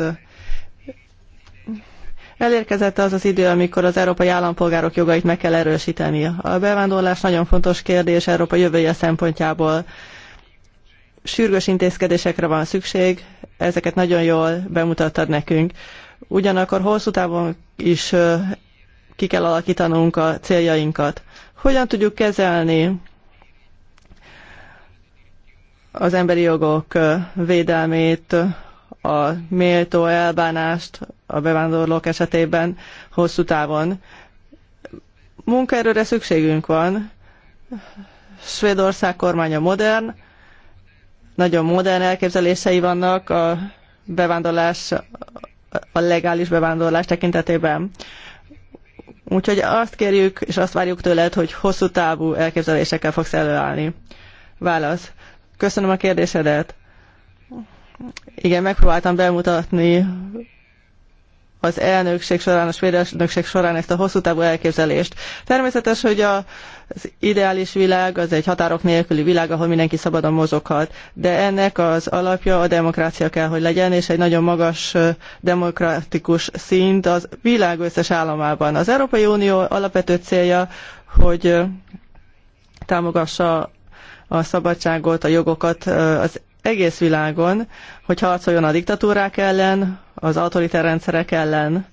Elérkezett az az idő, amikor az európai állampolgárok jogait meg kell erősíteni. A bevándorlás nagyon fontos kérdés Európa jövője szempontjából. Sürgős intézkedésekre van szükség, ezeket nagyon jól bemutattad nekünk. Ugyanakkor hosszú távon is ki kell alakítanunk a céljainkat. Hogyan tudjuk kezelni az emberi jogok védelmét, a méltó elbánást a bevándorlók esetében hosszú távon. Munkaerőre szükségünk van. Svédország kormánya modern, nagyon modern elképzelései vannak a bevándorlás, a legális bevándorlás tekintetében. Úgyhogy azt kérjük, és azt várjuk tőled, hogy hosszú távú elképzelésekkel fogsz előállni. Válasz. Köszönöm a kérdésedet. Igen, megpróbáltam bemutatni az elnökség során, a svéd elnökség során ezt a hosszú távú elképzelést. Természetes, hogy a, az ideális világ az egy határok nélküli világ, ahol mindenki szabadon mozoghat, de ennek az alapja a demokrácia kell, hogy legyen, és egy nagyon magas demokratikus szint az világ összes államában. Az Európai Unió alapvető célja, hogy támogassa a szabadságot, a jogokat az egész világon, hogy harcoljon a diktatúrák ellen, az autoritár rendszerek ellen.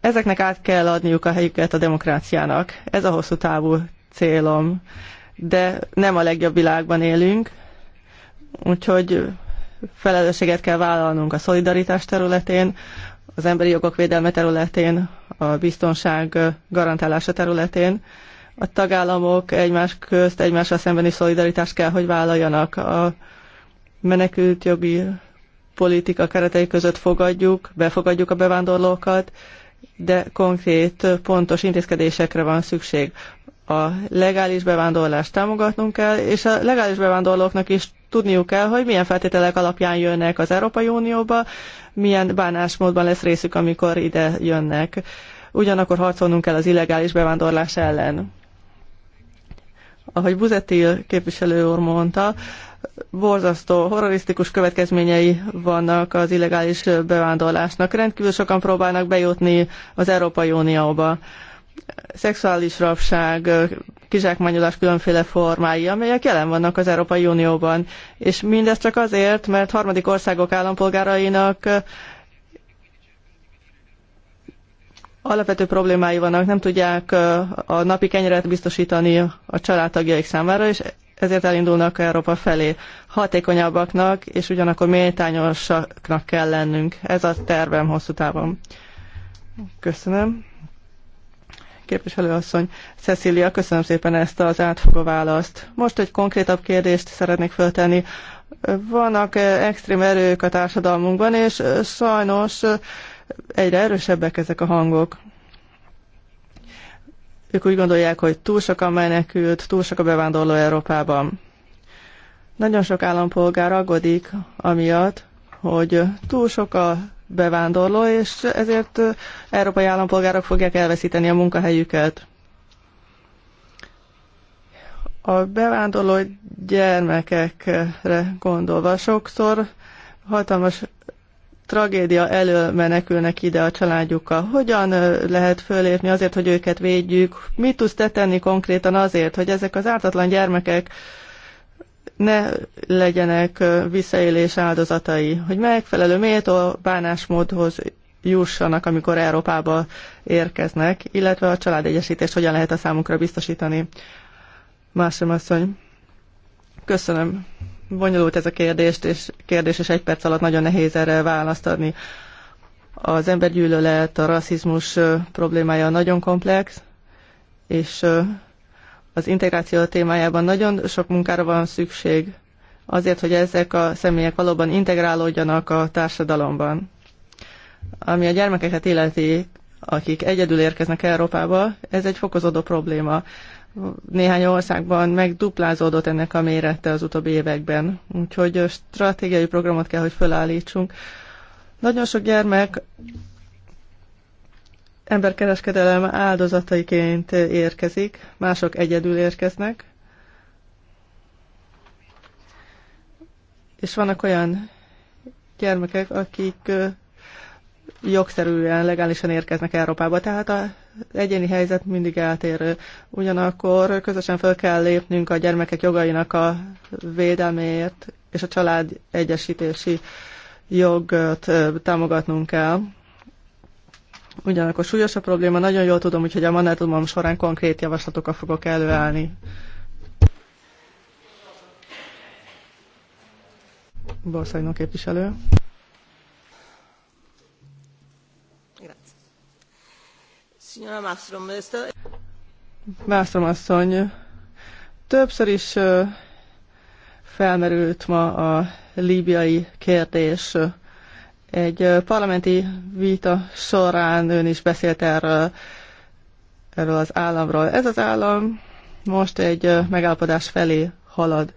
Ezeknek át kell adniuk a helyüket a demokráciának. Ez a hosszú távú célom. De nem a legjobb világban élünk, úgyhogy felelősséget kell vállalnunk a szolidaritás területén, az emberi jogok védelme területén, a biztonság garantálása területén. A tagállamok egymás közt, egymással szembeni szolidaritást kell, hogy vállaljanak. A menekült jogi politika keretei között fogadjuk, befogadjuk a bevándorlókat, de konkrét, pontos intézkedésekre van szükség. A legális bevándorlást támogatnunk kell, és a legális bevándorlóknak is tudniuk kell, hogy milyen feltételek alapján jönnek az Európai Unióba, milyen bánásmódban lesz részük, amikor ide jönnek. Ugyanakkor harcolnunk kell az illegális bevándorlás ellen. Ahogy Buzetil képviselő úr mondta, borzasztó, horrorisztikus következményei vannak az illegális bevándorlásnak. Rendkívül sokan próbálnak bejutni az Európai Unióba. Szexuális rabság, kizsákmányolás különféle formái, amelyek jelen vannak az Európai Unióban. És mindez csak azért, mert harmadik országok állampolgárainak eh, alapvető problémái vannak, nem tudják eh, a napi kenyeret biztosítani a családtagjaik számára, és ezért elindulnak Európa felé. Hatékonyabbaknak és ugyanakkor méltányosaknak kell lennünk. Ez a tervem hosszú távon. Köszönöm. Képviselőasszony, Cecília, köszönöm szépen ezt az átfogó választ. Most egy konkrétabb kérdést szeretnék föltenni. Vannak eh, extrém erők a társadalmunkban, és eh, sajnos eh, egyre erősebbek ezek a hangok. Ők úgy gondolják, hogy túl sok a menekült, túl sok a bevándorló Európában. Nagyon sok állampolgár aggodik amiatt, hogy túl sok a bevándorló, és ezért európai állampolgárok fogják elveszíteni a munkahelyüket. A bevándorló gyermekekre gondolva sokszor hatalmas tragédia elől menekülnek ide a családjukkal. Hogyan lehet fölépni azért, hogy őket védjük? Mit tudsz te tenni konkrétan azért, hogy ezek az ártatlan gyermekek ne legyenek visszaélés áldozatai, hogy megfelelő méltó bánásmódhoz jussanak, amikor Európába érkeznek, illetve a családegyesítést hogyan lehet a számunkra biztosítani. Másom asszony. Köszönöm bonyolult ez a kérdést, és kérdés, és egy perc alatt nagyon nehéz erre választ adni. Az embergyűlölet, a rasszizmus problémája nagyon komplex, és az integráció témájában nagyon sok munkára van szükség azért, hogy ezek a személyek valóban integrálódjanak a társadalomban. Ami a gyermekeket illeti, akik egyedül érkeznek Európába, ez egy fokozódó probléma néhány országban megduplázódott ennek a mérete az utóbbi években. Úgyhogy stratégiai programot kell, hogy felállítsunk. Nagyon sok gyermek emberkereskedelem áldozataiként érkezik, mások egyedül érkeznek, és vannak olyan gyermekek, akik jogszerűen, legálisan érkeznek Európába. Tehát a egyéni helyzet mindig eltérő. Ugyanakkor közösen fel kell lépnünk a gyermekek jogainak a védelméért, és a család egyesítési jogot támogatnunk kell. Ugyanakkor súlyos a probléma, nagyon jól tudom, úgyhogy a manátumom során konkrét javaslatokat fogok előállni. Borszajnok képviselő. Mászrom asszony, többször is felmerült ma a líbiai kérdés. Egy parlamenti vita során ön is beszélt erről, erről az államról. Ez az állam most egy megállapodás felé halad.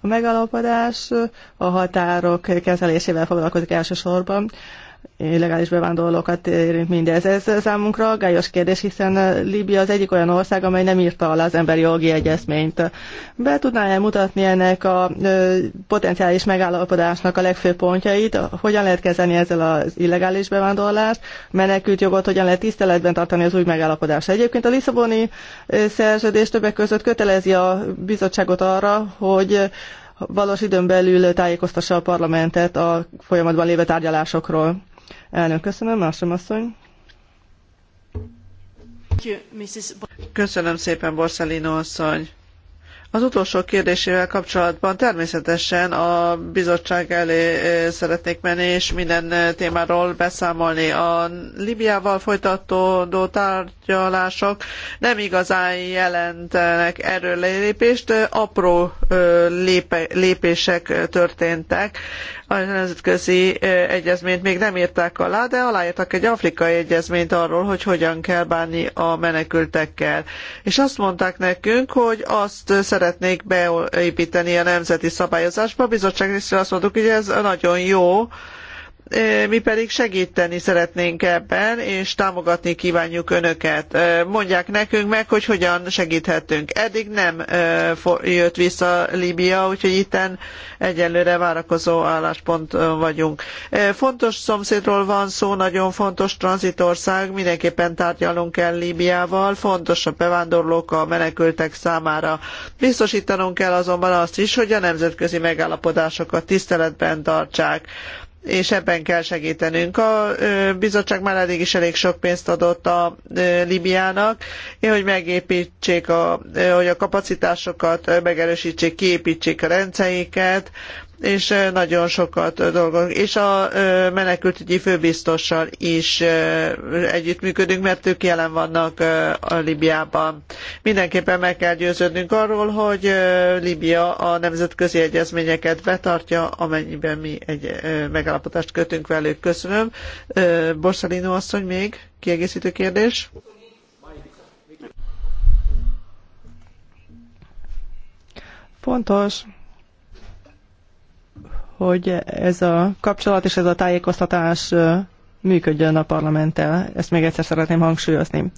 A megállapodás a határok kezelésével foglalkozik elsősorban illegális bevándorlókat érint mindez. Ez számunkra gályos kérdés, hiszen Líbia az egyik olyan ország, amely nem írta alá az emberi jogi egyezményt. Be tudná-e mutatni ennek a potenciális megállapodásnak a legfőbb pontjait? Hogyan lehet kezelni ezzel az illegális bevándorlást? Menekült jogot hogyan lehet tiszteletben tartani az új megállapodás? Egyébként a Lisszaboni szerződés többek között kötelezi a bizottságot arra, hogy valós időn belül tájékoztassa a parlamentet a folyamatban lévő tárgyalásokról. Elnök, köszönöm. Másom asszony. Köszönöm szépen, Borsalino asszony. Az utolsó kérdésével kapcsolatban természetesen a bizottság elé szeretnék menni, és minden témáról beszámolni. A Libiával folytatódó tárgyalások nem igazán jelentenek erőlépést, apró lépések történtek a nemzetközi egyezményt még nem írták alá, de aláírtak egy afrikai egyezményt arról, hogy hogyan kell bánni a menekültekkel. És azt mondták nekünk, hogy azt szeretnék beépíteni a nemzeti szabályozásba. A bizottság részéről azt mondtuk, hogy ez nagyon jó, mi pedig segíteni szeretnénk ebben, és támogatni kívánjuk önöket. Mondják nekünk meg, hogy hogyan segíthetünk. Eddig nem jött vissza Líbia, úgyhogy itten egyelőre várakozó álláspont vagyunk. Fontos szomszédról van szó, nagyon fontos tranzitország, mindenképpen tárgyalunk kell Líbiával, fontos a bevándorlók, a menekültek számára. Biztosítanunk kell azonban azt is, hogy a nemzetközi megállapodásokat tiszteletben tartsák és ebben kell segítenünk. A bizottság már eddig is elég sok pénzt adott a Libiának, hogy megépítsék a, hogy a kapacitásokat megerősítsék, kiépítsék a rendszereiket és nagyon sokat dolgozunk. És a menekültügyi főbiztossal is együttműködünk, mert ők jelen vannak a Libiában. Mindenképpen meg kell győződnünk arról, hogy Libia a nemzetközi egyezményeket betartja, amennyiben mi egy megállapodást kötünk velük. Köszönöm. Borsalino asszony még kiegészítő kérdés. Fontos, hogy ez a kapcsolat és ez a tájékoztatás működjön a parlamenttel. Ezt még egyszer szeretném hangsúlyozni.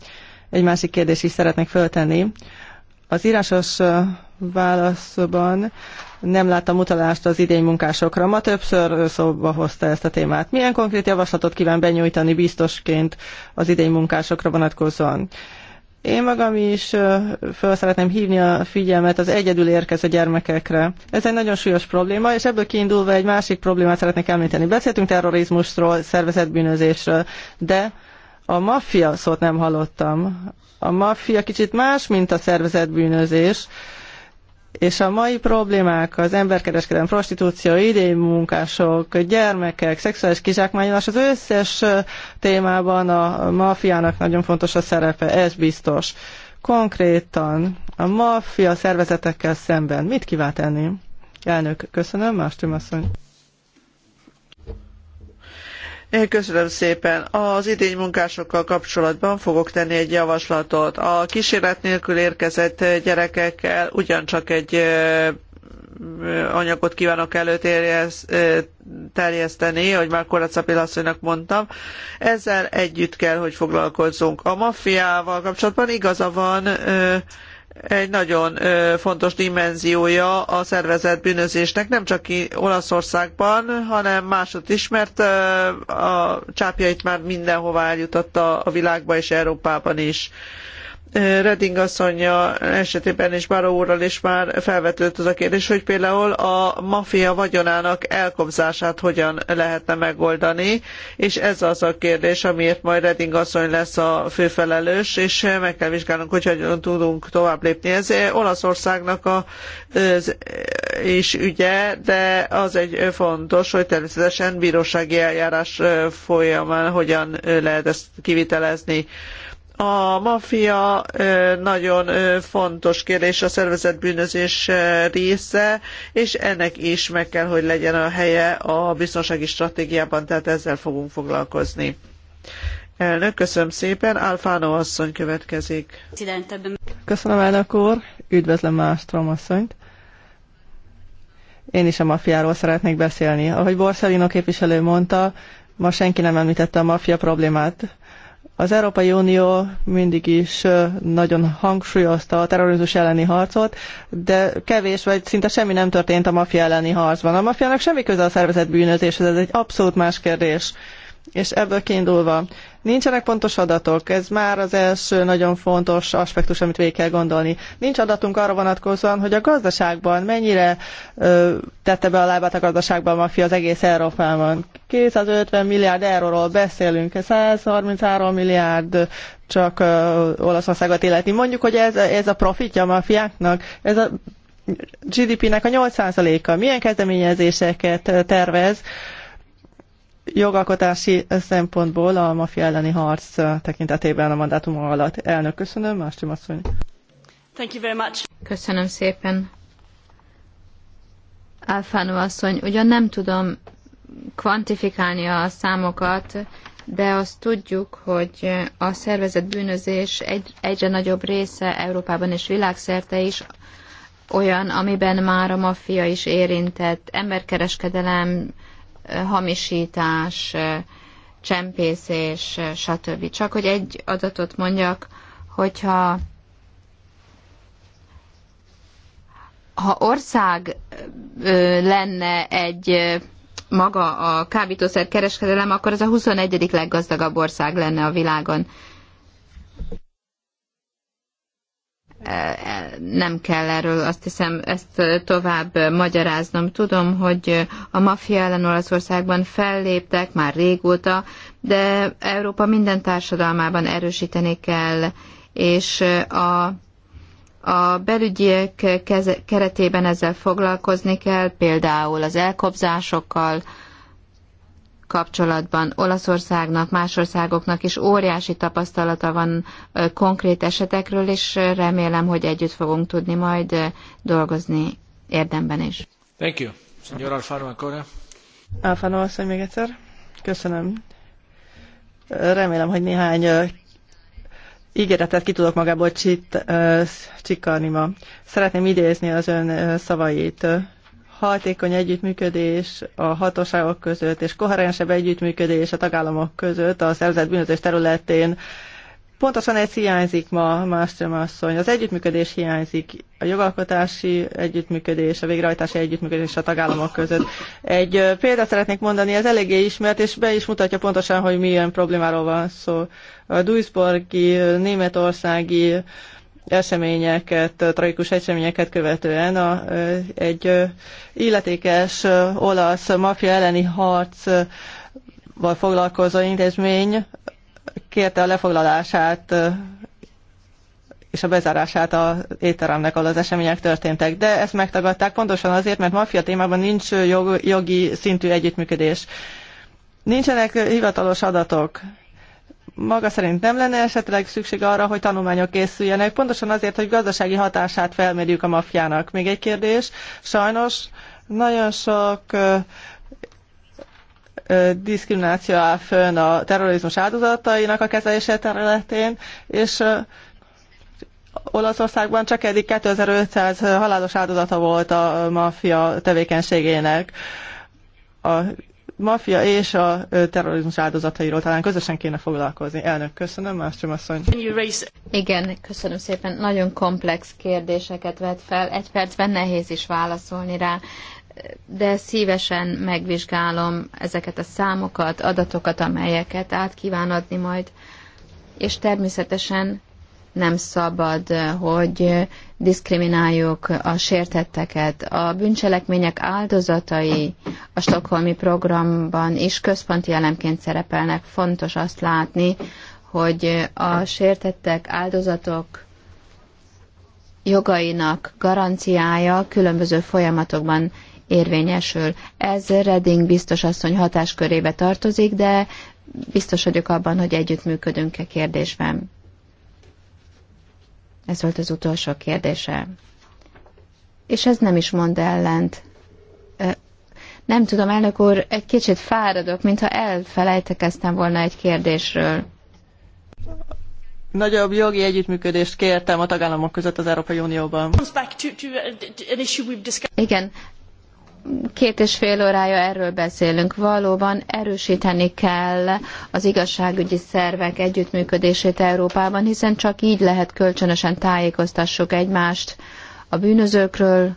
Egy másik kérdést is szeretnék föltenni. Az írásos válaszban nem láttam utalást az idény munkásokra. Ma többször szóba hozta ezt a témát. Milyen konkrét javaslatot kíván benyújtani biztosként az idény munkásokra vonatkozóan? Én magam is föl szeretném hívni a figyelmet az egyedül érkező gyermekekre. Ez egy nagyon súlyos probléma, és ebből kiindulva egy másik problémát szeretnék említeni. Beszéltünk terrorizmusról, szervezetbűnözésről, de a maffia szót nem hallottam. A maffia kicsit más, mint a szervezetbűnözés. bűnözés és a mai problémák, az emberkereskedelem, prostitúció, idén munkások, gyermekek, szexuális kizsákmányolás, az összes témában a mafiának nagyon fontos a szerepe, ez biztos. Konkrétan a maffia szervezetekkel szemben mit kíván tenni? Elnök, köszönöm, Mástrom asszony. Köszönöm szépen. Az idény munkásokkal kapcsolatban fogok tenni egy javaslatot. A kísérlet nélkül érkezett gyerekekkel ugyancsak egy anyagot kívánok előterjeszteni, hogy már Koracapil asszonynak mondtam. Ezzel együtt kell, hogy foglalkozzunk. A maffiával kapcsolatban igaza van, egy nagyon fontos dimenziója a szervezett bűnözésnek, nem csak Olaszországban, hanem másod is, mert a csápjait már mindenhová eljutatta a világba és Európában is. Reding asszonya esetében is Baró úrral is már felvetődött az a kérdés, hogy például a maffia vagyonának elkobzását hogyan lehetne megoldani, és ez az a kérdés, amiért majd Reding asszony lesz a főfelelős, és meg kell vizsgálnunk, hogy hogyan tudunk tovább lépni. Ez Olaszországnak a, az, is ügye, de az egy fontos, hogy természetesen bírósági eljárás folyamán hogyan lehet ezt kivitelezni. A maffia nagyon fontos kérdés, a szervezett bűnözés része, és ennek is meg kell, hogy legyen a helye a biztonsági stratégiában, tehát ezzel fogunk foglalkozni. Elnök, köszönöm szépen. Alfano asszony következik. Köszönöm, elnök úr. Üdvözlöm Mástrom asszonyt. Én is a mafiáról szeretnék beszélni. Ahogy Borsellino képviselő mondta, ma senki nem említette a maffia problémát az Európai Unió mindig is nagyon hangsúlyozta a terrorizmus elleni harcot, de kevés vagy szinte semmi nem történt a mafia elleni harcban. A mafiának semmi köze a szervezett bűnözéshez, ez egy abszolút más kérdés. És ebből kiindulva Nincsenek pontos adatok, ez már az első nagyon fontos aspektus, amit végig kell gondolni. Nincs adatunk arra vonatkozóan, hogy a gazdaságban mennyire ö, tette be a lábát a gazdaságban a maffia az egész Európában. 250 milliárd euróról beszélünk, 133 milliárd csak ö, Olaszországot illeti. Mondjuk, hogy ez, ez a profitja a maffiáknak, ez a GDP-nek a 8%-a milyen kezdeményezéseket tervez jogalkotási szempontból a mafia elleni harc tekintetében a mandátum alatt. Elnök, köszönöm, Mástrim asszony. Thank you very much. Köszönöm szépen. Alfánó asszony, ugyan nem tudom kvantifikálni a számokat, de azt tudjuk, hogy a szervezett bűnözés egy, egyre nagyobb része Európában és világszerte is olyan, amiben már a maffia is érintett, emberkereskedelem, hamisítás, csempészés, stb. Csak hogy egy adatot mondjak, hogyha ha ország lenne egy maga a kábítószer kereskedelem, akkor az a 21. leggazdagabb ország lenne a világon. E, e, nem kell erről, azt hiszem, ezt e, tovább magyaráznom. Tudom, hogy a maffia ellen Olaszországban felléptek már régóta, de Európa minden társadalmában erősíteni kell, és a a belügyiek keretében ezzel foglalkozni kell, például az elkobzásokkal, kapcsolatban. Olaszországnak, más országoknak is óriási tapasztalata van konkrét esetekről, és remélem, hogy együtt fogunk tudni majd dolgozni érdemben is. Thank you. signor Alfano akkor. Alfano asszony még egyszer. Köszönöm. Remélem, hogy néhány ígéretet ki tudok magából csit, csikarni ma. Szeretném idézni az ön szavait hatékony együttműködés a hatóságok között és koherensebb együttműködés a tagállamok között a szervezett bűnözés területén. Pontosan ez hiányzik ma, Mástrom asszony. Az együttműködés hiányzik, a jogalkotási együttműködés, a végrehajtási együttműködés a tagállamok között. Egy példát szeretnék mondani, ez eléggé ismert, és be is mutatja pontosan, hogy milyen problémáról van szó. A Duisburgi, németországi eseményeket, tragikus eseményeket követően a, egy illetékes olasz mafia elleni harcval foglalkozó intézmény kérte a lefoglalását és a bezárását az étteremnek, ahol az események történtek. De ezt megtagadták pontosan azért, mert mafia témában nincs jog, jogi szintű együttműködés. Nincsenek hivatalos adatok maga szerint nem lenne esetleg szükség arra, hogy tanulmányok készüljenek, pontosan azért, hogy gazdasági hatását felmérjük a maffiának. Még egy kérdés. Sajnos nagyon sok diszkrimináció áll fönn a terrorizmus áldozatainak a kezelése területén, és Olaszországban csak eddig 2500 halálos áldozata volt a maffia tevékenységének. A mafia és a terrorizmus áldozatairól talán közösen kéne foglalkozni. Elnök, köszönöm, Mástrom asszony. Igen, köszönöm szépen. Nagyon komplex kérdéseket vett fel. Egy percben nehéz is válaszolni rá de szívesen megvizsgálom ezeket a számokat, adatokat, amelyeket át kíván adni majd, és természetesen nem szabad, eh, hogy diszkrimináljuk a sértetteket. A bűncselekmények áldozatai a Stockholmi programban is központi elemként szerepelnek. Fontos azt látni, hogy a sértettek áldozatok jogainak garanciája különböző folyamatokban érvényesül. Ez Redding biztos asszony hatáskörébe tartozik, de biztos vagyok abban, hogy együttműködünk e kérdésben. Ez volt az utolsó kérdése. És ez nem is mond ellent. Nem tudom, elnök úr, egy kicsit fáradok, mintha elfelejtekeztem volna egy kérdésről. Nagyobb jogi együttműködést kértem a tagállamok között az Európai Unióban. Igen, két és fél órája erről beszélünk. Valóban erősíteni kell az igazságügyi szervek együttműködését Európában, hiszen csak így lehet kölcsönösen tájékoztassuk egymást a bűnözőkről,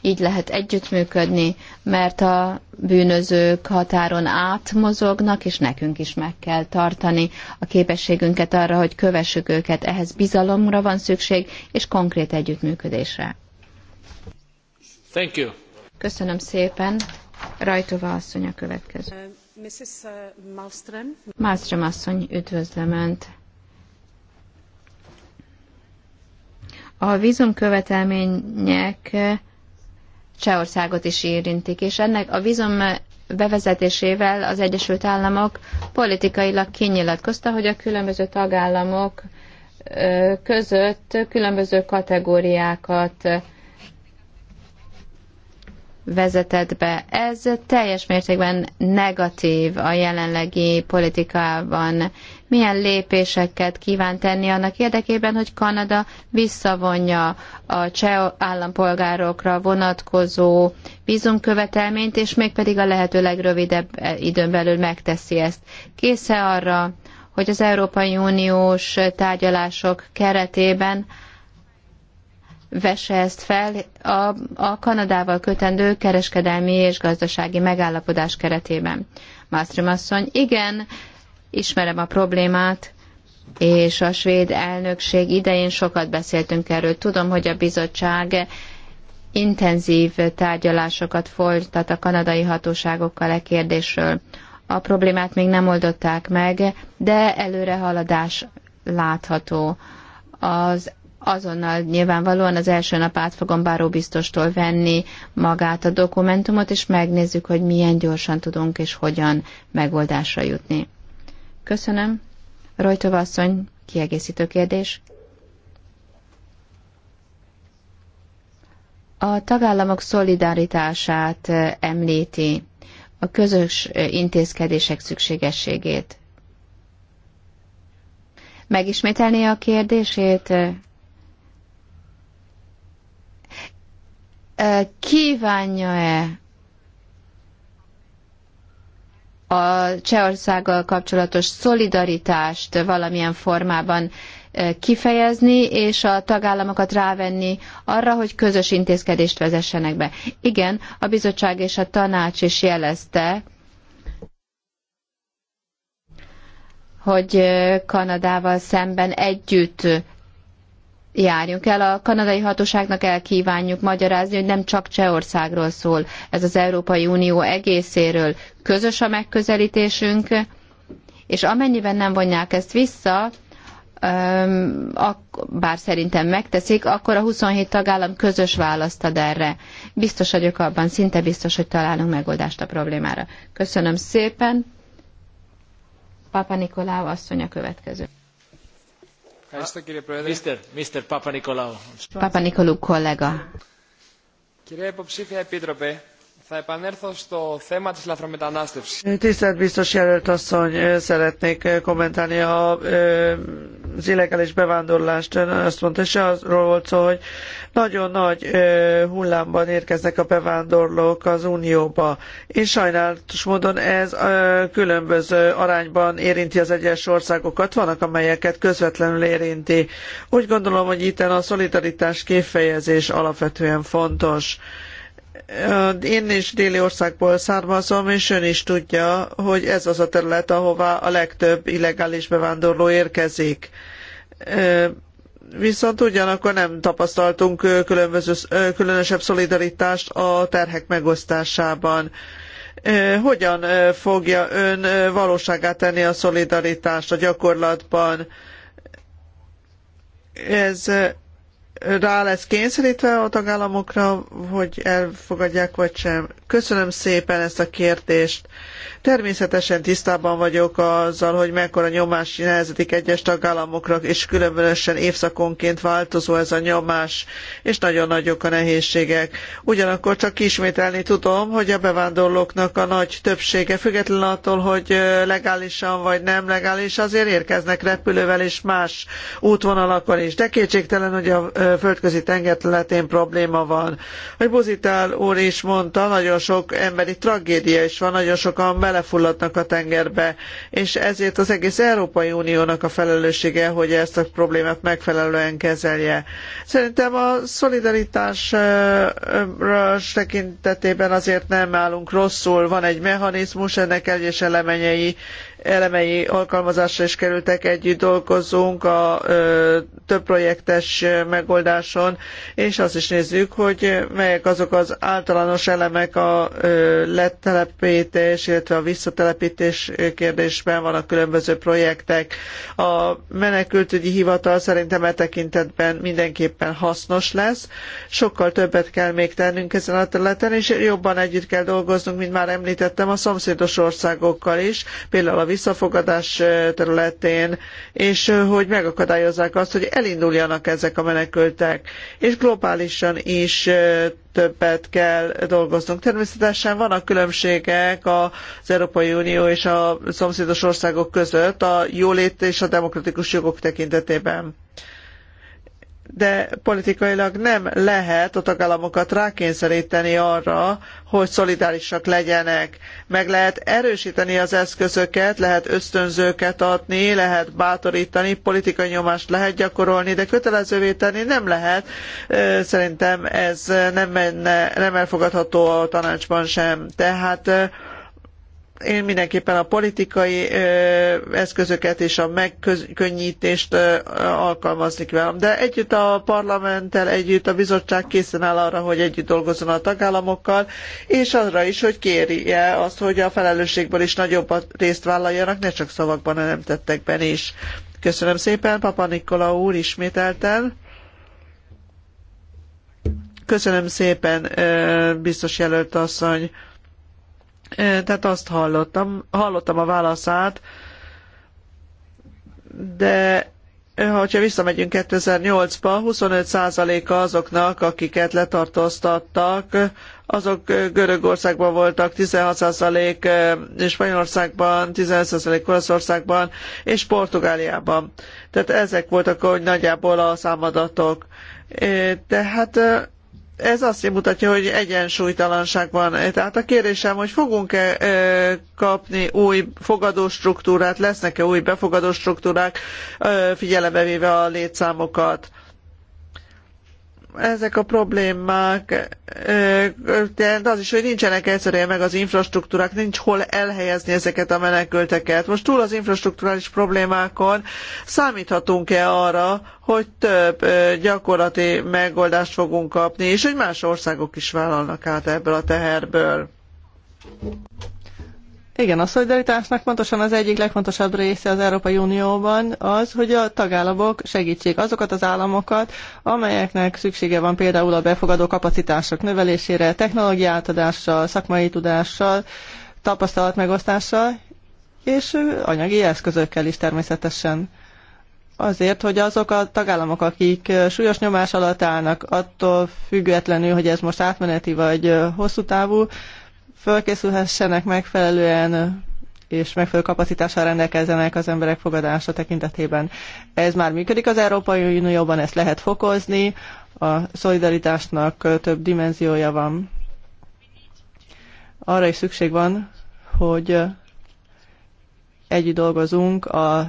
így lehet együttműködni, mert a bűnözők határon átmozognak, és nekünk is meg kell tartani a képességünket arra, hogy kövessük őket. Ehhez bizalomra van szükség, és konkrét együttműködésre. Thank you. Köszönöm szépen. Rajtova asszony a következő. Uh, Mrs. Uh, Malmström. Malmström asszony, üdvözlöm Önt. A vízumkövetelmények uh, Csehországot is érintik, és ennek a vízum bevezetésével az Egyesült Államok politikailag kinyilatkozta, hogy a különböző tagállamok között különböző kategóriákat vezetett be. Ez teljes mértékben negatív a jelenlegi politikában. Milyen lépéseket kíván tenni annak érdekében, hogy Kanada visszavonja a cseh állampolgárokra vonatkozó vízumkövetelményt, és mégpedig a lehető legrövidebb eh, időn belül megteszi ezt. Késze arra, hogy az Európai Uniós tárgyalások keretében vesse ezt fel a, a Kanadával kötendő kereskedelmi és gazdasági megállapodás keretében. Mászrim asszony, igen, ismerem a problémát, és a svéd elnökség idején sokat beszéltünk erről. Tudom, hogy a bizottság intenzív tárgyalásokat folytat a kanadai hatóságokkal e kérdésről. A problémát még nem oldották meg, de előrehaladás látható. Az azonnal nyilvánvalóan az első nap át fogom báró biztostól venni magát a dokumentumot, és megnézzük, hogy milyen gyorsan tudunk és hogyan megoldásra jutni. Köszönöm. Rojtov asszony, kiegészítő kérdés. A tagállamok szolidaritását eh, említi, a közös eh, intézkedések szükségességét. Megismételné a kérdését? Eh? kívánja-e a Csehországgal kapcsolatos szolidaritást valamilyen formában kifejezni, és a tagállamokat rávenni arra, hogy közös intézkedést vezessenek be. Igen, a bizottság és a tanács is jelezte, hogy Kanadával szemben együtt járjunk el. A kanadai hatóságnak elkívánjuk magyarázni, hogy nem csak Csehországról szól, ez az Európai Unió egészéről. Közös a megközelítésünk, és amennyiben nem vonják ezt vissza, bár szerintem megteszik, akkor a 27 tagállam közös választ ad erre. Biztos vagyok abban, szinte biztos, hogy találunk megoldást a problémára. Köszönöm szépen. Papa Nikolá asszony a következő. Ah, Mr. Mr. Papa Nicolau. Papa Nicolau kollega. Kire Epopsifia Επίτροπε, Tisztelt biztos jelölt asszony, szeretnék kommentálni a, az illegális bevándorlást. Ön azt mondta, és arról volt szó, hogy nagyon nagy hullámban érkeznek a bevándorlók az Unióba. És sajnálatos módon ez különböző arányban érinti az egyes országokat. Vannak, amelyeket közvetlenül érinti. Úgy gondolom, hogy itten a szolidaritás kifejezés alapvetően fontos én is déli országból származom, és ön is tudja, hogy ez az a terület, ahová a legtöbb illegális bevándorló érkezik. Viszont ugyanakkor nem tapasztaltunk különböző, különösebb szolidaritást a terhek megosztásában. Hogyan fogja ön valóságá tenni a szolidaritást a gyakorlatban? Ez rá lesz kényszerítve a tagállamokra, hogy elfogadják vagy sem. Köszönöm szépen ezt a kérdést. Természetesen tisztában vagyok azzal, hogy mekkora nyomás nehezedik egyes tagállamokra, és különösen évszakonként változó ez a nyomás, és nagyon nagyok a nehézségek. Ugyanakkor csak ismételni tudom, hogy a bevándorlóknak a nagy többsége, függetlenül attól, hogy legálisan vagy nem legális, azért érkeznek repülővel és más útvonalakon is. De kétségtelen, hogy a földközi tengerletén probléma van. Hogy Buzitál úr is mondta, nagyon sok emberi tragédia is van, nagyon sokan belefulladnak a tengerbe, és ezért az egész Európai Uniónak a felelőssége, hogy ezt a problémát megfelelően kezelje. Szerintem a szolidaritás tekintetében azért nem állunk rosszul, van egy mechanizmus, ennek egyes elemenyei elemei alkalmazásra is kerültek, együtt dolgozunk a többprojektes megoldáson, és azt is nézzük, hogy melyek azok az általános elemek a letelepítés, illetve a visszatelepítés kérdésben vannak különböző projektek. A menekültügyi hivatal szerintem e tekintetben mindenképpen hasznos lesz. Sokkal többet kell még tennünk ezen a területen, és jobban együtt kell dolgoznunk, mint már említettem, a szomszédos országokkal is, például a visszafogadás területén, és hogy megakadályozzák azt, hogy elinduljanak ezek a menekültek. És globálisan is többet kell dolgoznunk. Természetesen vannak különbségek az Európai Unió és a szomszédos országok között a jólét és a demokratikus jogok tekintetében de politikailag nem lehet a tagállamokat rákényszeríteni arra, hogy szolidárisak legyenek. Meg lehet erősíteni az eszközöket, lehet ösztönzőket adni, lehet bátorítani, politikai nyomást lehet gyakorolni, de kötelezővé tenni nem lehet. Szerintem ez nem, menne, nem elfogadható a tanácsban sem. Tehát én mindenképpen a politikai eszközöket és a megkönnyítést alkalmazni kívánom. De együtt a parlamenttel, együtt a bizottság készen áll arra, hogy együtt dolgozzon a tagállamokkal, és arra is, hogy kérje azt, hogy a felelősségből is nagyobb részt vállaljanak, ne csak szavakban, hanem tettekben is. Köszönöm szépen, Papa Nikola úr ismételten. Köszönöm szépen, biztos jelölt asszony tehát azt hallottam, hallottam a válaszát, de ha visszamegyünk 2008-ba, 25%-a azoknak, akiket letartóztattak, azok Görögországban voltak, 16% Spanyolországban, 15% Olaszországban és Portugáliában. Tehát ezek voltak hogy nagyjából a számadatok. Tehát ez azt mutatja, hogy egyensúlytalanság van. Tehát a kérésem, hogy fogunk-e kapni új fogadó struktúrát, lesznek-e új befogadó struktúrák, figyelembe véve a létszámokat ezek a problémák, de az is, hogy nincsenek egyszerűen meg az infrastruktúrák, nincs hol elhelyezni ezeket a menekülteket. Most túl az infrastruktúrális problémákon számíthatunk-e arra, hogy több gyakorlati megoldást fogunk kapni, és hogy más országok is vállalnak át ebből a teherből? Igen, a szolidaritásnak pontosan az egyik legfontosabb része az Európai Unióban az, hogy a tagállamok segítsék azokat az államokat, amelyeknek szüksége van például a befogadó kapacitások növelésére, technológia átadással, szakmai tudással, tapasztalat megosztással, és anyagi eszközökkel is természetesen. Azért, hogy azok a tagállamok, akik súlyos nyomás alatt állnak, attól függetlenül, hogy ez most átmeneti vagy hosszú távú, fölkészülhessenek megfelelően és megfelelő kapacitással rendelkezzenek az emberek fogadása tekintetében. Ez már működik az Európai Unióban, ezt lehet fokozni, a szolidaritásnak több dimenziója van. Arra is szükség van, hogy együtt dolgozunk a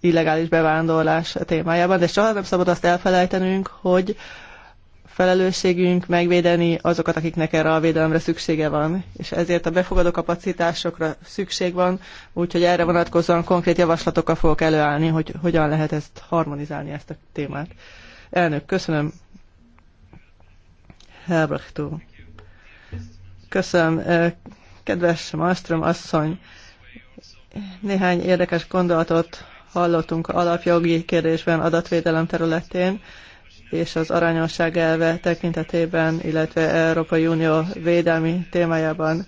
illegális bevándorlás témájában, de soha nem szabad azt elfelejtenünk, hogy felelősségünk megvédeni azokat, akiknek erre a védelemre szüksége van. És ezért a befogadó kapacitásokra szükség van, úgyhogy erre vonatkozóan konkrét javaslatokkal fogok előállni, hogy hogyan lehet ezt harmonizálni, ezt a témát. Elnök, köszönöm. Helbrecht Köszönöm. Kedves Malmström asszony, néhány érdekes gondolatot hallottunk alapjogi kérdésben adatvédelem területén és az arányosság elve tekintetében, illetve Európai Unió védelmi témájában.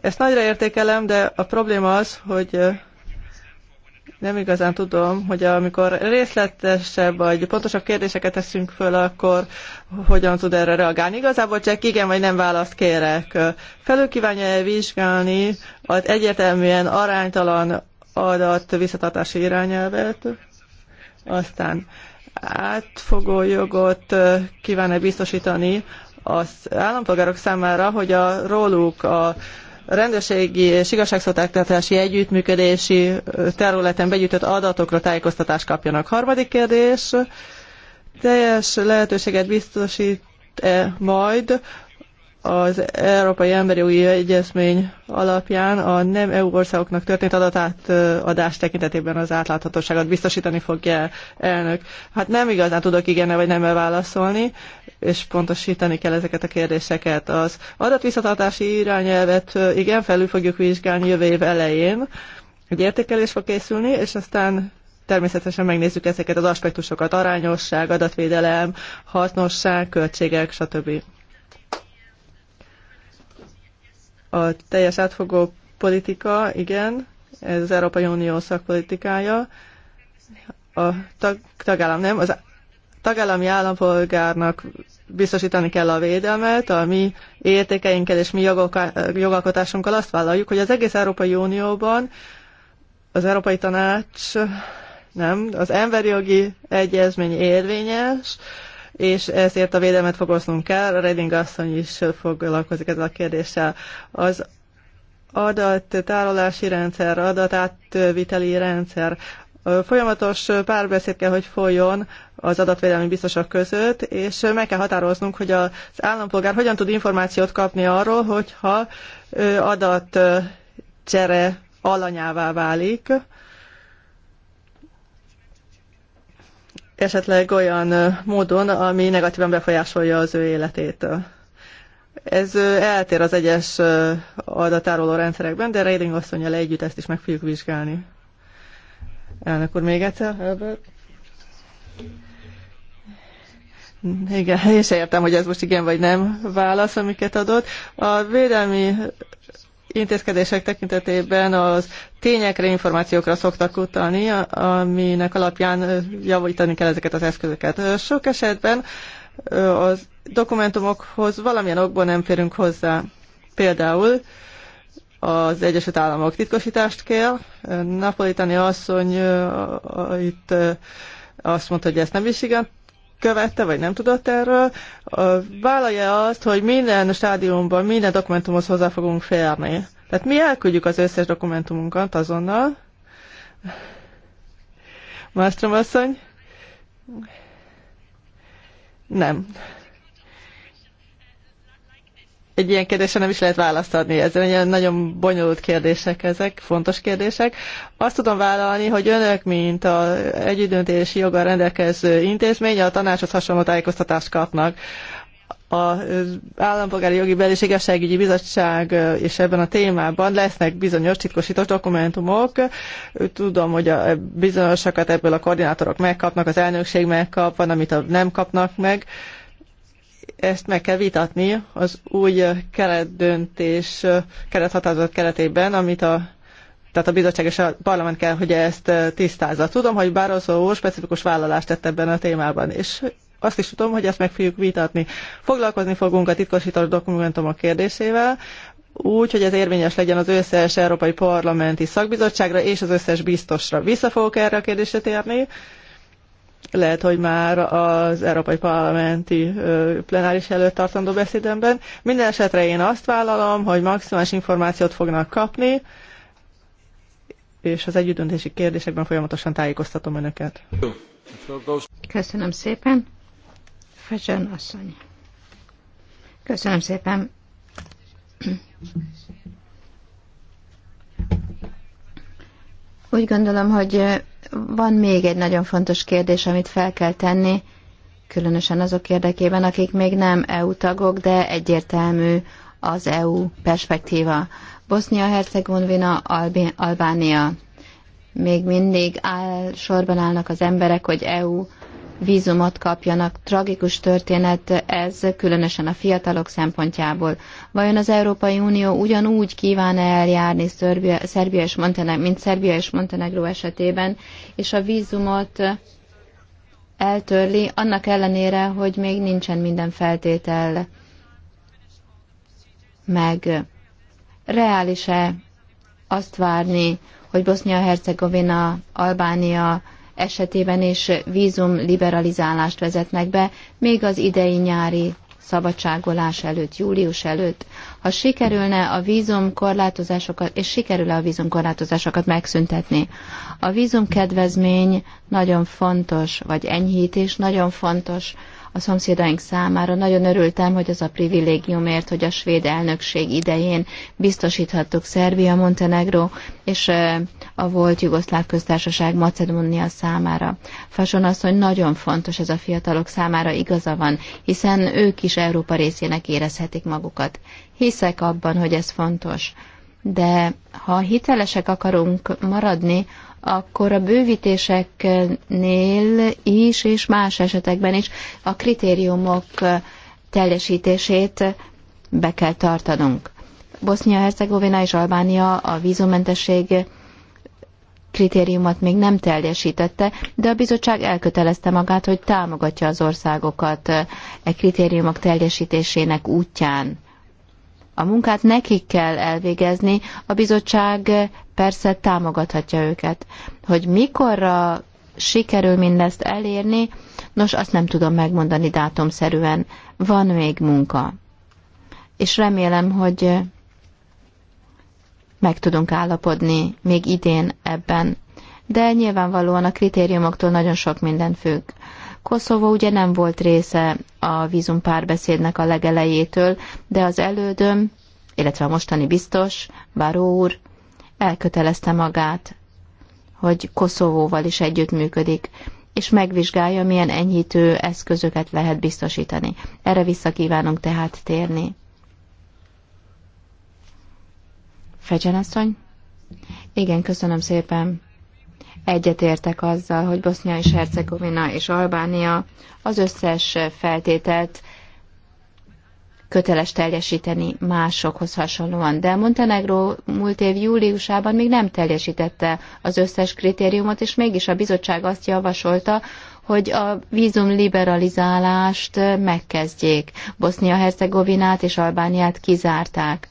Ezt nagyra értékelem, de a probléma az, hogy nem igazán tudom, hogy amikor részletesebb vagy pontosabb kérdéseket teszünk föl, akkor hogyan tud erre reagálni. Igazából csak igen vagy nem választ kérek. Felül kívánja -e vizsgálni az egyértelműen aránytalan adat visszatartási irányelvet, aztán átfogó jogot kíván-e biztosítani az állampolgárok számára, hogy a róluk a rendőrségi és igazságszolgáltatási együttműködési területen begyűjtött adatokra tájékoztatást kapjanak. Harmadik kérdés, teljes lehetőséget biztosít -e majd az Európai Emberi Jogi Egyezmény alapján a nem EU országoknak történt adatátadás tekintetében az átláthatóságot biztosítani fogja elnök. Hát nem igazán tudok igen vagy nem válaszolni, és pontosítani kell ezeket a kérdéseket. Az adatvisszatartási irányelvet igen, felül fogjuk vizsgálni jövő év elején. Egy értékelés fog készülni, és aztán természetesen megnézzük ezeket az aspektusokat, arányosság, adatvédelem, hasznosság, költségek, stb. A teljes átfogó politika, igen, ez az Európai Unió szakpolitikája. A tag, tagállam nem, az tagállami állampolgárnak biztosítani kell a védelmet, a mi értékeinkkel és mi jogalkotásunkkal azt vállaljuk, hogy az egész Európai Unióban az Európai Tanács nem, az emberi jogi egyezmény érvényes, és ezért a védelmet fogoznunk kell. A Reding asszony is foglalkozik ezzel a kérdéssel. Az adattárolási rendszer, adatátviteli rendszer, Folyamatos párbeszéd kell, hogy folyjon az adatvédelmi biztosok között, és meg kell határoznunk, hogy az állampolgár hogyan tud információt kapni arról, hogyha adatcsere alanyává válik, esetleg olyan módon, ami negatívan befolyásolja az ő életét. Ez eltér az egyes adatároló rendszerekben, de Reading asszonyjal együtt ezt is meg fogjuk vizsgálni. Elnök úr, még egyszer, Herbert. Igen, én se értem, hogy ez most igen vagy nem válasz, amiket adott. A védelmi intézkedések tekintetében az tényekre, információkra szoktak utalni, aminek alapján javítani kell ezeket az eszközöket. Sok esetben az dokumentumokhoz valamilyen okból nem férünk hozzá. Például az Egyesült Államok titkosítást kér. Napolitani asszony itt azt mondta, hogy ezt nem is igen követte, vagy nem tudott erről, vállalja azt, hogy minden stádiumban, minden dokumentumhoz hozzá fogunk férni. Tehát mi elküldjük az összes dokumentumunkat azonnal. Mástrom asszony? Nem egy ilyen kérdésre nem is lehet választ adni. Ez nagyon bonyolult kérdések ezek, fontos kérdések. Azt tudom vállalni, hogy önök, mint a együttdöntési joggal rendelkező intézmény, a tanácshoz hasonló tájékoztatást kapnak. A Állampolgári Jogi Bel Igazságügyi Bizottság és ebben a témában lesznek bizonyos titkosított dokumentumok. Tudom, hogy a bizonyosakat ebből a koordinátorok megkapnak, az elnökség megkap, van, amit nem kapnak meg ezt meg kell vitatni az új keretdöntés, kerethatározat keretében, amit a tehát a bizottság és a parlament kell, hogy ezt tisztázza. Tudom, hogy Barroso úr specifikus vállalást tett ebben a témában, és azt is tudom, hogy ezt meg fogjuk vitatni. Foglalkozni fogunk a titkosított dokumentumok kérdésével, úgy, hogy ez érvényes legyen az összes Európai Parlamenti Szakbizottságra és az összes biztosra. Vissza fogok erre a kérdésre térni, lehet, hogy már az Európai Parlamenti plenáris előtt tartandó beszédemben. Minden esetre én azt vállalom, hogy maximális információt fognak kapni, és az együttdöntési kérdésekben folyamatosan tájékoztatom önöket. Köszönöm szépen. Fecsön asszony. Köszönöm szépen. Úgy gondolom, hogy van még egy nagyon fontos kérdés, amit fel kell tenni, különösen azok érdekében, akik még nem EU tagok, de egyértelmű az EU perspektíva. bosnia hercegovina Albánia. Még mindig áll, sorban állnak az emberek, hogy EU vízumot kapjanak. Tragikus történet ez, különösen a fiatalok szempontjából. Vajon az Európai Unió ugyanúgy kíván -e eljárni Szerbia, Szerbia és Montenegro, mint Szerbia és Montenegro esetében, és a vízumot eltörli, annak ellenére, hogy még nincsen minden feltétel meg. Reális-e azt várni, hogy Bosznia-Hercegovina, Albánia, esetében is vízum liberalizálást vezetnek be, még az idei nyári szabadságolás előtt, július előtt. Ha sikerülne a vízum korlátozásokat, és sikerül a vízum korlátozásokat megszüntetni. A vízum kedvezmény nagyon fontos, vagy enyhítés nagyon fontos a szomszédaink számára. Nagyon örültem, hogy az a privilégiumért, hogy a svéd elnökség idején biztosíthattuk Szerbia, Montenegro és a volt Jugoszláv köztársaság Macedónia számára. Fason az, hogy nagyon fontos ez a fiatalok számára igaza van, hiszen ők is Európa részének érezhetik magukat. Hiszek abban, hogy ez fontos de ha hitelesek akarunk maradni, akkor a bővítéseknél is, és más esetekben is a kritériumok teljesítését be kell tartanunk. Bosznia-Hercegovina és Albánia a vízumentesség kritériumot még nem teljesítette, de a bizottság elkötelezte magát, hogy támogatja az országokat e kritériumok teljesítésének útján a munkát nekik kell elvégezni, a bizottság persze támogathatja őket. Hogy mikorra sikerül mindezt elérni, nos, azt nem tudom megmondani dátumszerűen. Van még munka. És remélem, hogy meg tudunk állapodni még idén ebben. De nyilvánvalóan a kritériumoktól nagyon sok minden függ. Koszovó ugye nem volt része a vízum párbeszédnek a legelejétől, de az elődöm, illetve a mostani biztos, Baró úr, elkötelezte magát, hogy Koszovóval is együttműködik, és megvizsgálja, milyen enyhítő eszközöket lehet biztosítani. Erre vissza kívánunk tehát térni. Fegyenasszony? Igen, köszönöm szépen. Egyetértek azzal, hogy Bosznia és Hercegovina és Albánia az összes feltételt köteles teljesíteni másokhoz hasonlóan. De Montenegro múlt év júliusában még nem teljesítette az összes kritériumot, és mégis a bizottság azt javasolta, hogy a vízum liberalizálást megkezdjék. Bosznia-Hercegovinát és Albániát kizárták.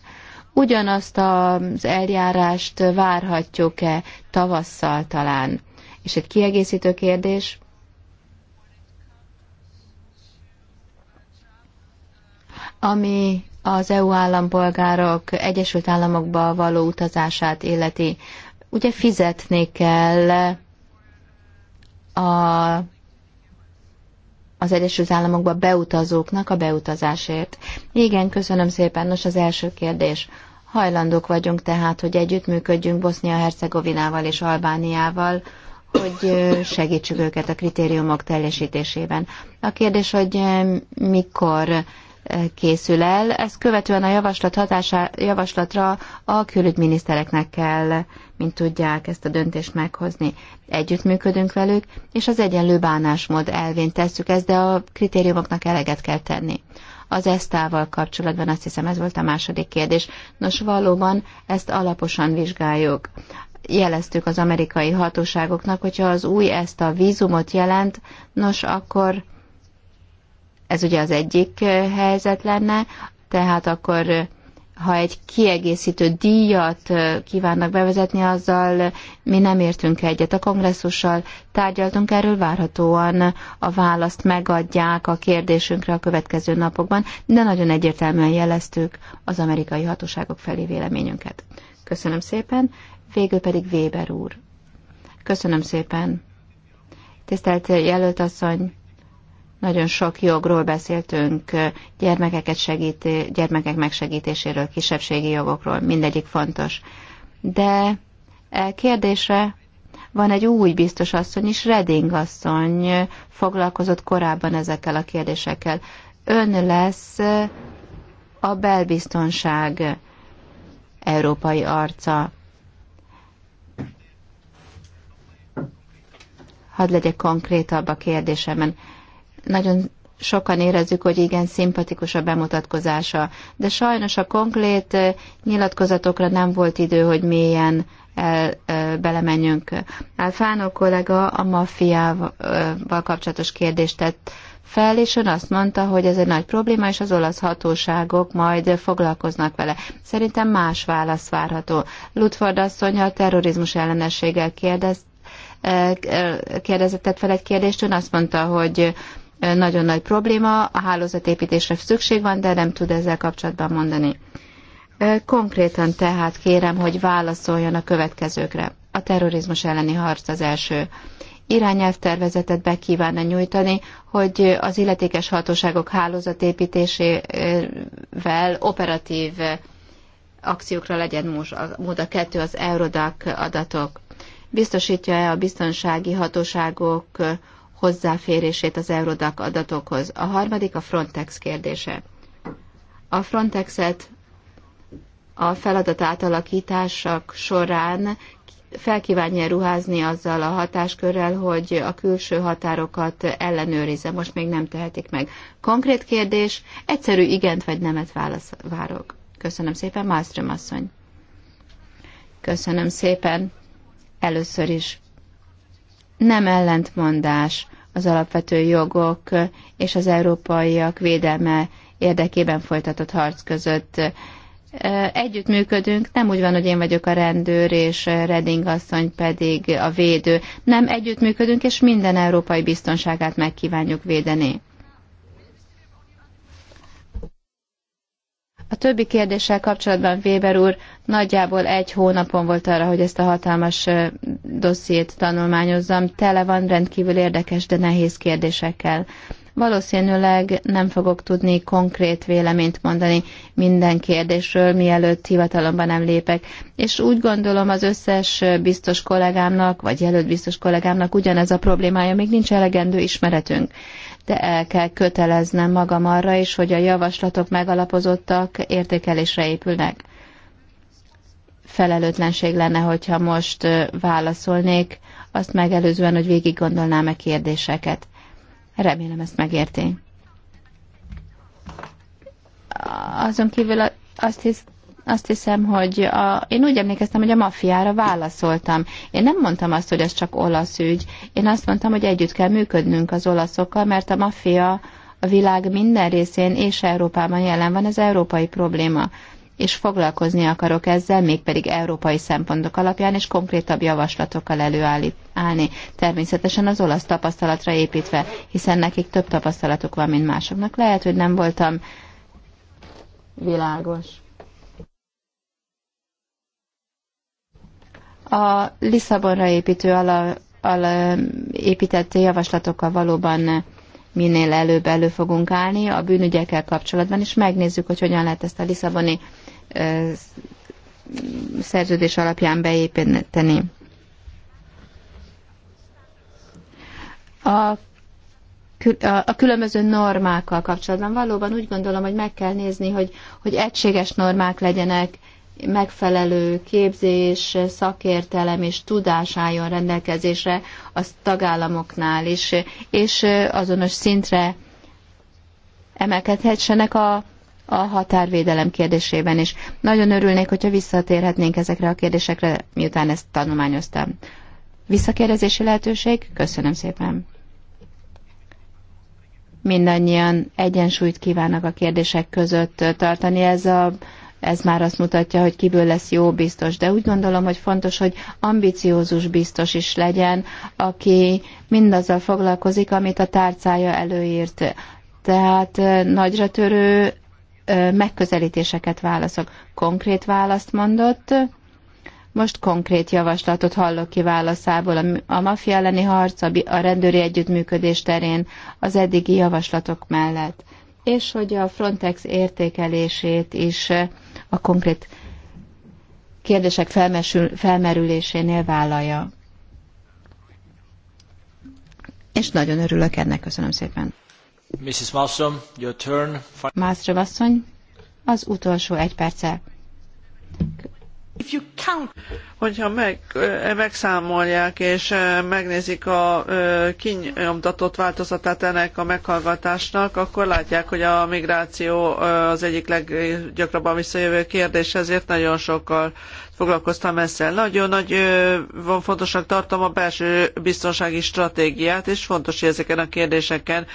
Ugyanazt az eljárást várhatjuk-e? tavasszal talán. És egy kiegészítő kérdés. Ami az EU állampolgárok Egyesült Államokba való utazását illeti, ugye fizetni kell a, az Egyesült Államokba beutazóknak a beutazásért. Igen, köszönöm szépen. Nos, az első kérdés. Hajlandók vagyunk tehát, hogy együttműködjünk Bosznia-Hercegovinával és Albániával, hogy segítsük őket a kritériumok teljesítésében. A kérdés, hogy mikor készül el, ezt követően a javaslat hatása javaslatra a külügyminisztereknek kell, mint tudják, ezt a döntést meghozni. Együttműködünk velük, és az egyenlő bánásmód elvén tesszük ezt, de a kritériumoknak eleget kell tenni. Az esztával kapcsolatban azt hiszem ez volt a második kérdés. Nos, valóban ezt alaposan vizsgáljuk. Jeleztük az amerikai hatóságoknak, hogyha az új ezt a vízumot jelent, nos, akkor ez ugye az egyik eh, helyzet lenne, tehát akkor eh, ha egy kiegészítő díjat kívánnak bevezetni, azzal mi nem értünk egyet. A kongresszussal tárgyaltunk erről, várhatóan a választ megadják a kérdésünkre a következő napokban, de nagyon egyértelműen jeleztük az amerikai hatóságok felé véleményünket. Köszönöm szépen, végül pedig Weber úr. Köszönöm szépen. Tisztelt jelölt asszony, nagyon sok jogról beszéltünk, gyermekeket segít, gyermekek megsegítéséről, kisebbségi jogokról, mindegyik fontos. De e, kérdésre van egy új biztos asszony is, Reding asszony foglalkozott korábban ezekkel a kérdésekkel. Ön lesz a belbiztonság európai arca. Hadd legyek konkrétabb a kérdésemben nagyon sokan érezzük, hogy igen, szimpatikus a bemutatkozása, de sajnos a konkrét nyilatkozatokra nem volt idő, hogy mélyen el, ö, belemenjünk. Alfánó kollega a maffiával kapcsolatos kérdést tett fel, és ön azt mondta, hogy ez egy nagy probléma, és az olasz hatóságok majd foglalkoznak vele. Szerintem más válasz várható. Lutford asszony a terrorizmus ellenességgel kérdez, kérdezett fel egy kérdést, ön azt mondta, hogy nagyon nagy probléma, a hálózatépítésre szükség van, de nem tud ezzel kapcsolatban mondani. Konkrétan tehát kérem, hogy válaszoljon a következőkre. A terrorizmus elleni harc az első. Irányelvtervezetet be kívánna nyújtani, hogy az illetékes hatóságok hálózatépítésével operatív akciókra legyen mód a kettő az Eurodac adatok. Biztosítja-e a biztonsági hatóságok hozzáférését az Eurodac adatokhoz. A harmadik a Frontex kérdése. A Frontexet a feladat átalakítások során felkívánja ruházni azzal a hatáskörrel, hogy a külső határokat ellenőrizze, most még nem tehetik meg. Konkrét kérdés, egyszerű igent vagy nemet válasz, várok. Köszönöm szépen, Malmström asszony. Köszönöm szépen. Először is. Nem ellentmondás az alapvető jogok és az európaiak védelme érdekében folytatott harc között. Együtt működünk, nem úgy van, hogy én vagyok a rendőr, és Reding asszony pedig a védő. Nem, együtt működünk és minden európai biztonságát megkívánjuk védeni. A többi kérdéssel kapcsolatban Weber úr nagyjából egy hónapon volt arra, hogy ezt a hatalmas dossziét tanulmányozzam. Tele van rendkívül érdekes, de nehéz kérdésekkel valószínűleg nem fogok tudni konkrét véleményt mondani minden kérdésről, mielőtt hivatalomban nem lépek. És úgy gondolom az összes biztos kollégámnak, vagy jelölt biztos kollégámnak ugyanez a problémája, még nincs elegendő ismeretünk de el kell köteleznem magam arra is, hogy a javaslatok megalapozottak, értékelésre épülnek. Felelőtlenség lenne, hogyha most válaszolnék, azt megelőzően, hogy végig gondolnám a kérdéseket. Remélem ezt megérti. Azon kívül azt, hisz, azt hiszem, hogy a, én úgy emlékeztem, hogy a maffiára válaszoltam. Én nem mondtam azt, hogy ez csak olasz ügy. Én azt mondtam, hogy együtt kell működnünk az olaszokkal, mert a maffia a világ minden részén és Európában jelen van, ez európai probléma és foglalkozni akarok ezzel, mégpedig európai szempontok alapján, és konkrétabb javaslatokkal előállni. Természetesen az olasz tapasztalatra építve, hiszen nekik több tapasztalatuk van, mint másoknak. Lehet, hogy nem voltam világos. A Lisszabonra építő ala, ala, épített javaslatokkal valóban minél előbb elő fogunk állni a bűnügyekkel kapcsolatban, és megnézzük, hogy hogyan lehet ezt a Lisszaboni szerződés alapján beépíteni. A a különböző normákkal kapcsolatban. Valóban úgy gondolom, hogy meg kell nézni, hogy, hogy egységes normák legyenek, megfelelő képzés, szakértelem és tudás álljon rendelkezésre a tagállamoknál is, és azonos szintre emelkedhessenek a a határvédelem kérdésében is. Nagyon örülnék, hogyha visszatérhetnénk ezekre a kérdésekre, miután ezt tanulmányoztam. Visszakérdezési lehetőség? Köszönöm szépen. Mindannyian egyensúlyt kívánnak a kérdések között tartani. Ez a ez már azt mutatja, hogy kiből lesz jó biztos. De úgy gondolom, hogy fontos, hogy ambiciózus biztos is legyen, aki mindazzal foglalkozik, amit a tárcája előírt. Tehát nagyra törő megközelítéseket válaszok. Konkrét választ mondott, most konkrét javaslatot hallok ki válaszából a maffia elleni harc, a rendőri együttműködés terén az eddigi javaslatok mellett, és hogy a Frontex értékelését is a konkrét kérdések felmesül, felmerülésénél vállalja. És nagyon örülök ennek, köszönöm szépen. Mrs. Malmström, your turn. Malmström asszony, az utolsó egy perccel. Hogyha meg, megszámolják és megnézik a kinyomtatott változatát ennek a meghallgatásnak, akkor látják, hogy a migráció az egyik leggyakrabban visszajövő kérdés, ezért nagyon sokkal foglalkoztam ezzel. Nagyon nagy van fontosnak tartom a belső biztonsági stratégiát, és fontos, hogy ezeken a kérdéseken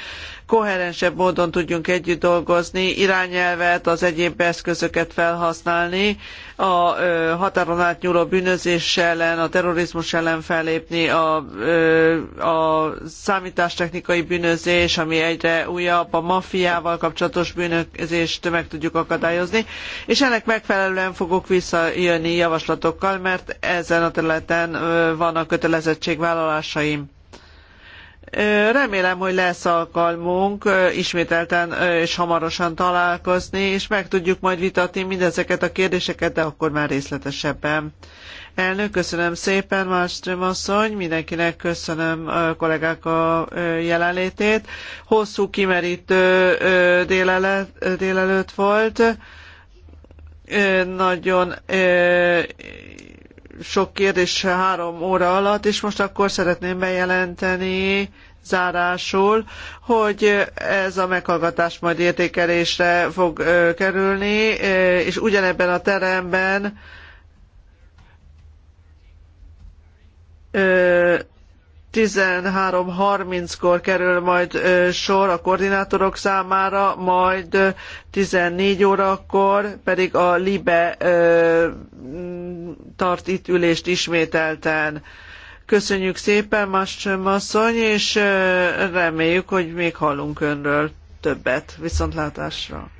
koherensebb módon tudjunk együtt dolgozni, irányelvet, az egyéb eszközöket felhasználni, a határon átnyúló bűnözés ellen, a terrorizmus ellen fellépni, a, a számítástechnikai bűnözés, ami egyre újabb, a maffiával kapcsolatos bűnözést meg tudjuk akadályozni, és ennek megfelelően fogok visszajönni javaslatokkal, mert ezen a területen vannak kötelezettségvállalásaim. Remélem, hogy lesz alkalmunk ismételten és hamarosan találkozni, és meg tudjuk majd vitatni mindezeket a kérdéseket, de akkor már részletesebben. Elnök, köszönöm szépen, Márström asszony, mindenkinek köszönöm a kollégák a jelenlétét. Hosszú, kimerítő délelőtt volt nagyon sok kérdés három óra alatt, és most akkor szeretném bejelenteni zárásul, hogy ez a meghallgatás majd értékelésre fog kerülni, és ugyanebben a teremben 13.30-kor kerül majd sor a koordinátorok számára, majd 14 órakor pedig a LIBE tart itt ülést ismételten. Köszönjük szépen, Mascsöm asszony, és reméljük, hogy még hallunk önről többet. Viszontlátásra!